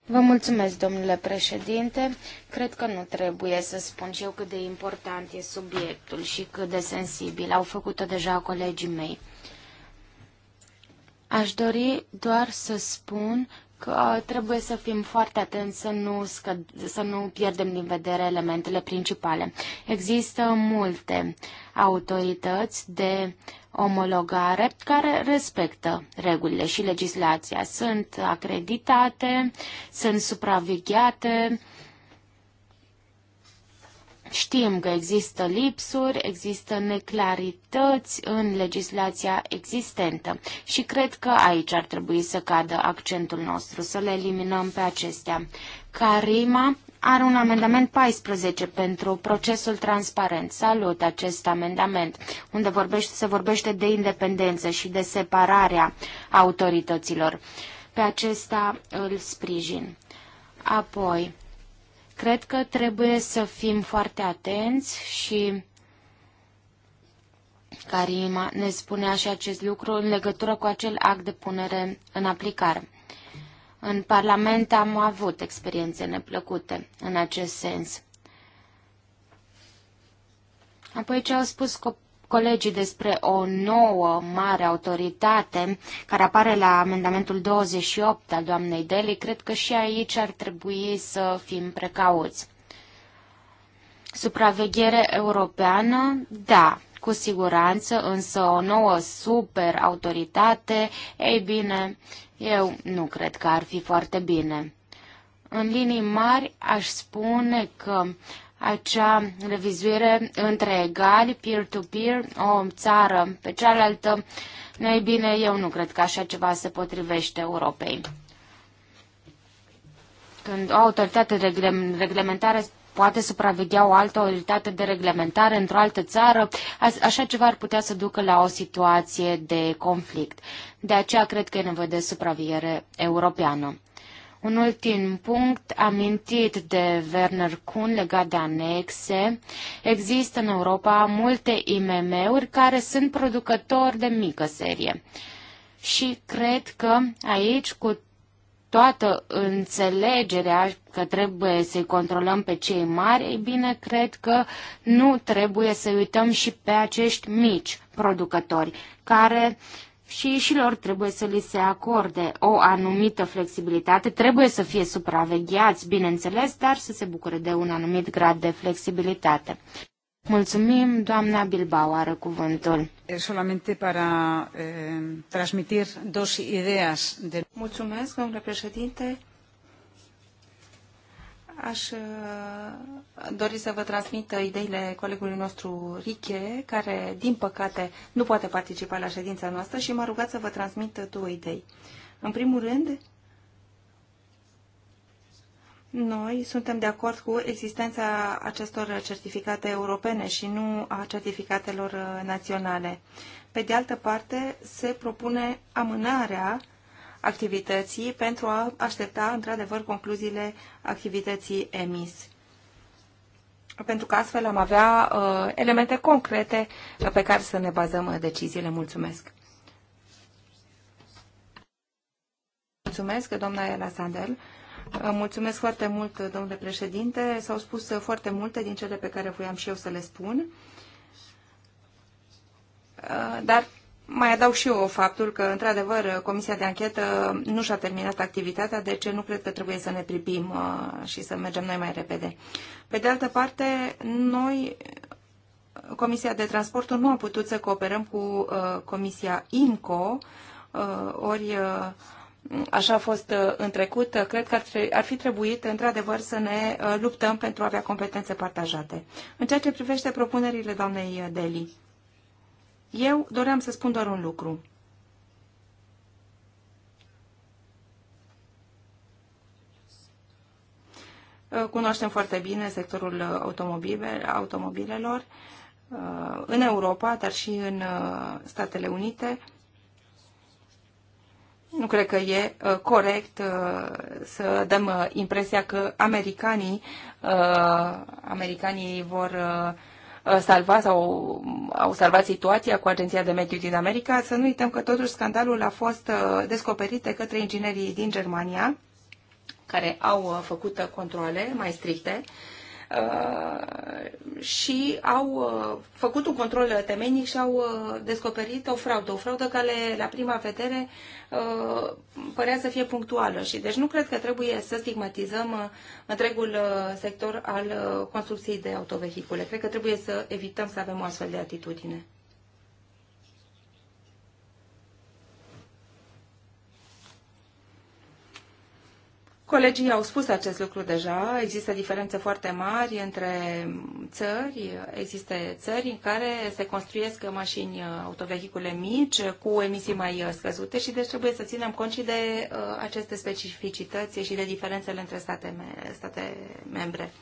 Vă mulțumesc, domnule președinte. Cred că nu trebuie să spun și eu cât de important e subiectul și cât de sensibil. Au făcut-o deja colegii mei. Aș dori doar să spun că trebuie să fim foarte atenți să nu, scăd- să nu pierdem din vedere elementele principale. Există multe autorități de uh, omologare care respectă regulile și legislația. Sunt acreditate, sunt supravegheate, Știm că există lipsuri, există neclarități în legislația existentă și cred că aici ar trebui să cadă accentul nostru, să le eliminăm pe acestea. Carima are un amendament 14 pentru procesul transparent. Salut acest amendament, unde vorbește, se vorbește de independență și de separarea autorităților. Pe acesta îl sprijin. Apoi, Cred că trebuie să fim foarte atenți și Karima ne spunea și acest lucru în legătură cu acel act de punere în aplicare. În Parlament am avut experiențe neplăcute în acest sens. Apoi ce au spus colegii despre o nouă mare autoritate care apare la amendamentul 28 al doamnei Deli, cred că și aici ar trebui să fim precauți. Supraveghere europeană, da, cu siguranță, însă o nouă super autoritate, ei bine, eu nu cred că ar fi foarte bine. În linii mari aș spune că acea revizuire între egali, peer-to-peer, -peer, o țară pe cealaltă. e bine, eu nu cred că așa ceva se potrivește Europei. Când o autoritate reglementară poate supraveghea o altă autoritate de reglementare într-o altă țară, așa ceva ar putea să ducă la o situație de conflict. De aceea cred că e nevoie de supraveghere europeană. Un ultim punct amintit de Werner Kuhn legat de anexe. Există în Europa multe IMM-uri care sunt producători de mică serie. Și cred că aici cu toată înțelegerea că trebuie să-i controlăm pe cei mari, ei bine, cred că nu trebuie să uităm și pe acești mici producători care și și lor trebuie să li se acorde o anumită flexibilitate, trebuie să fie supravegheați, bineînțeles, dar să se bucure de un anumit grad de flexibilitate. Mulțumim, doamna Bilbao are cuvântul. Eh, solamente para eh, transmitir dos ideas de... Mulțumesc, domnule președinte. Aș uh, dori să vă transmit ideile colegului nostru Riche, care, din păcate, nu poate participa la ședința noastră și m-a rugat să vă transmit două idei. În primul rând, noi suntem de acord cu existența acestor certificate europene și nu a certificatelor uh, naționale. Pe de altă parte, se propune amânarea uh, activității pentru a aștepta, într-adevăr, concluziile activității emis. Pentru că astfel am avea uh, elemente concrete pe care să ne bazăm deciziile. Mulțumesc! Mulțumesc, doamna Ela Sandel. Uh, mulțumesc foarte mult, domnule președinte. S-au spus foarte multe din cele pe care voiam și eu să le spun. Uh, dar mai adaug și eu faptul că, într-adevăr, Comisia de Anchetă nu și-a terminat activitatea, deci nu cred că trebuie să ne pripim uh, și să mergem noi mai repede. Pe de altă parte, noi, Comisia de Transporturi, nu a putut să cooperăm cu uh, Comisia INCO, uh, ori așa a fost în trecut, cred că ar fi trebuit, într-adevăr, să ne luptăm pentru a avea competențe partajate. În ceea ce privește propunerile doamnei Deli, eu doream să spun doar un lucru. Uh, cunoaștem foarte bine sectorul automobile, automobilelor uh, în Europa, dar și în uh, Statele Unite. Nu cred că e corect să dăm impresia că americanii, americanii vor Uh, salva sau uh, au salvat situația cu Agenția de Mediu din America, să nu uităm că totuși scandalul a fost uh, descoperit de către inginerii din Germania, care au făcut controle mai stricte Uh, și au uh, făcut un control temenic și au uh, descoperit o fraudă, o fraudă care la prima vedere părea să fie punctuală și deci nu cred că trebuie să stigmatizăm întregul sector al construcției de autovehicule. Cred că trebuie să evităm să avem o astfel de atitudine. Colegii au spus acest lucru deja, există diferențe foarte mari între țări, există țări în care se construiesc mașini, uh, autovehicule mici, cu emisii mai uh, scăzute și deci trebuie să ținem cont și de uh, aceste specificități și de diferențele între state, state membre.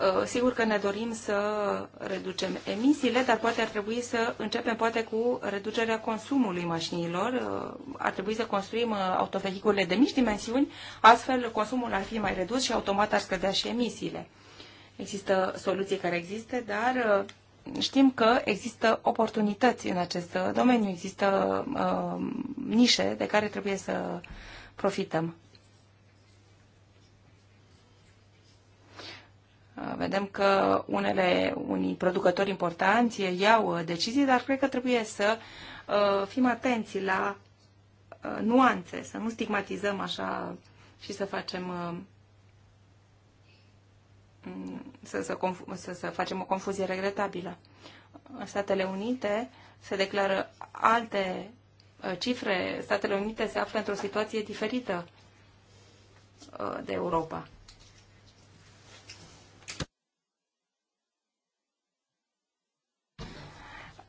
Uh, sigur că ne dorim să reducem emisiile, dar poate ar trebui să începem poate cu reducerea consumului mașinilor. Uh, ar trebui să construim uh, autovehicule de mici dimensiuni, astfel consumul ar fi mai redus și automat ar scădea și emisiile. Există soluții care există, dar știm că există oportunități în acest domeniu, există uh, nișe de care trebuie să profităm. Vedem că unele, unii producători importanți iau uh, decizii, dar cred că trebuie să uh, fim atenți la uh, nuanțe, să nu stigmatizăm așa și să facem mm, să, să, să, să facem o confuzie regretabilă. În Statele Unite se declară alte cifre. Statele Unite se află într-o situație diferită de Europa.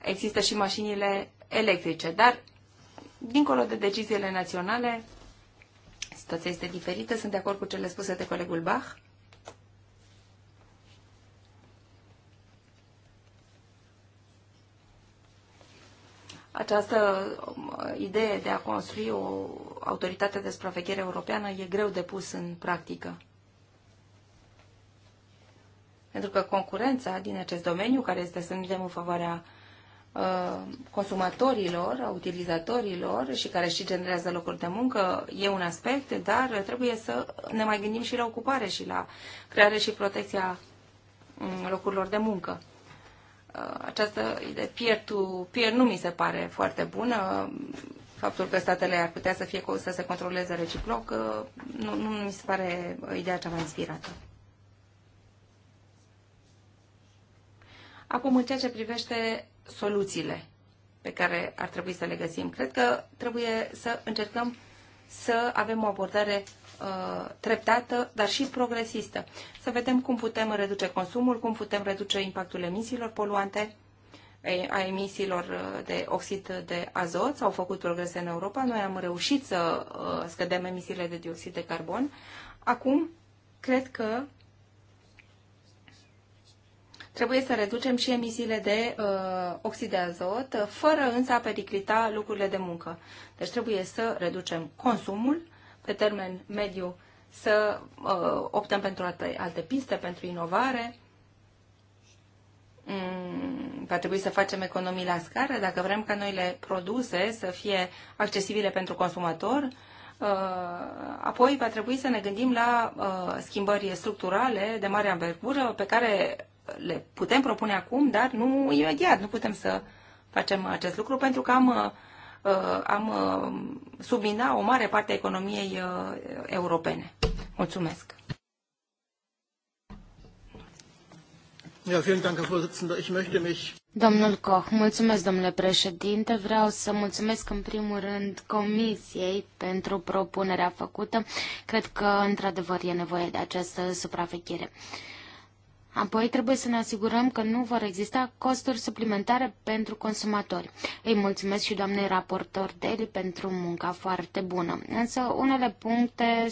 există și mașinile electrice, dar dincolo de deciziile naționale, situația este diferită. Sunt de acord cu cele spuse de colegul Bach. Această um, idee de a construi o autoritate de supraveghere europeană e greu de pus în practică. Pentru că concurența din acest domeniu, care este să nu în favoarea uh, Uh, consumatorilor, a utilizatorilor și care și generează locuri de muncă e un aspect, dar trebuie să ne mai gândim și la ocupare și la creare și protecția um, locurilor de muncă. Uh, această idee peer-to-peer nu mi se pare foarte bună. Faptul că statele ar putea să, fie, să se controleze reciproc uh, nu, nu mi se pare ideea cea mai inspirată. Acum, în ceea ce privește soluțiile pe care ar trebui să le găsim. Cred că trebuie să încercăm să avem o abordare uh, treptată, dar și progresistă. Să vedem cum putem reduce consumul, cum putem reduce impactul emisiilor poluante, a emisiilor uh, de oxid de azot. S-au făcut progrese în Europa. Noi am reușit să uh, scădem emisiile de dioxid de carbon. Acum, cred că trebuie să reducem și emisiile de uh, oxid de azot, uh, fără însă a periclita lucrurile de muncă. Deci trebuie să reducem consumul pe termen mediu, să uh, optăm pentru alte, alte piste, pentru inovare. Mm, va trebui să facem economii la scară dacă vrem ca noile produse să fie accesibile pentru consumator. Uh, apoi va trebui să ne gândim la uh, schimbări structurale de mare anvergură pe care le putem propune acum, dar nu imediat. Nu putem să facem acest lucru pentru că am, uh, uh, am uh, submina o mare parte a economiei europene. Mulțumesc! Ja, vielen Dank, Herr Vorsitzender. Ich möchte mich Domnul Koch, mulțumesc, domnule președinte. Vreau să mulțumesc în primul rând Comisiei pentru propunerea făcută. Cred că, într-adevăr, e nevoie de această supraveghere. Uh, Apoi trebuie să ne asigurăm că nu vor exista costuri suplimentare pentru consumatori. Îi mulțumesc și doamnei raportor Deli pentru munca foarte bună. Însă unele puncte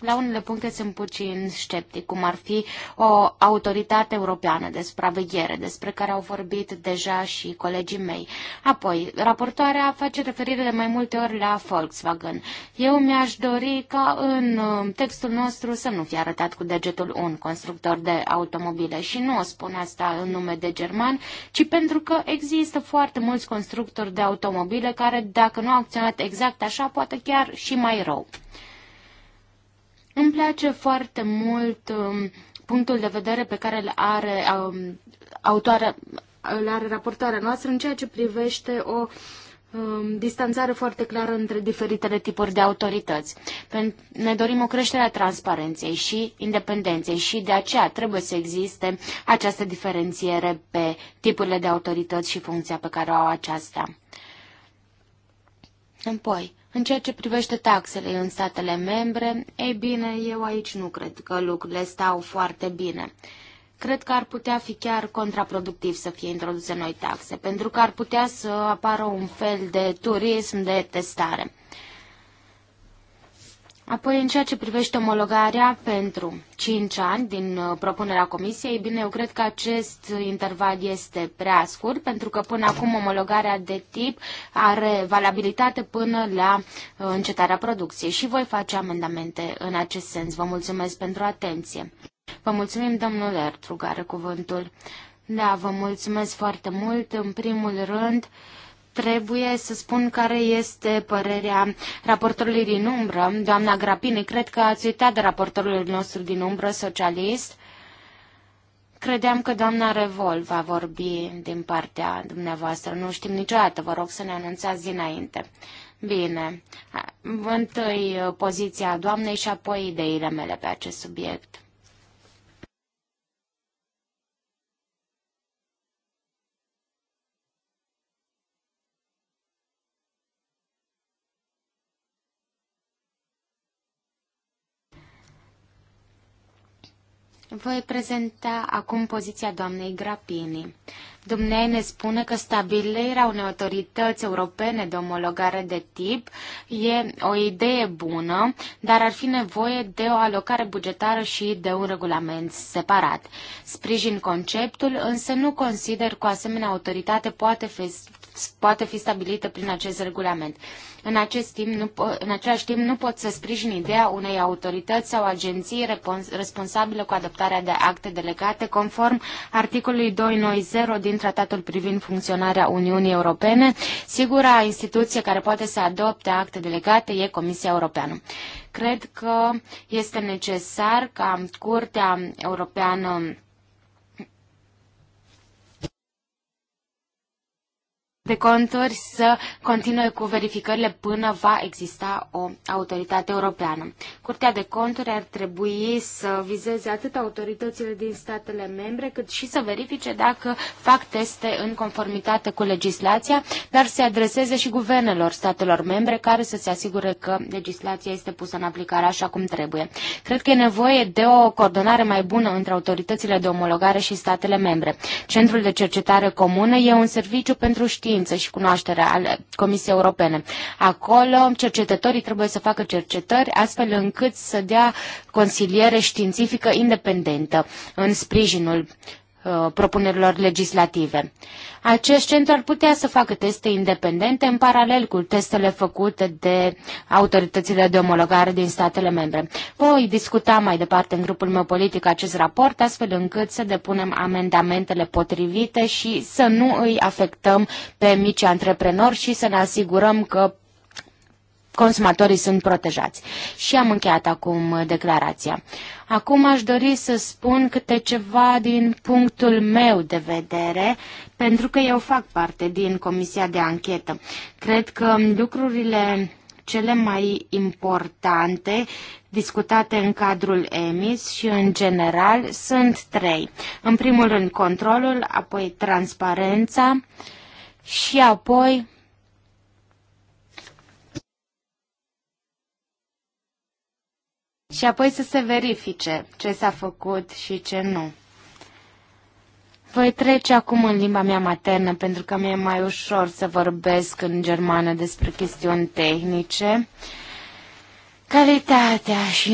la unele puncte sunt puțin sceptic, cum ar fi o autoritate europeană de supraveghere, despre care au vorbit deja și colegii mei. Apoi, raportoarea face referire de mai multe ori la Volkswagen. Eu mi-aș dori ca în um, textul nostru să nu fie arătat cu degetul un constructor de automobile și nu o spun asta în nume de german, ci pentru că există foarte mulți constructori de automobile care, dacă nu au acționat exact așa, poate chiar și mai rău. Îmi place foarte mult um, punctul de vedere pe care îl are um, autoarea, îl are raportarea noastră în ceea ce privește o um, distanțare foarte clară între diferitele tipuri de autorități. Ne dorim o creștere a transparenței și independenței și de aceea trebuie să existe această diferențiere pe tipurile de autorități și funcția pe care o au aceasta. Apoi, în ceea ce privește taxele în statele membre, ei bine, eu aici nu cred că lucrurile stau foarte bine. Cred că ar putea fi chiar contraproductiv să fie introduse noi taxe, pentru că ar putea să apară un fel de turism de testare. Apoi, în ceea ce privește omologarea pentru 5 ani din uh, propunerea comisiei, bine, eu cred că acest interval este prea scurt, pentru că până acum omologarea de tip are valabilitate până la uh, încetarea producției și voi face amendamente în acest sens. Vă mulțumesc pentru atenție. Vă mulțumim, domnule Ertrug, are cuvântul. Da, vă mulțumesc foarte mult. În primul rând, Trebuie să spun care este părerea raportorului din umbră, doamna Grapini. Cred că ați uitat de raportorul nostru din umbră, socialist. Credeam că doamna Revol va vorbi din partea dumneavoastră. Nu știm niciodată, vă rog să ne anunțați dinainte. Bine, întâi poziția doamnei și apoi ideile mele pe acest subiect. Voi prezenta acum poziția doamnei Grapini. Dumnezeu ne spune că stabilirea unei autorități europene de omologare de tip e o idee bună, dar ar fi nevoie de o alocare bugetară și de un regulament separat. Sprijin conceptul, însă nu consider că o asemenea autoritate poate poate fi stabilită prin acest regulament. În, acest timp, nu po- în același timp, nu pot să sprijin ideea unei autorități sau agenții responsabile cu adoptarea de acte delegate conform articolului 290 din Tratatul privind funcționarea Uniunii Europene. Sigura instituție care poate să adopte acte delegate e Comisia Europeană cred că este necesar ca Curtea Europeană de conturi să continue cu verificările până va exista o autoritate europeană. Curtea de conturi ar trebui să vizeze atât autoritățile din statele membre, cât și să verifice dacă fac teste în conformitate cu legislația, dar se adreseze și guvernelor statelor membre care să se asigure că legislația este pusă în aplicare așa cum trebuie. Cred că e nevoie de o coordonare mai bună între autoritățile de omologare și statele membre. Centrul de cercetare comună e un serviciu pentru știință știință și cunoaștere ale Comisiei Europene. Acolo cercetătorii trebuie să facă cercetări astfel încât să dea consiliere științifică independentă în sprijinul Uh, propunerilor legislative. Acest centru ar putea să facă teste independente în paralel cu testele făcute de autoritățile de omologare din statele membre. Voi discuta mai departe în grupul meu politic acest raport, astfel încât să depunem amendamentele potrivite și să nu îi afectăm pe mici antreprenori și să ne asigurăm că consumatorii sunt protejați. Și am încheiat acum declarația. Acum aș dori să spun câte ceva din punctul meu de vedere, pentru că eu fac parte din Comisia de Anchetă. Cred că lucrurile cele mai importante discutate în cadrul EMIS și în general sunt trei. În primul rând controlul, apoi transparența și apoi și apoi să se verifice ce s-a făcut și ce nu. Voi trece acum în limba mea maternă, pentru că mi-e mai ușor să vorbesc în germană despre chestiuni tehnice. Calitatea și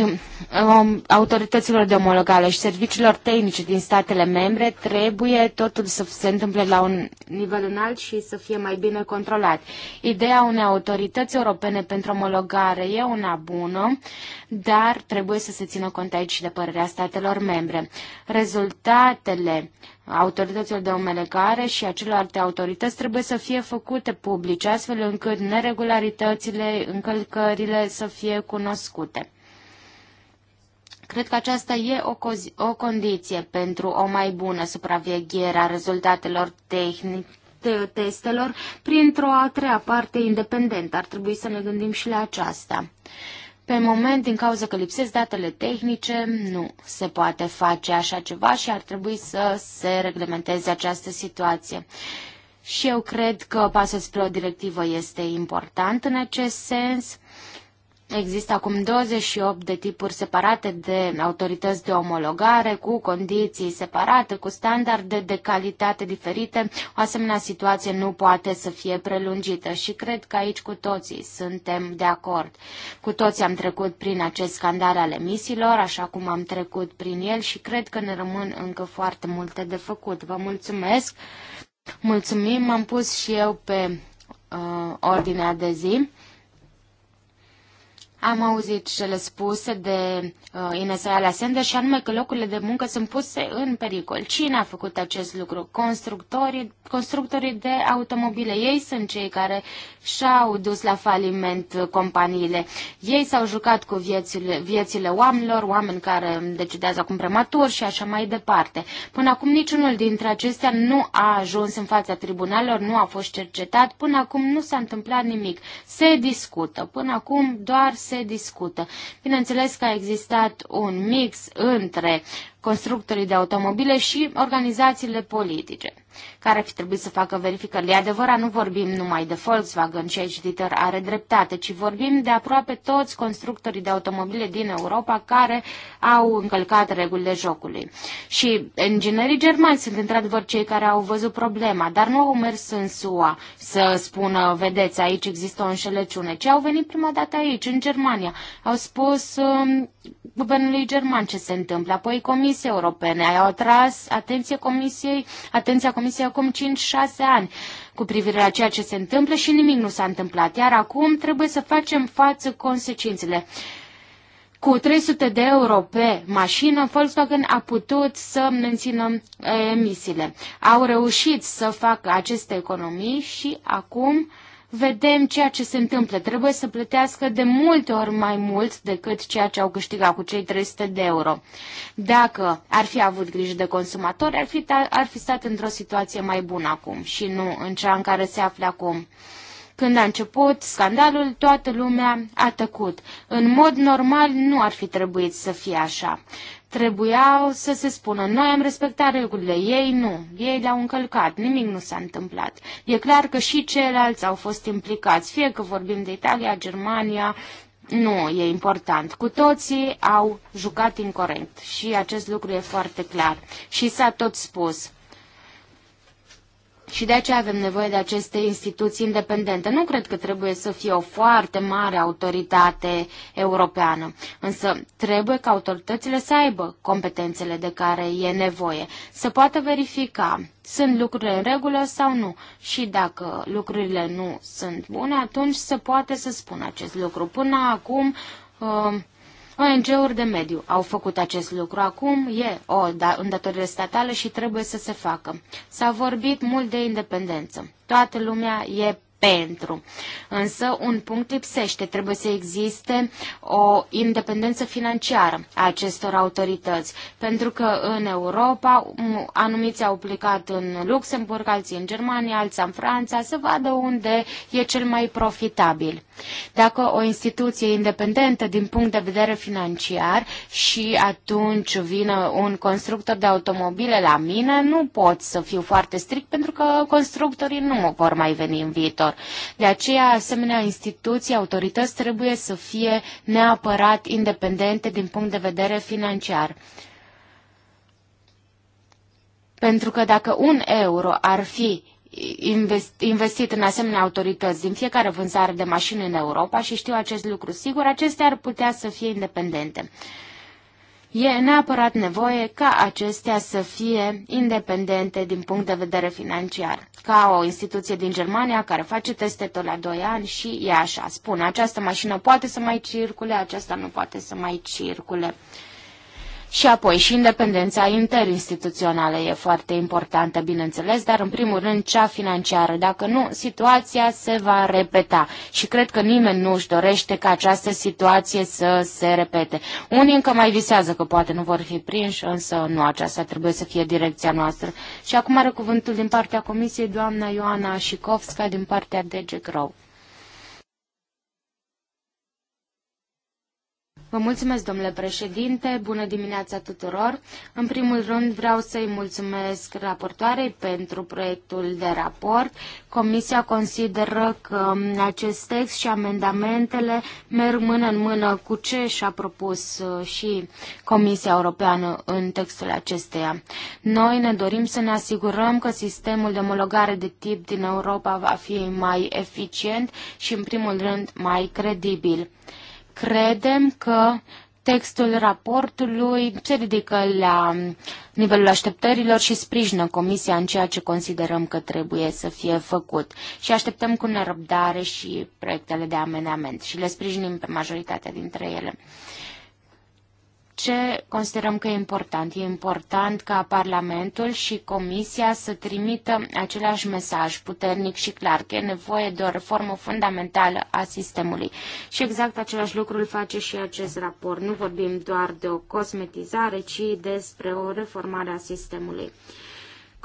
um, autorităților de omologare și serviciilor tehnice din statele membre trebuie totul să se întâmple la un nivel înalt și să fie mai bine controlat. Ideea unei autorități europene pentru omologare e una bună, dar trebuie să se țină cont aici și de părerea statelor membre. Rezultatele autorităților de omelegare și alte autorități trebuie să fie făcute publice, astfel încât neregularitățile, încălcările să fie cunoscute. Cred că aceasta e o, o condiție pentru o mai bună supraveghere a rezultatelor tehnic, te testelor printr-o a treia parte independentă. Ar trebui să ne gândim și la aceasta. Pe moment, din cauza că lipsesc datele tehnice, nu se poate face așa ceva și ar trebui să se reglementeze această situație. Și eu cred că pasul spre o directivă este important în acest sens Există acum 28 de tipuri separate de autorități de omologare, cu condiții separate, cu standarde de calitate diferite. O asemenea situație nu poate să fie prelungită și cred că aici cu toții suntem de acord. Cu toții am trecut prin acest scandal al emisiilor, așa cum am trecut prin el și cred că ne rămân încă foarte multe de făcut. Vă mulțumesc! Mulțumim, m-am pus și eu pe uh, ordinea de zi. Am auzit cele spuse de uh, Inesa Ayala Sender și anume că locurile de muncă sunt puse în pericol. Cine a făcut acest lucru? Constructorii, constructorii de automobile. Ei sunt cei care și-au dus la faliment companiile. Ei s-au jucat cu viețile, viețile oamenilor, oameni care decidează acum prematur și așa mai departe. Până acum niciunul dintre acestea nu a ajuns în fața tribunalelor, nu a fost cercetat. Până acum nu s-a întâmplat nimic. Se discută. Până acum doar se se discută. Bineînțeles că a existat un mix între constructorii de automobile și organizațiile politice care ar fi trebuit să facă verificări. E adevărat, nu vorbim numai de Volkswagen ce aici Dieter are dreptate, ci vorbim de aproape toți constructorii de automobile din Europa care au încălcat regulile jocului. Și inginerii germani sunt într-adevăr cei care au văzut problema, dar nu au mers în SUA să spună, vedeți, aici există o înșelăciune, ci au venit prima dată aici, în Germania. Au spus um, guvernului german ce se întâmplă, apoi Comisia Europene, au atras atenția Comisiei, atenția Comisiei Comisie acum 5-6 ani cu privire la ceea ce se întâmplă și nimic nu s-a întâmplat. Iar acum trebuie să facem față consecințele. Cu 300 de euro pe mașină, Volkswagen a putut să mențină eh, emisiile. Au reușit să facă aceste economii și acum vedem ceea ce se întâmplă. Trebuie să plătească de multe ori mai mult decât ceea ce au câștigat cu cei 300 de euro. Dacă ar fi avut grijă de consumatori, ar fi, ar fi stat într-o situație mai bună acum și nu în cea în care se află acum. Când a început scandalul, toată lumea a tăcut. În mod normal nu ar fi trebuit să fie așa trebuiau să se spună noi am respectat regulile, ei nu, ei le-au încălcat, nimic nu s-a întâmplat. E clar că și ceilalți au fost implicați, fie că vorbim de Italia, Germania, nu e important. Cu toții au jucat incorrect și acest lucru e foarte clar. Și s-a tot spus. Și de aceea avem nevoie de aceste instituții independente. Nu cred că trebuie să fie o foarte mare autoritate europeană, însă trebuie ca autoritățile să aibă competențele de care e nevoie, să poată verifica sunt lucrurile în regulă sau nu. Și dacă lucrurile nu sunt bune, atunci se poate să spun acest lucru. Până acum, um, ONG-uri de mediu au făcut acest lucru. Acum e o da, îndatorire statală și trebuie să se facă. S-a vorbit mult de independență. Toată lumea e pentru. Însă un punct lipsește, trebuie să existe o independență financiară a acestor autorități, pentru că în Europa anumiți au plecat în Luxemburg, alții în Germania, alții în Franța, să vadă unde e cel mai profitabil. Dacă o instituție independentă din punct de vedere financiar și atunci vine un constructor de automobile la mine, nu pot să fiu foarte strict pentru că constructorii nu mă vor mai veni în viitor lor. De aceea, asemenea, instituții, autorități trebuie să fie neapărat independente din punct de vedere financiar. Pentru că dacă un euro ar fi investit în asemenea autorități din fiecare vânzare de mașini în Europa și știu acest lucru sigur, acestea ar putea să fie independente. E neapărat nevoie ca acestea să fie independente din punct de vedere financiar, ca o instituție din Germania care face teste tot la 2 ani și e așa, spune, această mașină poate să mai circule, aceasta nu poate să mai circule. Și apoi și independența interinstituțională e foarte importantă, bineînțeles, dar în primul rând cea financiară. Dacă nu, situația se va repeta și cred că nimeni nu își dorește ca această situație să se repete. Unii încă mai visează că poate nu vor fi prinși, însă nu aceasta trebuie să fie direcția noastră. Și acum are cuvântul din partea Comisiei doamna Ioana Șicovska din partea DG Grow. Vă mulțumesc, domnule președinte, bună dimineața tuturor. În primul rând vreau să-i mulțumesc raportoarei pentru proiectul de raport. Comisia consideră că acest text și amendamentele merg mână în mână cu ce și-a propus uh, și Comisia Europeană în textul acesteia. Noi ne dorim să ne asigurăm că sistemul de omologare de tip din Europa va fi mai eficient și, în primul rând, mai credibil. Credem că textul raportului se ridică la nivelul așteptărilor și sprijină Comisia în ceea ce considerăm că trebuie să fie făcut. Și așteptăm cu nerăbdare și proiectele de amenament și le sprijinim pe majoritatea dintre ele ce considerăm că e important? E important ca Parlamentul și Comisia să trimită același mesaj puternic și clar că e nevoie de o reformă fundamentală a sistemului. Și exact același lucru îl face și acest raport. Nu vorbim doar de o cosmetizare, ci despre o reformare a sistemului.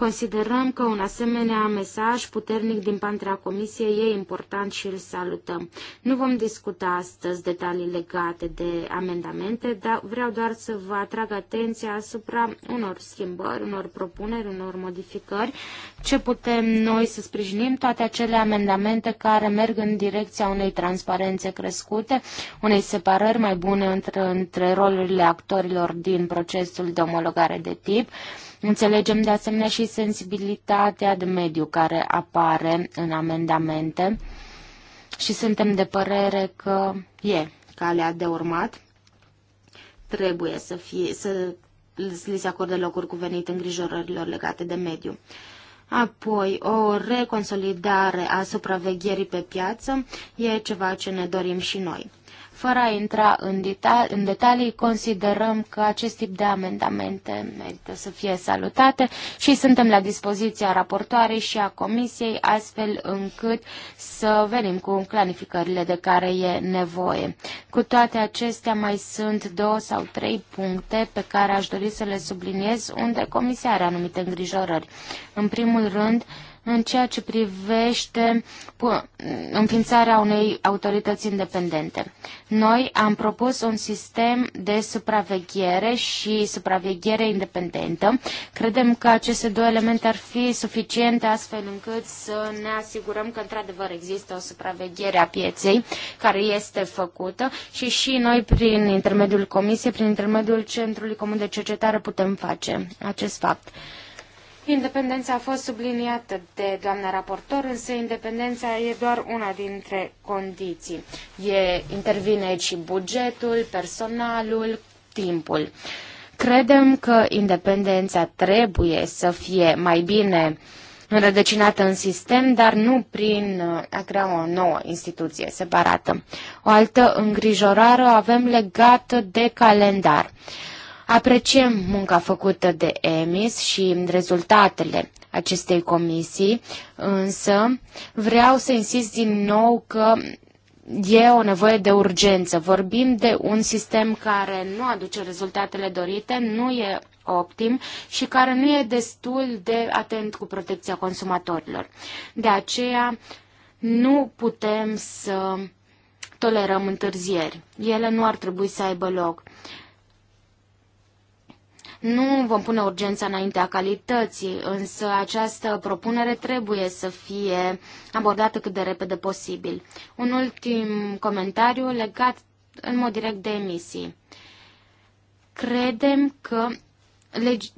Considerăm că un asemenea mesaj puternic din partea Comisiei e important și îl salutăm. Nu vom discuta astăzi detalii legate de amendamente, dar vreau doar să vă atrag atenția asupra unor schimbări, unor propuneri, unor modificări, ce putem noi să sprijinim, toate acele amendamente care merg în direcția unei transparențe crescute, unei separări mai bune între, între rolurile actorilor din procesul de omologare de tip, Înțelegem de asemenea și sensibilitatea de mediu care apare în amendamente și suntem de părere că e calea de urmat. Trebuie să, fie, să li se acorde locul cuvenit îngrijorărilor legate de mediu apoi o reconsolidare a supravegherii pe piață e ceva ce ne dorim și noi. Fără a intra în, deta- în detalii, considerăm că acest tip de amendamente merită să fie salutate și suntem la dispoziția raportoarei și a comisiei, astfel încât să venim cu clarificările de care e nevoie. Cu toate acestea, mai sunt două sau trei puncte pe care aș dori să le subliniez, unde comisia are anumite îngrijorări. În primul rând, în ceea ce privește înființarea unei autorități independente. Noi am propus un sistem de supraveghere și supraveghere independentă. Credem că aceste două elemente ar fi suficiente astfel încât să ne asigurăm că într-adevăr există o supraveghere a pieței care este făcută și și noi prin intermediul Comisiei, prin intermediul Centrului Comun de Cercetare putem face acest fapt. Independența a fost subliniată de doamna raportor, însă independența e doar una dintre condiții. E, intervine și bugetul, personalul, timpul. Credem că independența trebuie să fie mai bine înrădăcinată în sistem, dar nu prin a crea o nouă instituție separată. O altă îngrijorare o avem legată de calendar. Apreciem munca făcută de EMIS și rezultatele acestei comisii, însă vreau să insist din nou că e o nevoie de urgență. Vorbim de un sistem care nu aduce rezultatele dorite, nu e optim și care nu e destul de atent cu protecția consumatorilor. De aceea nu putem să tolerăm întârzieri. Ele nu ar trebui să aibă loc. Nu vom pune urgența înaintea calității, însă această propunere trebuie să fie abordată cât de repede posibil. Un ultim comentariu legat în mod direct de emisii. Credem că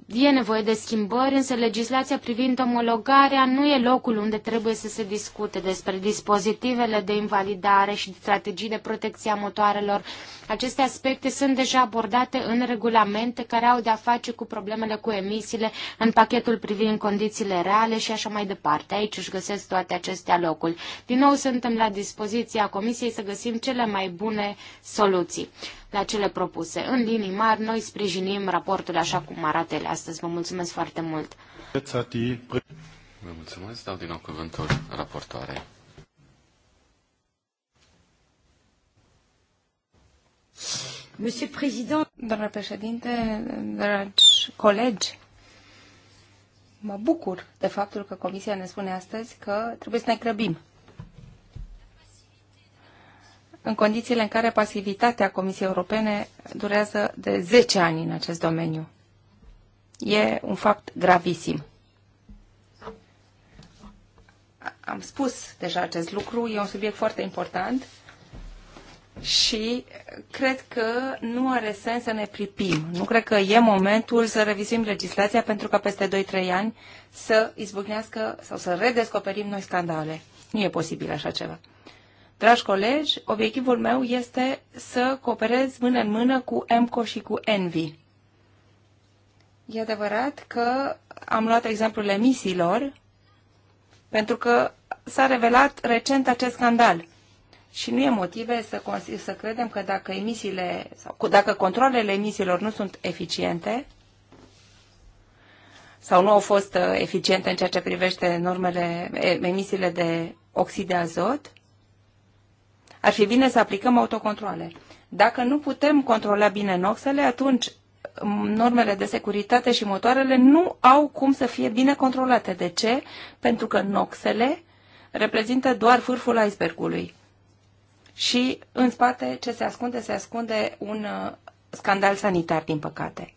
e nevoie de schimbări, însă legislația privind omologarea nu e locul unde trebuie să se discute despre dispozitivele de invalidare și strategii de protecție a motoarelor aceste aspecte sunt deja abordate în regulamente care au de-a face cu problemele cu emisiile, în pachetul privind condițiile reale și așa mai departe. Aici își găsesc toate acestea locul. Din nou suntem la dispoziția Comisiei să găsim cele mai bune soluții la cele propuse. În linii mari, noi sprijinim raportul așa cum arată el astăzi. Vă mulțumesc foarte mult! Vă mulțumesc, dau din nou cuvântul raportoarei. Doamna președinte, dragi colegi, mă bucur de faptul că Comisia ne spune astăzi că trebuie să ne grăbim. În condițiile în care pasivitatea Comisiei Europene durează de 10 ani în acest domeniu. E un fapt gravisim. Am spus deja acest lucru, e un subiect foarte important și cred că nu are sens să ne pripim. Nu cred că e momentul să revizuim legislația pentru ca peste 2-3 ani să izbucnească sau să redescoperim noi scandale. Nu e posibil așa ceva. Dragi colegi, obiectivul meu este să cooperez mână în mână cu EMCO și cu ENVI. E adevărat că am luat exemplul emisiilor, pentru că s-a revelat recent acest scandal și nu e motive să, să credem că dacă emisiile sau dacă controlele emisiilor nu sunt eficiente sau nu au fost uh, eficiente în ceea ce privește normele, emisiile de oxid de azot, ar fi bine să aplicăm autocontroale. Dacă nu putem controla bine noxele, atunci normele de securitate și motoarele nu au cum să fie bine controlate. De ce? Pentru că noxele reprezintă doar vârful icebergului și în spate ce se ascunde? Se ascunde un uh, scandal sanitar, din păcate.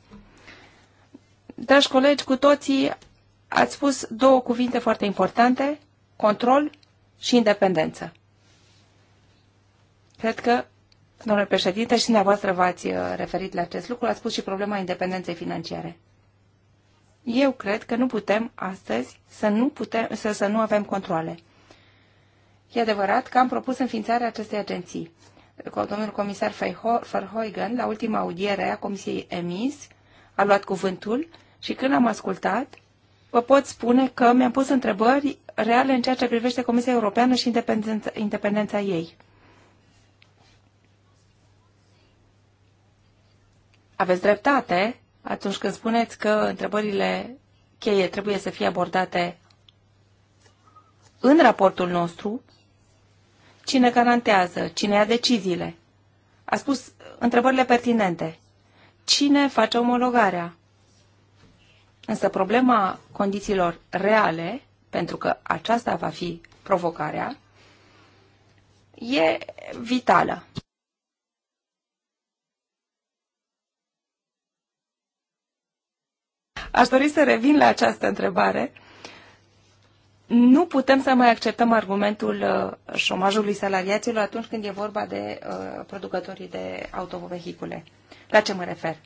Dragi colegi, cu toții ați spus două cuvinte foarte importante, control și independență. Cred că, domnule președinte, și dumneavoastră v-ați uh, referit la acest lucru, ați spus și problema independenței financiare. Eu cred că nu putem astăzi să nu, putem, să, să nu avem controle. E adevărat că am propus înființarea acestei agenții. Domnul comisar Verheugen, la ultima audiere a Comisiei EMIS, a luat cuvântul și când am ascultat, vă pot spune că mi-am pus întrebări reale în ceea ce privește Comisia Europeană și independența, independența ei. Aveți dreptate atunci când spuneți că întrebările cheie trebuie să fie abordate în raportul nostru, Cine garantează? Cine ia deciziile? A spus întrebările pertinente. Cine face omologarea? Însă problema condițiilor reale, pentru că aceasta va fi provocarea, e vitală. Aș dori să revin la această întrebare nu putem să mai acceptăm argumentul uh, șomajului salariaților atunci când e vorba de uh, producătorii de autovehicule. La ce mă refer?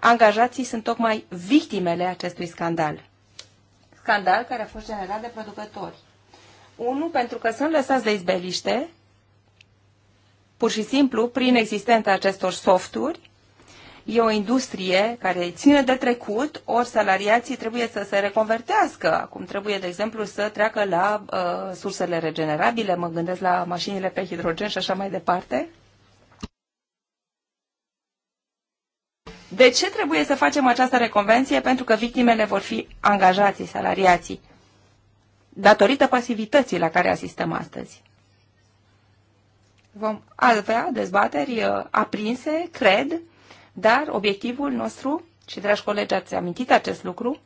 Angajații sunt tocmai victimele acestui scandal. Scandal care a fost generat de producători. Unu, pentru că sunt lăsați de izbeliște, pur și simplu, prin existența acestor softuri, e o industrie care ține de trecut, ori salariații trebuie să se reconvertească. Cum trebuie, de exemplu, să treacă la uh, sursele regenerabile, mă gândesc la mașinile pe hidrogen și așa mai departe. De ce trebuie să facem această reconvenție? Pentru că victimele vor fi angajații, salariații, datorită pasivității la care asistăm astăzi. Vom avea dezbateri uh, aprinse, cred, dar obiectivul nostru, și dragi colegi, ați amintit acest lucru,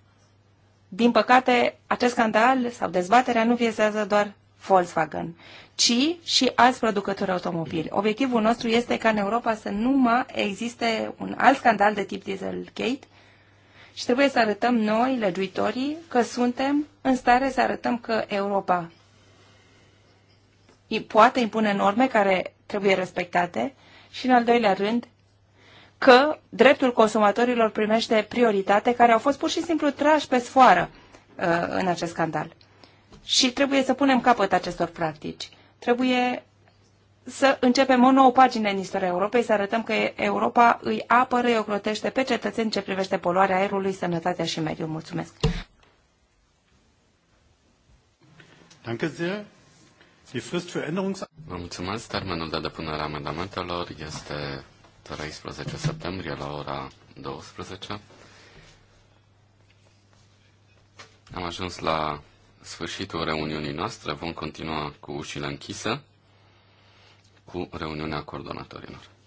din păcate, acest scandal sau dezbaterea nu vizează doar Volkswagen, ci și alți producători automobili. Obiectivul nostru este ca în Europa să nu mai existe un alt scandal de tip Dieselgate și trebuie să arătăm noi, legiuitorii, că suntem în stare să arătăm că Europa poate impune norme care trebuie respectate și, în al doilea rând, că dreptul consumatorilor primește prioritate care au fost pur și simplu trași pe sfoară uh, în acest scandal. Și trebuie să punem capăt acestor practici. Trebuie să începem o nouă pagină în istoria Europei, să arătăm că Europa îi apără, îi ocrotește pe cetățeni ce privește poluarea aerului, sănătatea și mediul. Mulțumesc! Vă mulțumesc. Termenul de depunere a amendamentelor este 13 septembrie la ora 12. Am ajuns la sfârșitul reuniunii noastre. Vom continua cu ușile închise cu reuniunea coordonatorilor.